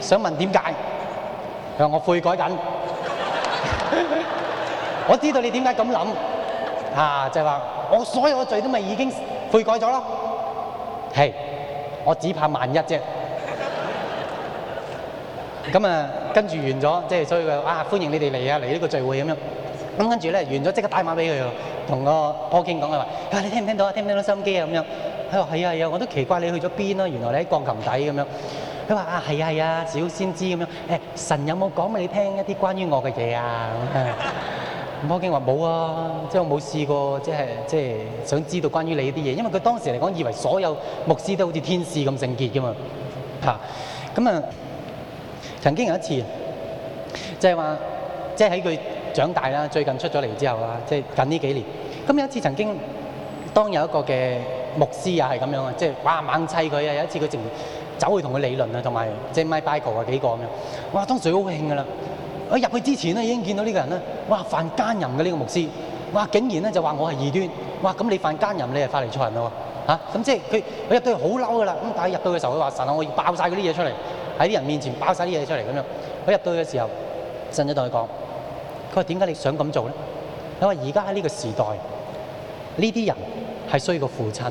想問點解？我悔改緊， *laughs* 我知道你點解咁諗，啊，即係話我所有嘅罪都咪已經悔改咗咯。係，我只怕萬一啫。咁啊，跟住完咗，即係所以佢啊，歡迎你哋嚟啊，嚟呢個聚會咁樣。咁跟住咧，完咗即刻打電話俾佢，同個破京講你聽唔聽到啊？聽唔聽到收音機啊？咁樣。佢話係啊係啊，我都奇怪你去咗邊啊？原來你喺鋼琴底咁樣。佢話：啊，係啊，係啊，小先知咁樣。誒，神有冇講俾你聽一啲關於我嘅嘢啊？咁 *laughs* 啊，咁我驚話冇啊，即係我冇試過，即係即係想知道關於你啲嘢。因為佢當時嚟講，以為所有牧師都好似天使咁聖潔嘅嘛。嚇、啊，咁啊，曾經有一次，即係話，即係喺佢長大啦，最近出咗嚟之後啦，即係近呢幾年。咁有一次曾經，當有一個嘅牧師又係咁樣啊，即係哇猛砌佢啊！有一次佢直走去同佢理論啊，同埋即係 my bible 啊幾個咁樣，哇！當時好興噶啦，我入去之前咧已經見到呢個人咧，哇！犯奸淫嘅呢個牧師，哇！竟然咧就話我係異端，哇！咁你犯奸淫，你係法嚟錯人咯喎，嚇、啊？咁即係佢，我入到去好嬲噶啦，咁但係入到嘅時候，佢話神啊，我要爆晒嗰啲嘢出嚟，喺啲人面前爆晒啲嘢出嚟咁樣。我入到去嘅時候，神就同佢講，佢話點解你想咁做咧？佢話而家喺呢個時代，呢啲人係需要個父親。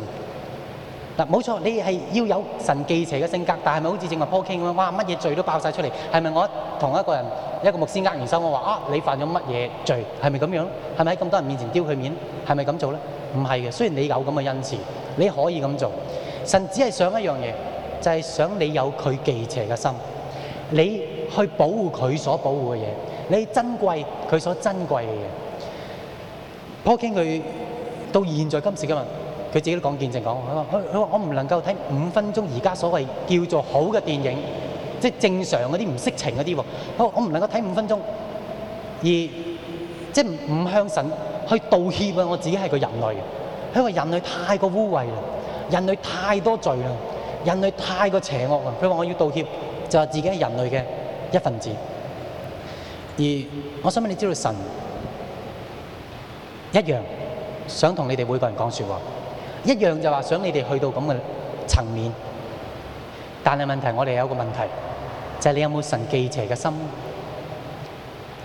冇錯，你係要有神忌邪嘅性格，但係咪好似正話 Paul King 咁樣？哇，乜嘢罪都爆晒出嚟，係咪我同一個人一個牧師握完手？我話啊，你犯咗乜嘢罪？係咪咁樣？係咪喺咁多人面前丟佢面？係咪咁做咧？唔係嘅，雖然你有咁嘅恩賜，你可以咁做。神只係想一樣嘢，就係、是、想你有佢忌邪嘅心，你去保護佢所保護嘅嘢，你珍貴佢所珍貴嘅嘢。Paul King 佢到現在今時今日。佢自己都講見證，講，佢話我唔能夠睇五分鐘而家所謂叫做好嘅電影，即係正常嗰啲唔色情嗰啲喎。佢話我唔能夠睇五分鐘，而即係唔向神去道歉啊！我自己係個人類，因為人類太過污穢啦，人類太多罪啦，人類太過邪惡啦。佢話我要道歉，就係自己係人類嘅一份子。而我想問你知道神一樣想同你哋每個人講説話。一樣就話想你哋去到咁嘅層面，但係問題我哋有一個問題，就係你有冇神忌邪嘅心？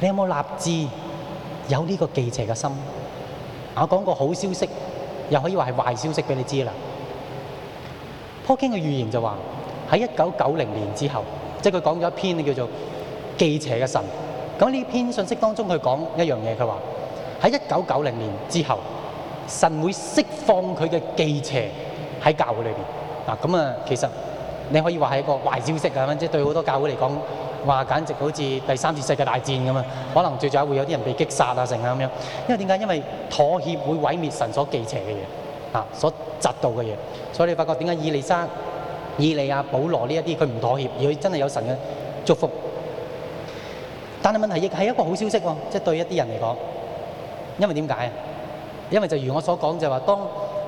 你有冇立志有呢個忌邪嘅心？我講個好消息，又可以話係壞消息俾你知啦。坡京嘅預言就話喺一九九零年之後，即係佢講咗一篇叫做《忌邪嘅神》。咁呢篇信息當中佢講一樣嘢，佢話喺一九九零年之後。神會釋放佢嘅忌邪喺教會裏邊嗱，咁啊，其實你可以話係一個壞消息啊，即係對好多教會嚟講，話簡直好似第三次世界大戰咁啊，可能最早會有啲人被擊殺啊，成啊咁樣。因為點解？因為妥協會毀滅神所忌邪嘅嘢啊，所窒到嘅嘢。所以你發覺點解以利沙、以利亞、保羅呢一啲佢唔妥協，而佢真係有神嘅祝福。但係問題亦係一個好消息喎，即係對一啲人嚟講，因為點解啊？因為就如我所講，就係話當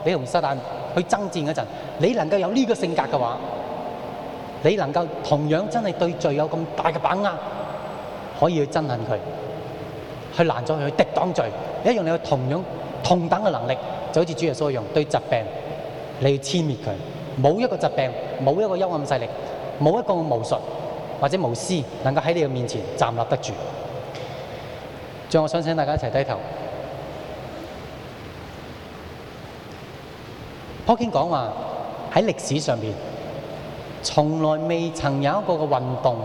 你同撒旦去爭戰嗰陣，你能夠有呢個性格嘅話，你能夠同樣真係對罪有咁大嘅把握，可以去憎恨佢，去攔阻佢，去敵擋罪，一樣你有同樣同等嘅能力，就好似主耶穌一樣，對疾病你要殲滅佢，冇一個疾病，冇一個幽暗勢力，冇一個巫術或者巫師能夠喺你嘅面前站立得住。最後，我想請大家一齊低頭。我經講話喺歷史上邊，從來未曾有一個嘅運動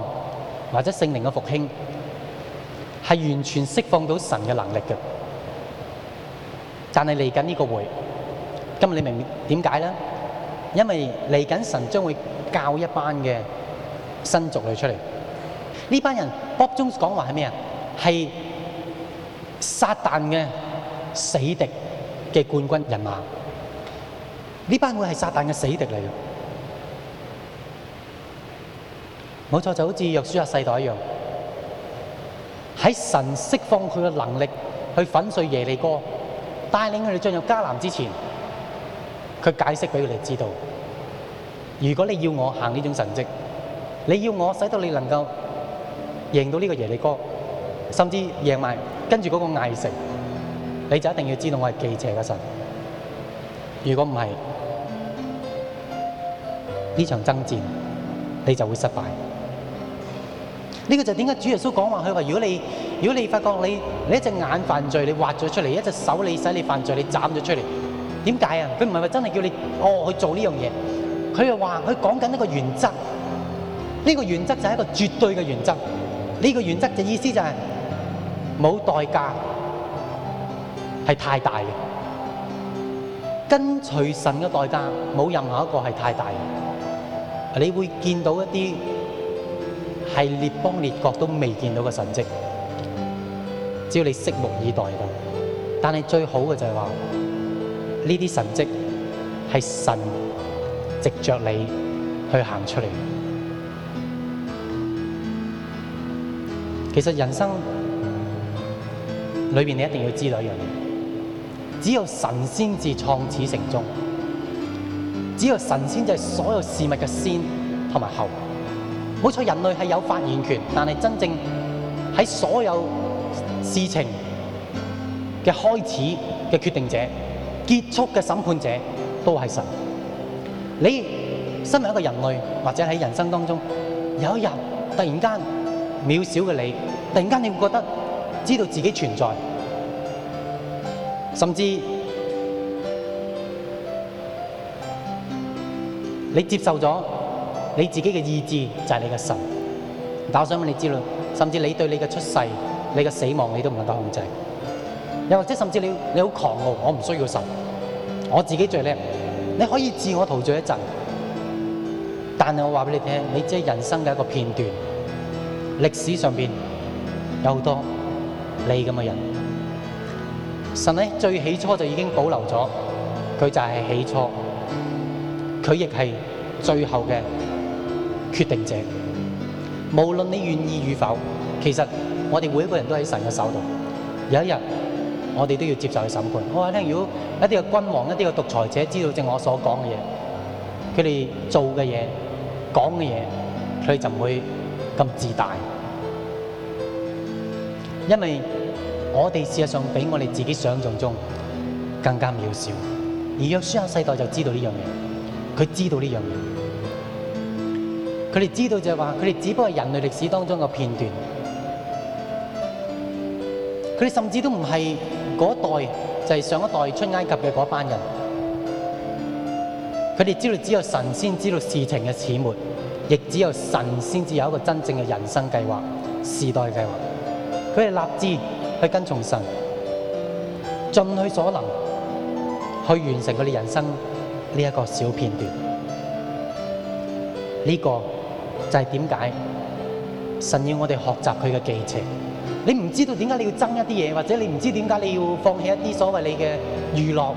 或者聖靈嘅復興係完全釋放到神嘅能力嘅。但係嚟緊呢個會，今日你明點解咧？因為嚟緊神將會教一班嘅新族類出嚟。呢班人 Bob Jones 講話係咩啊？係撒旦嘅死敵嘅冠軍人馬。呢班會係撒但嘅死敵嚟嘅，冇錯，就好似約書亞世代一樣。喺神釋放佢嘅能力去粉碎耶利哥，帶領佢哋進入迦南之前，佢解釋俾佢哋知道：如果你要我行呢種神蹟，你要我使到你能夠贏到呢個耶利哥，甚至贏埋跟住嗰個艾城，你就一定要知道我係忌邪嘅神。如果唔係，呢場爭戰，你就會失敗。呢個就點解主耶穌講話？佢話：如果你如果你發覺你你一隻眼犯罪，你挖咗出嚟；一隻手你使你犯罪，你斬咗出嚟。點解啊？佢唔係話真係叫你哦去做呢樣嘢。佢係話佢講緊一個原則。呢個原則就係一個絕對嘅原則。呢個原則嘅意思就係冇代價，係太大嘅。跟隨神嘅代價，冇任何一個係太大嘅。你會見到一啲係列邦列國都未見到嘅神迹，只要你拭目以待。但係最好嘅就係話，呢啲神迹係神藉着你去行出嚟。其實人生裏面，你一定要知道一樣嘢，只有神先至創始成終。只要神仙就係所有事物嘅先同埋後。冇錯，人類係有發言權，但係真正喺所有事情嘅開始嘅決定者、結束嘅審判者都係神。你身為一個人類，或者喺人生當中有一日突然間渺小嘅你，突然間你會覺得知道自己存在，甚至。你接受咗你自己嘅意志就係你嘅神，但我想問你知啦，甚至你對你嘅出世、你嘅死亡，你都唔能夠控制。又或者甚至你你好狂傲，我唔需要神，我自己最叻，你可以自我陶醉一陣，但係我話俾你聽，你只係人生嘅一個片段。歷史上邊有好多你咁嘅人，神咧最起初就已經保留咗，佢就係起初。佢亦係最後嘅決定者，無論你願意與否，其實我哋每一個人都喺神嘅手度。有一日，我哋都要接受去審判。我話如果一啲嘅君王、一啲嘅獨裁者知道正我所講嘅嘢，佢哋做嘅嘢、講嘅嘢，佢就唔會咁自大，因為我哋事實上比我哋自己想像中更加渺小。而約書亞世代就知道呢樣嘢。佢知道呢樣嘢，佢哋知道就係話，佢哋只不過係人類歷史當中嘅片段，佢哋甚至都唔係嗰代就係上一代出埃及嘅嗰班人。佢哋知道只有神先知道事情嘅始末，亦只有神先至有一個真正嘅人生計劃、時代計劃。佢哋立志去跟從神，盡佢所能去完成佢哋人生。呢、這、一個小片段，呢個就係點解神要我哋學習佢嘅技情。你唔知道點解你要爭一啲嘢，或者你唔知點解你要放棄一啲所謂你嘅娛樂、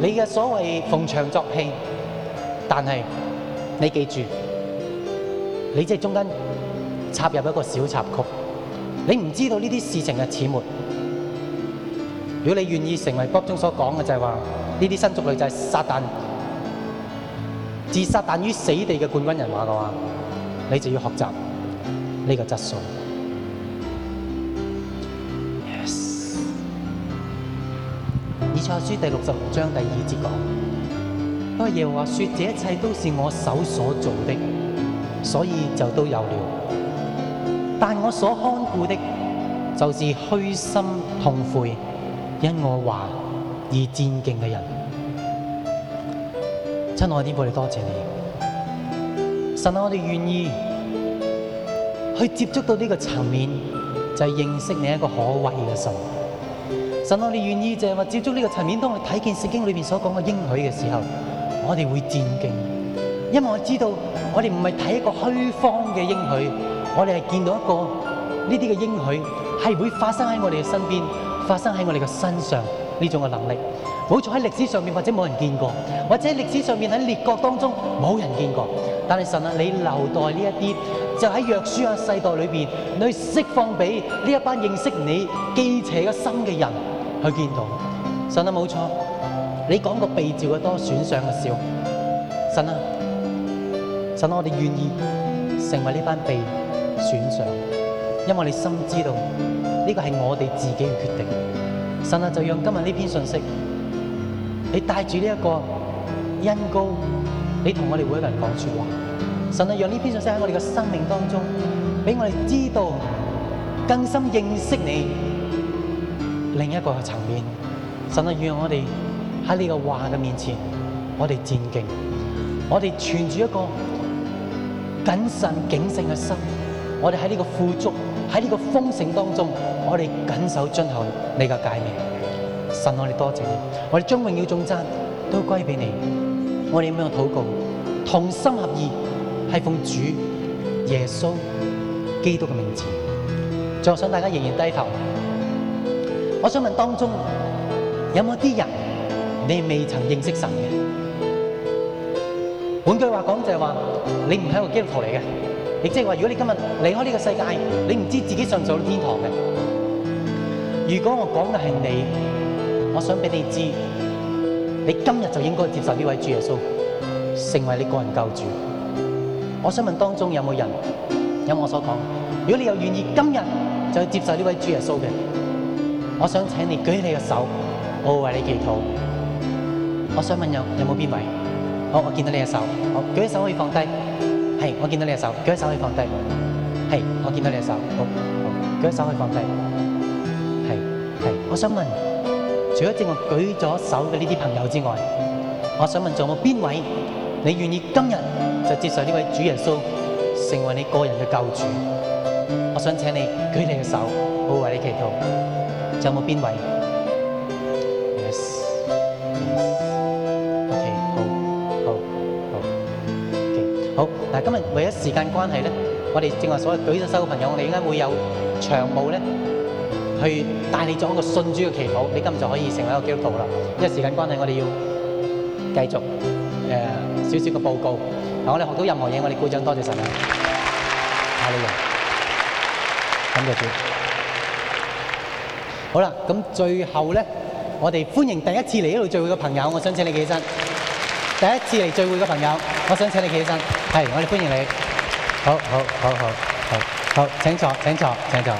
你嘅所謂逢場作戲。但係你記住，你即係中間插入一個小插曲。你唔知道呢啲事情嘅始末。如果你願意成為卜中所講嘅，就係話呢啲新族類就係撒旦。自殺但於死地嘅冠軍人話嘅話，你就要學習呢個質素。以、yes. 賽書第六十六章第二節講：耶和華說：說說這一切都是我手所做的，所以就都有了。但我所看顧的，就是虛心痛悔，因我話而戰兢嘅人。親愛的天父，我哋多謝你。神啊，我哋願意去接觸到呢個層面，就係、係、認識你一個可畏嘅神。神、啊、我哋願意就係話接觸呢個層面，當我哋睇見聖經裏邊所講嘅應許嘅時候，我哋會戰兢，因為我知道我哋唔係睇一個虛方嘅應許，我哋係見到一個呢啲嘅應許係會發生喺我哋嘅身邊，發生喺我哋嘅身上呢種嘅能力。冇錯，喺歷史上面或者冇人見過，或者歷史上面喺列國當中冇人見過。但係神啊，你留待呢一啲，就喺約書亞世代裏邊你去釋放俾呢一班認識你、記邪嘅心嘅人去見到。神啊，冇錯，你講過被召嘅多，選上嘅少。神啊，神啊，我哋願意成為呢班被選上，因為你深知道呢個係我哋自己嘅決定。神啊，就讓今日呢篇信息。你帶住呢一個恩膏，你同我哋每一個人講説話。神啊，讓呢篇信息喺我哋嘅生命當中，俾我哋知道，更深認識你另一個嘅層面。神啊，願我哋喺呢個話嘅面前，我哋戰兢，我哋存住一個謹慎警醒嘅心。我哋喺呢個富足、喺呢個豐盛當中，我哋緊守遵行你嘅誡命。神，我哋多謝你，我哋將榮耀頌讚都歸俾你。我哋咁樣禱告，同心合意，係奉主耶穌基督嘅名字。再想大家仍然低頭，我想問當中有冇啲人你未曾認識神嘅？換句話講就係話，你唔係一個基督徒嚟嘅，亦即係話，如果你今日離開呢個世界，你唔知道自己上唔上天堂嘅。如果我講嘅係你。我想俾你知，你今日就應該接受呢位主耶穌，成為你個人救主。我想問當中有冇人，有我所講，如果你又願意今日就接受呢位主耶穌嘅，我想請你舉起你嘅手，我會為你祈禱。我想問有有冇邊位？好，我見到你嘅手，好，好舉起手可以放低，係我見到你嘅手，舉起手可以放低，係我見到你嘅手，好，舉起手可以放低，係係，我想問。除咗正話舉咗手嘅呢啲朋友之外，我想問仲有冇邊位你願意今日就接受呢位主耶穌成為你個人嘅救主？我想請你舉你嘅手，我為你祈禱。仲有冇邊位？Yes，yes，OK，好，好，好，OK，好。嗱，今日為咗時間關係咧，我哋正話所謂舉咗手嘅朋友，我哋應該會有長務咧。去帶你做一個信主嘅祈禱，你今日就可以成為一個基督徒啦。因為時間關係，我哋要繼續誒少少嘅報告。嗱，我哋學到任何嘢，我哋鼓掌，多謝晒！阿李耀，咁就先。好啦，咁最後咧，我哋歡迎第一次嚟呢度聚會嘅朋友，我想請你企起身。第一次嚟聚會嘅朋友，我想請你企起身，係我哋歡迎你。好好好好好，好，請坐請坐請坐。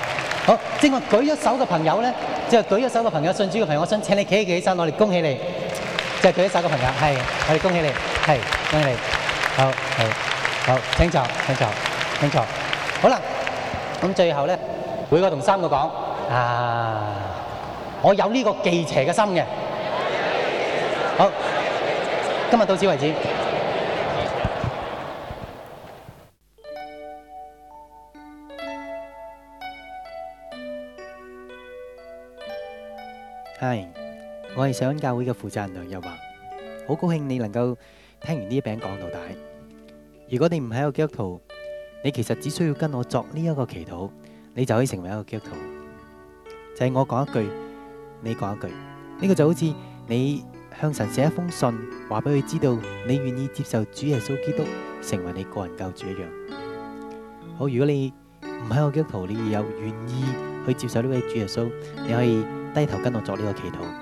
好，好。我係上恩教會嘅負責人梁日華，好高興你能夠聽完呢一篇講道帶。如果你唔喺個基督徒，你其實只需要跟我作呢一個祈禱，你就可以成為一個基督徒。就係我講一句，你講一句，呢個就好似你向神寫一封信，話俾佢知道你願意接受主耶穌基督成為你個人救主一樣。好，如果你唔喺個基督徒，你又願意去接受呢位主耶穌，你可以低頭跟我作呢個祈禱。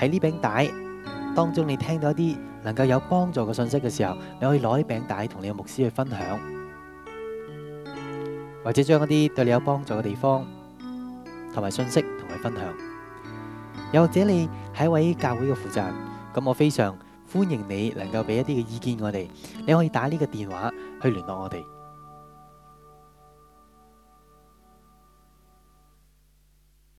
喺呢餅帶當中，你聽到一啲能夠有幫助嘅信息嘅時候，你可以攞啲餅帶同你嘅牧師去分享，或者將一啲對你有幫助嘅地方同埋信息同佢分享。又或者你係一位教會嘅負責人，咁我非常歡迎你能夠俾一啲嘅意見我哋。你可以打呢個電話去聯絡我哋。